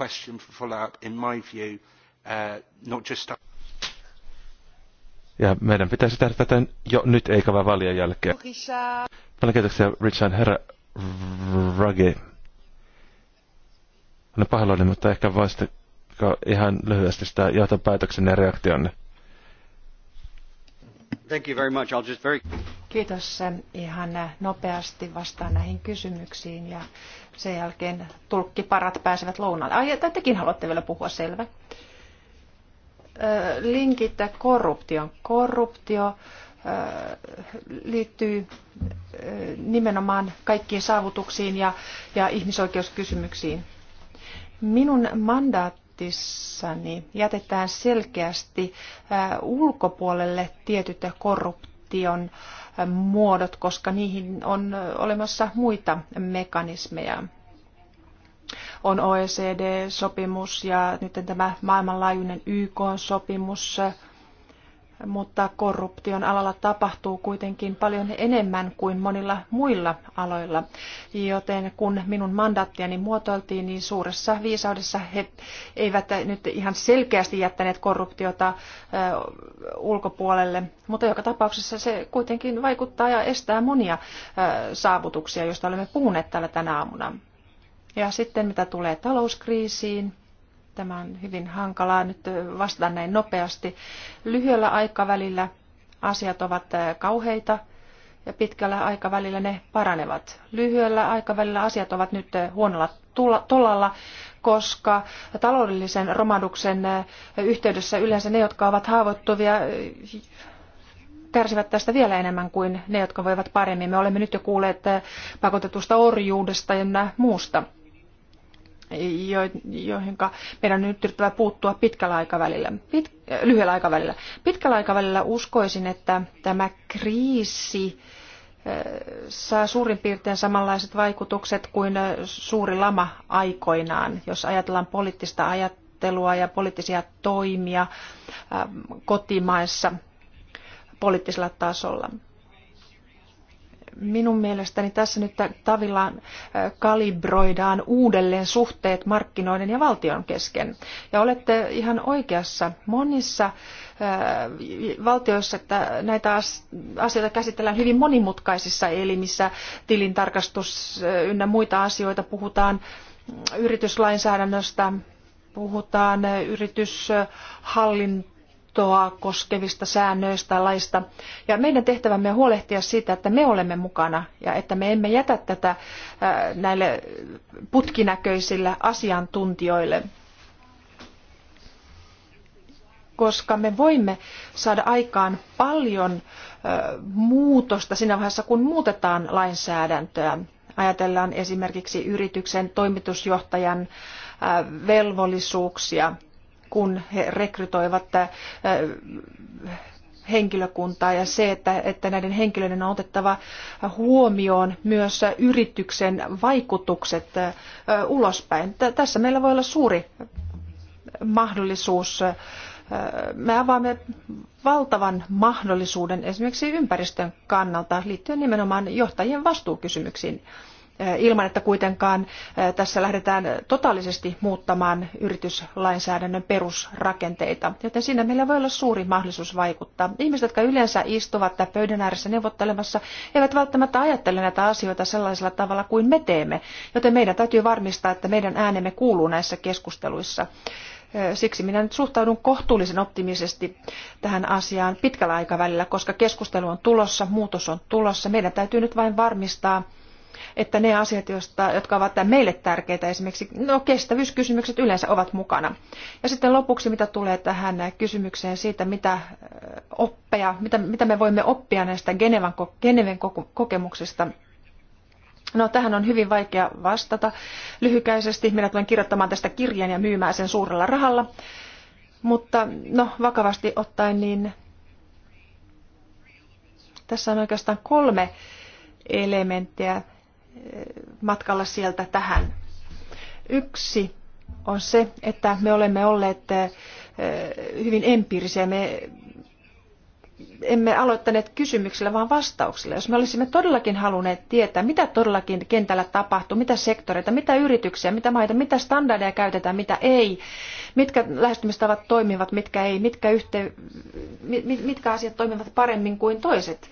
Speaker 3: Uh, ja meidän pitäisi tehdä tätä jo nyt eikä vaan valien jälkeen. Paljon kiitoksia Richard, herra Rage. Olen pahoillani, mutta ehkä voisitko ihan lyhyesti sitä johtopäätöksen ja reaktionne. Thank you very much. I'll just very...
Speaker 5: Kiitos. Ihan nopeasti vastaan näihin kysymyksiin ja sen jälkeen tulkkiparat pääsevät lounalle. Ai, tai tekin haluatte vielä puhua selvä. Linkit korruption. Korruptio liittyy nimenomaan kaikkiin saavutuksiin ja, ja ihmisoikeuskysymyksiin. Minun mandaattissani jätetään selkeästi ulkopuolelle tietyt korruptio valtion muodot, koska niihin on olemassa muita mekanismeja. On OECD-sopimus ja nyt tämä maailmanlaajuinen YK-sopimus, mutta korruption alalla tapahtuu kuitenkin paljon enemmän kuin monilla muilla aloilla. Joten kun minun mandaattiani muotoiltiin, niin suuressa viisaudessa he eivät nyt ihan selkeästi jättäneet korruptiota ulkopuolelle, mutta joka tapauksessa se kuitenkin vaikuttaa ja estää monia saavutuksia, joista olemme puhuneet täällä tänä aamuna. Ja sitten mitä tulee talouskriisiin, Tämä on hyvin hankalaa nyt vastata näin nopeasti. Lyhyellä aikavälillä asiat ovat eh, kauheita ja pitkällä aikavälillä ne paranevat. Lyhyellä aikavälillä asiat ovat nyt eh, huonolla tolalla, koska taloudellisen romahduksen eh, yhteydessä yleensä ne, jotka ovat haavoittuvia, kärsivät tästä vielä enemmän kuin ne, jotka voivat paremmin. Me olemme nyt jo kuulleet pakotetusta orjuudesta ja muusta joihin meidän on nyt yrittävä puuttua pitkällä aikavälillä, pit, lyhyellä aikavälillä. Pitkällä aikavälillä uskoisin, että tämä kriisi saa suurin piirtein samanlaiset vaikutukset kuin suuri lama aikoinaan, jos ajatellaan poliittista ajattelua ja poliittisia toimia kotimaissa poliittisella tasolla minun mielestäni tässä nyt tavillaan äh, kalibroidaan uudelleen suhteet markkinoiden ja valtion kesken. Ja olette ihan oikeassa. Monissa äh, valtioissa että näitä asioita käsitellään hyvin monimutkaisissa elimissä. Tilintarkastus äh, ynnä muita asioita puhutaan yrityslainsäädännöstä, puhutaan yrityshallintoa johtoa koskevista säännöistä laista. Ja meidän tehtävämme on huolehtia siitä, että me olemme mukana ja että me emme jätä tätä äh, näille putkinäköisille asiantuntijoille koska me voimme saada aikaan paljon äh, muutosta siinä vaiheessa, kun muutetaan lainsäädäntöä. Ajatellaan esimerkiksi yrityksen toimitusjohtajan äh, velvollisuuksia kun he rekrytoivat äh, henkilökuntaa ja se, että, että näiden henkilöiden on otettava huomioon myös yrityksen vaikutukset äh, ulospäin. Tässä meillä voi olla suuri mahdollisuus. Äh, me avaamme valtavan mahdollisuuden esimerkiksi ympäristön kannalta liittyen nimenomaan johtajien vastuukysymyksiin. Eh, ilman, että kuitenkaan eh, tässä lähdetään totaalisesti muuttamaan yrityslainsäädännön perusrakenteita. Joten siinä meillä voi olla suuri mahdollisuus vaikuttaa. Ihmiset, jotka yleensä istuvat tämän pöydän ääressä neuvottelemassa, eivät välttämättä ajattele näitä asioita sellaisella tavalla kuin me teemme. Joten meidän täytyy varmistaa, että meidän äänemme kuuluu näissä keskusteluissa. Eh, siksi minä nyt suhtaudun kohtuullisen optimisesti tähän asiaan pitkällä aikavälillä, koska keskustelu on tulossa, muutos on tulossa. Meidän täytyy nyt vain varmistaa, että ne asiat, joista, jotka ovat meille tärkeitä, esimerkiksi no, kestävyyskysymykset yleensä ovat mukana. Ja sitten lopuksi, mitä tulee tähän kysymykseen siitä, mitä, oppeja, mitä, mitä me voimme oppia näistä Genevan, Geneven kokemuksista, No, tähän on hyvin vaikea vastata lyhykäisesti. Minä tulen kirjoittamaan tästä kirjan ja myymään sen suurella rahalla. Mutta no, vakavasti ottaen, niin tässä on oikeastaan kolme elementtiä matkalla sieltä tähän. Yksi on se, että me olemme olleet eh, hyvin empiirisiä. Me emme aloittaneet kysymyksillä, vaan vastauksilla. Jos me olisimme todellakin halunneet tietää, mitä todellakin kentällä tapahtuu, mitä sektoreita, mitä yrityksiä, mitä maita, mitä standardeja käytetään, mitä ei, mitkä lähestymistavat toimivat, mitkä ei, mitkä, yhte, mitkä asiat toimivat paremmin kuin toiset.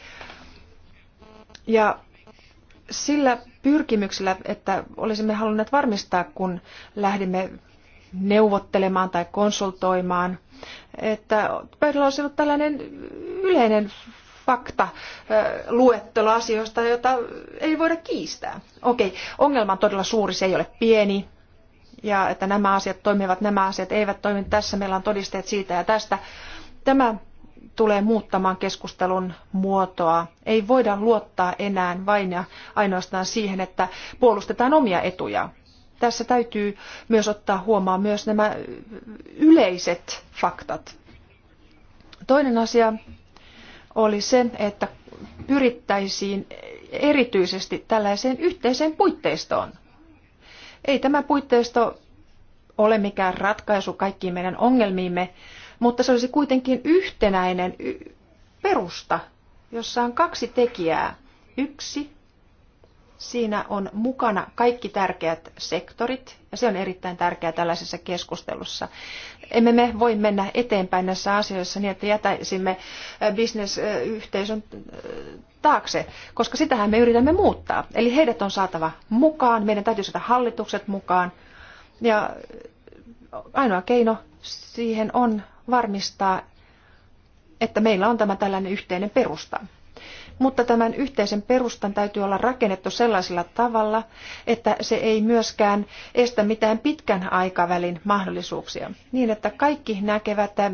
Speaker 5: Ja sillä pyrkimyksellä, että olisimme halunneet varmistaa, kun lähdimme neuvottelemaan tai konsultoimaan, että pöydällä olisi ollut tällainen yleinen fakta luettelo asioista, jota ei voida kiistää. Okei, ongelma on todella suuri, se ei ole pieni, ja että nämä asiat toimivat, nämä asiat eivät toimi tässä, meillä on todisteet siitä ja tästä. Tämä tulee muuttamaan keskustelun muotoa. Ei voida luottaa enää vain ja ainoastaan siihen, että puolustetaan omia etuja. Tässä täytyy myös ottaa huomaan myös nämä yleiset faktat. Toinen asia oli se, että pyrittäisiin erityisesti tällaiseen yhteiseen puitteistoon. Ei tämä puitteisto ole mikään ratkaisu kaikkiin meidän ongelmiimme, mutta se olisi kuitenkin yhtenäinen perusta, jossa on kaksi tekijää. Yksi, siinä on mukana kaikki tärkeät sektorit, ja se on erittäin tärkeää tällaisessa keskustelussa. Emme me voi mennä eteenpäin näissä asioissa niin, että jätäisimme bisnesyhteisön taakse, koska sitähän me yritämme muuttaa. Eli heidät on saatava mukaan, meidän täytyy saada hallitukset mukaan, ja ainoa keino siihen on varmistaa, että meillä on tämä tällainen yhteinen perusta. Mutta tämän yhteisen perustan täytyy olla rakennettu sellaisella tavalla, että se ei myöskään estä mitään pitkän aikavälin mahdollisuuksia. Niin, että kaikki näkevät, eh,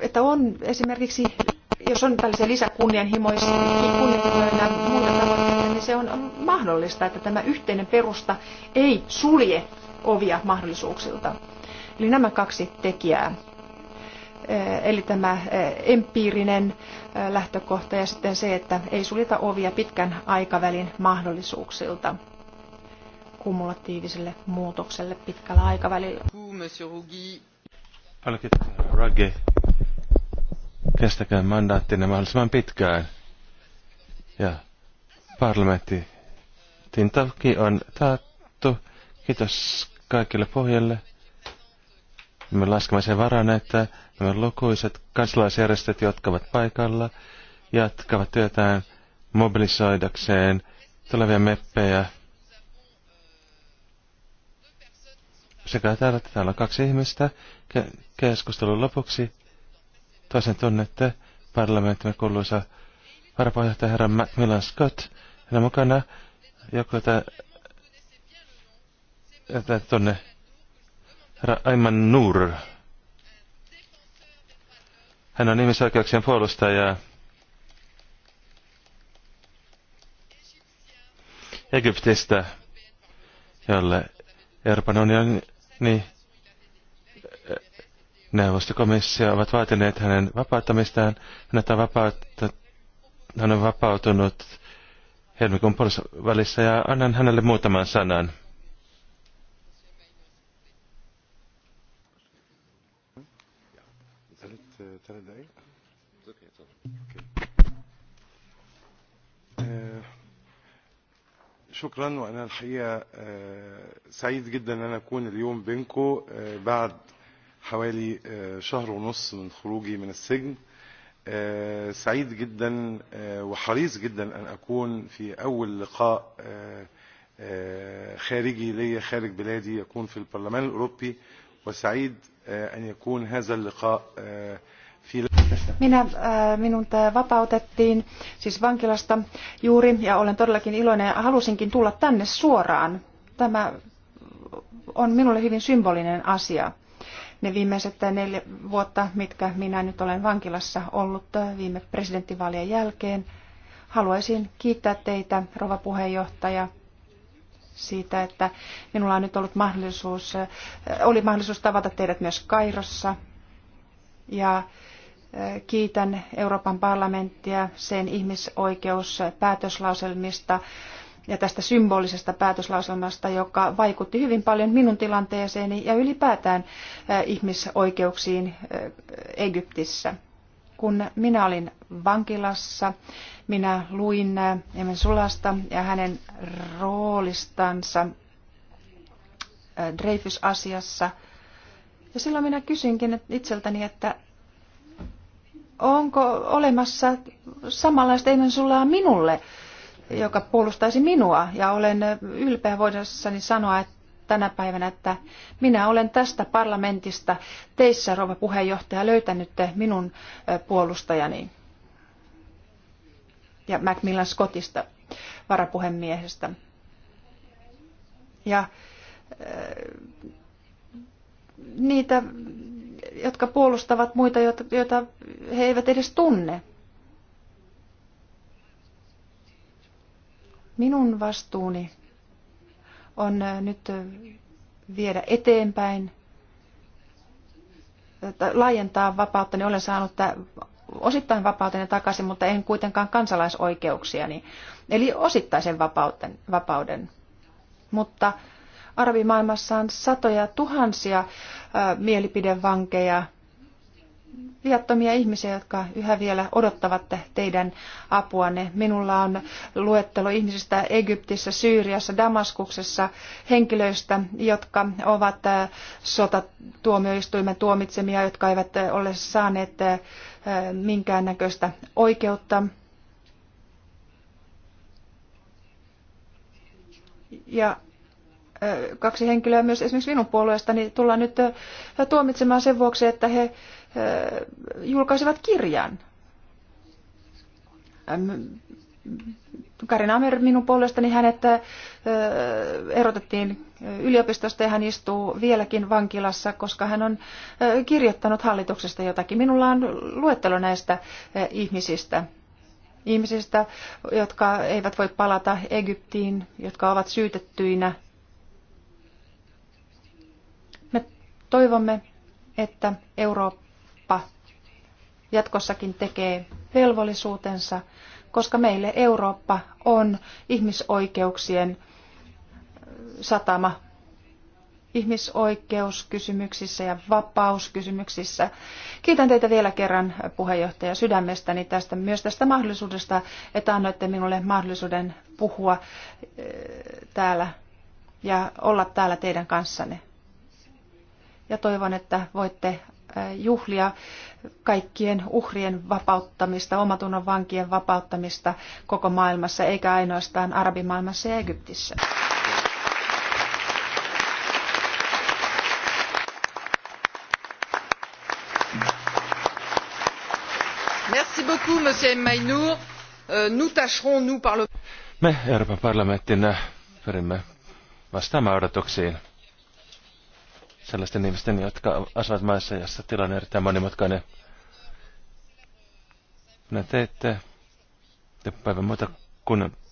Speaker 5: että on esimerkiksi, jos on tällaisia lisäkunnianhimoisia ja muita tavoitteita, niin se on mahdollista, että tämä yhteinen perusta ei sulje ovia mahdollisuuksilta. Eli nämä kaksi tekijää Eh, eli tämä eh, empiirinen eh, lähtökohta ja sitten se, että ei suljeta ovia pitkän aikavälin mahdollisuuksilta kumulatiiviselle muutokselle pitkällä aikavälillä.
Speaker 3: Paljon kiitoksia, Kestäkää mandaattina mahdollisimman pitkään. Ja parlamentti toki on taattu. Kiitos kaikille pohjalle. Me laskemme sen varan, että Nämä lukuiset kansalaisjärjestöt, jotka ovat paikalla, jatkavat työtään mobilisoidakseen tulevia meppejä. Sekä täällä, että täällä on kaksi ihmistä. Ke- keskustelun lopuksi toisen tunnette parlamenttimme kuuluisa varapuheenjohtaja herra Macmillan Scott. on mukana joku tämä tunne herra Aiman Nur. Hän on ihmisoikeuksien puolustaja. Egyptistä, jolle Euroopan unioni eh, neuvostokomissio ovat vaatineet hänen vapauttamistaan. Hänet on hän on vapautunut helmikuun puolessa välissä ja annan hänelle muutaman sanan. شكرا وانا الحقيقه سعيد جدا ان انا اكون اليوم بينكم بعد حوالي شهر ونص من خروجي من السجن سعيد جدا وحريص جدا ان اكون في اول لقاء خارجي لي خارج بلادي يكون في البرلمان الاوروبي وسعيد ان يكون هذا اللقاء minä, äh,
Speaker 5: minut äh, vapautettiin siis vankilasta juuri ja olen todellakin iloinen ja halusinkin tulla tänne suoraan. Tämä on minulle hyvin symbolinen asia. Ne viimeiset neljä vuotta, mitkä minä nyt olen vankilassa ollut äh, viime presidentinvaalien jälkeen, haluaisin kiittää teitä, rova puheenjohtaja, siitä, että minulla on nyt ollut mahdollisuus, oli mahdollisuus tavata teidät myös Kairossa. Ja Kiitän Euroopan parlamenttia sen ihmisoikeuspäätöslauselmista ja tästä symbolisesta päätöslauselmasta, joka vaikutti hyvin paljon minun tilanteeseeni ja ylipäätään ihmisoikeuksiin Egyptissä. Kun minä olin vankilassa, minä luin Emen Sulasta ja hänen roolistansa Dreyfus-asiassa. Ja silloin minä kysyinkin itseltäni, että onko olemassa samanlaista ennen minulle, joka puolustaisi minua. Ja olen ylpeä voidessani sanoa että tänä päivänä, että minä olen tästä parlamentista teissä, rouva puheenjohtaja, löytänyt minun puolustajani. Ja Macmillan Scottista, varapuhemiehestä. Ja niitä jotka puolustavat muita, joita, joita he eivät edes tunne. Minun vastuuni on äh, nyt äh, viedä eteenpäin, äh, laajentaa vapautta, niin olen saanut osittain vapauteni takaisin, mutta en kuitenkaan kansalaisoikeuksiani. Eli osittaisen vapauten, vapauden. Mutta arabimaailmassa on satoja tuhansia mielipidevankeja, viattomia ihmisiä, jotka yhä vielä odottavat teidän apuanne. Minulla on luettelo ihmisistä Egyptissä, Syyriassa, Damaskuksessa, henkilöistä, jotka ovat sotatuomioistuimen tuomitsemia, jotka eivät ole saaneet minkäännäköistä oikeutta. Ja kaksi henkilöä myös esimerkiksi minun puolueestani tullaan nyt tuomitsemaan sen vuoksi, että he julkaisivat kirjan. Karin Amer minun puolestani hänet erotettiin yliopistosta ja hän istuu vieläkin vankilassa, koska hän on kirjoittanut hallituksesta jotakin. Minulla on luettelo näistä ihmisistä. Ihmisistä, jotka eivät voi palata Egyptiin, jotka ovat syytettyinä – Toivomme, että Eurooppa jatkossakin tekee velvollisuutensa, koska meille Eurooppa on ihmisoikeuksien satama ihmisoikeuskysymyksissä ja vapauskysymyksissä. Kiitän teitä vielä kerran puheenjohtaja sydämestäni tästä, myös tästä mahdollisuudesta, että annoitte minulle mahdollisuuden puhua eh, täällä ja olla täällä teidän kanssanne ja toivon, että voitte juhlia kaikkien uhrien vapauttamista, omatunnon vankien vapauttamista koko maailmassa, eikä ainoastaan arabimaailmassa ja Egyptissä.
Speaker 1: Merci beaucoup, monsieur Maynour. Euh, nous tâcherons, nous, par le...
Speaker 3: Me Euroopan parlamenttina äh, pyrimme vastaamaan odotuksiin sellaisten ihmisten, jotka asuvat maissa, jossa tilanne on erittäin monimutkainen. Minä no teitte, te päivän muuta kunnan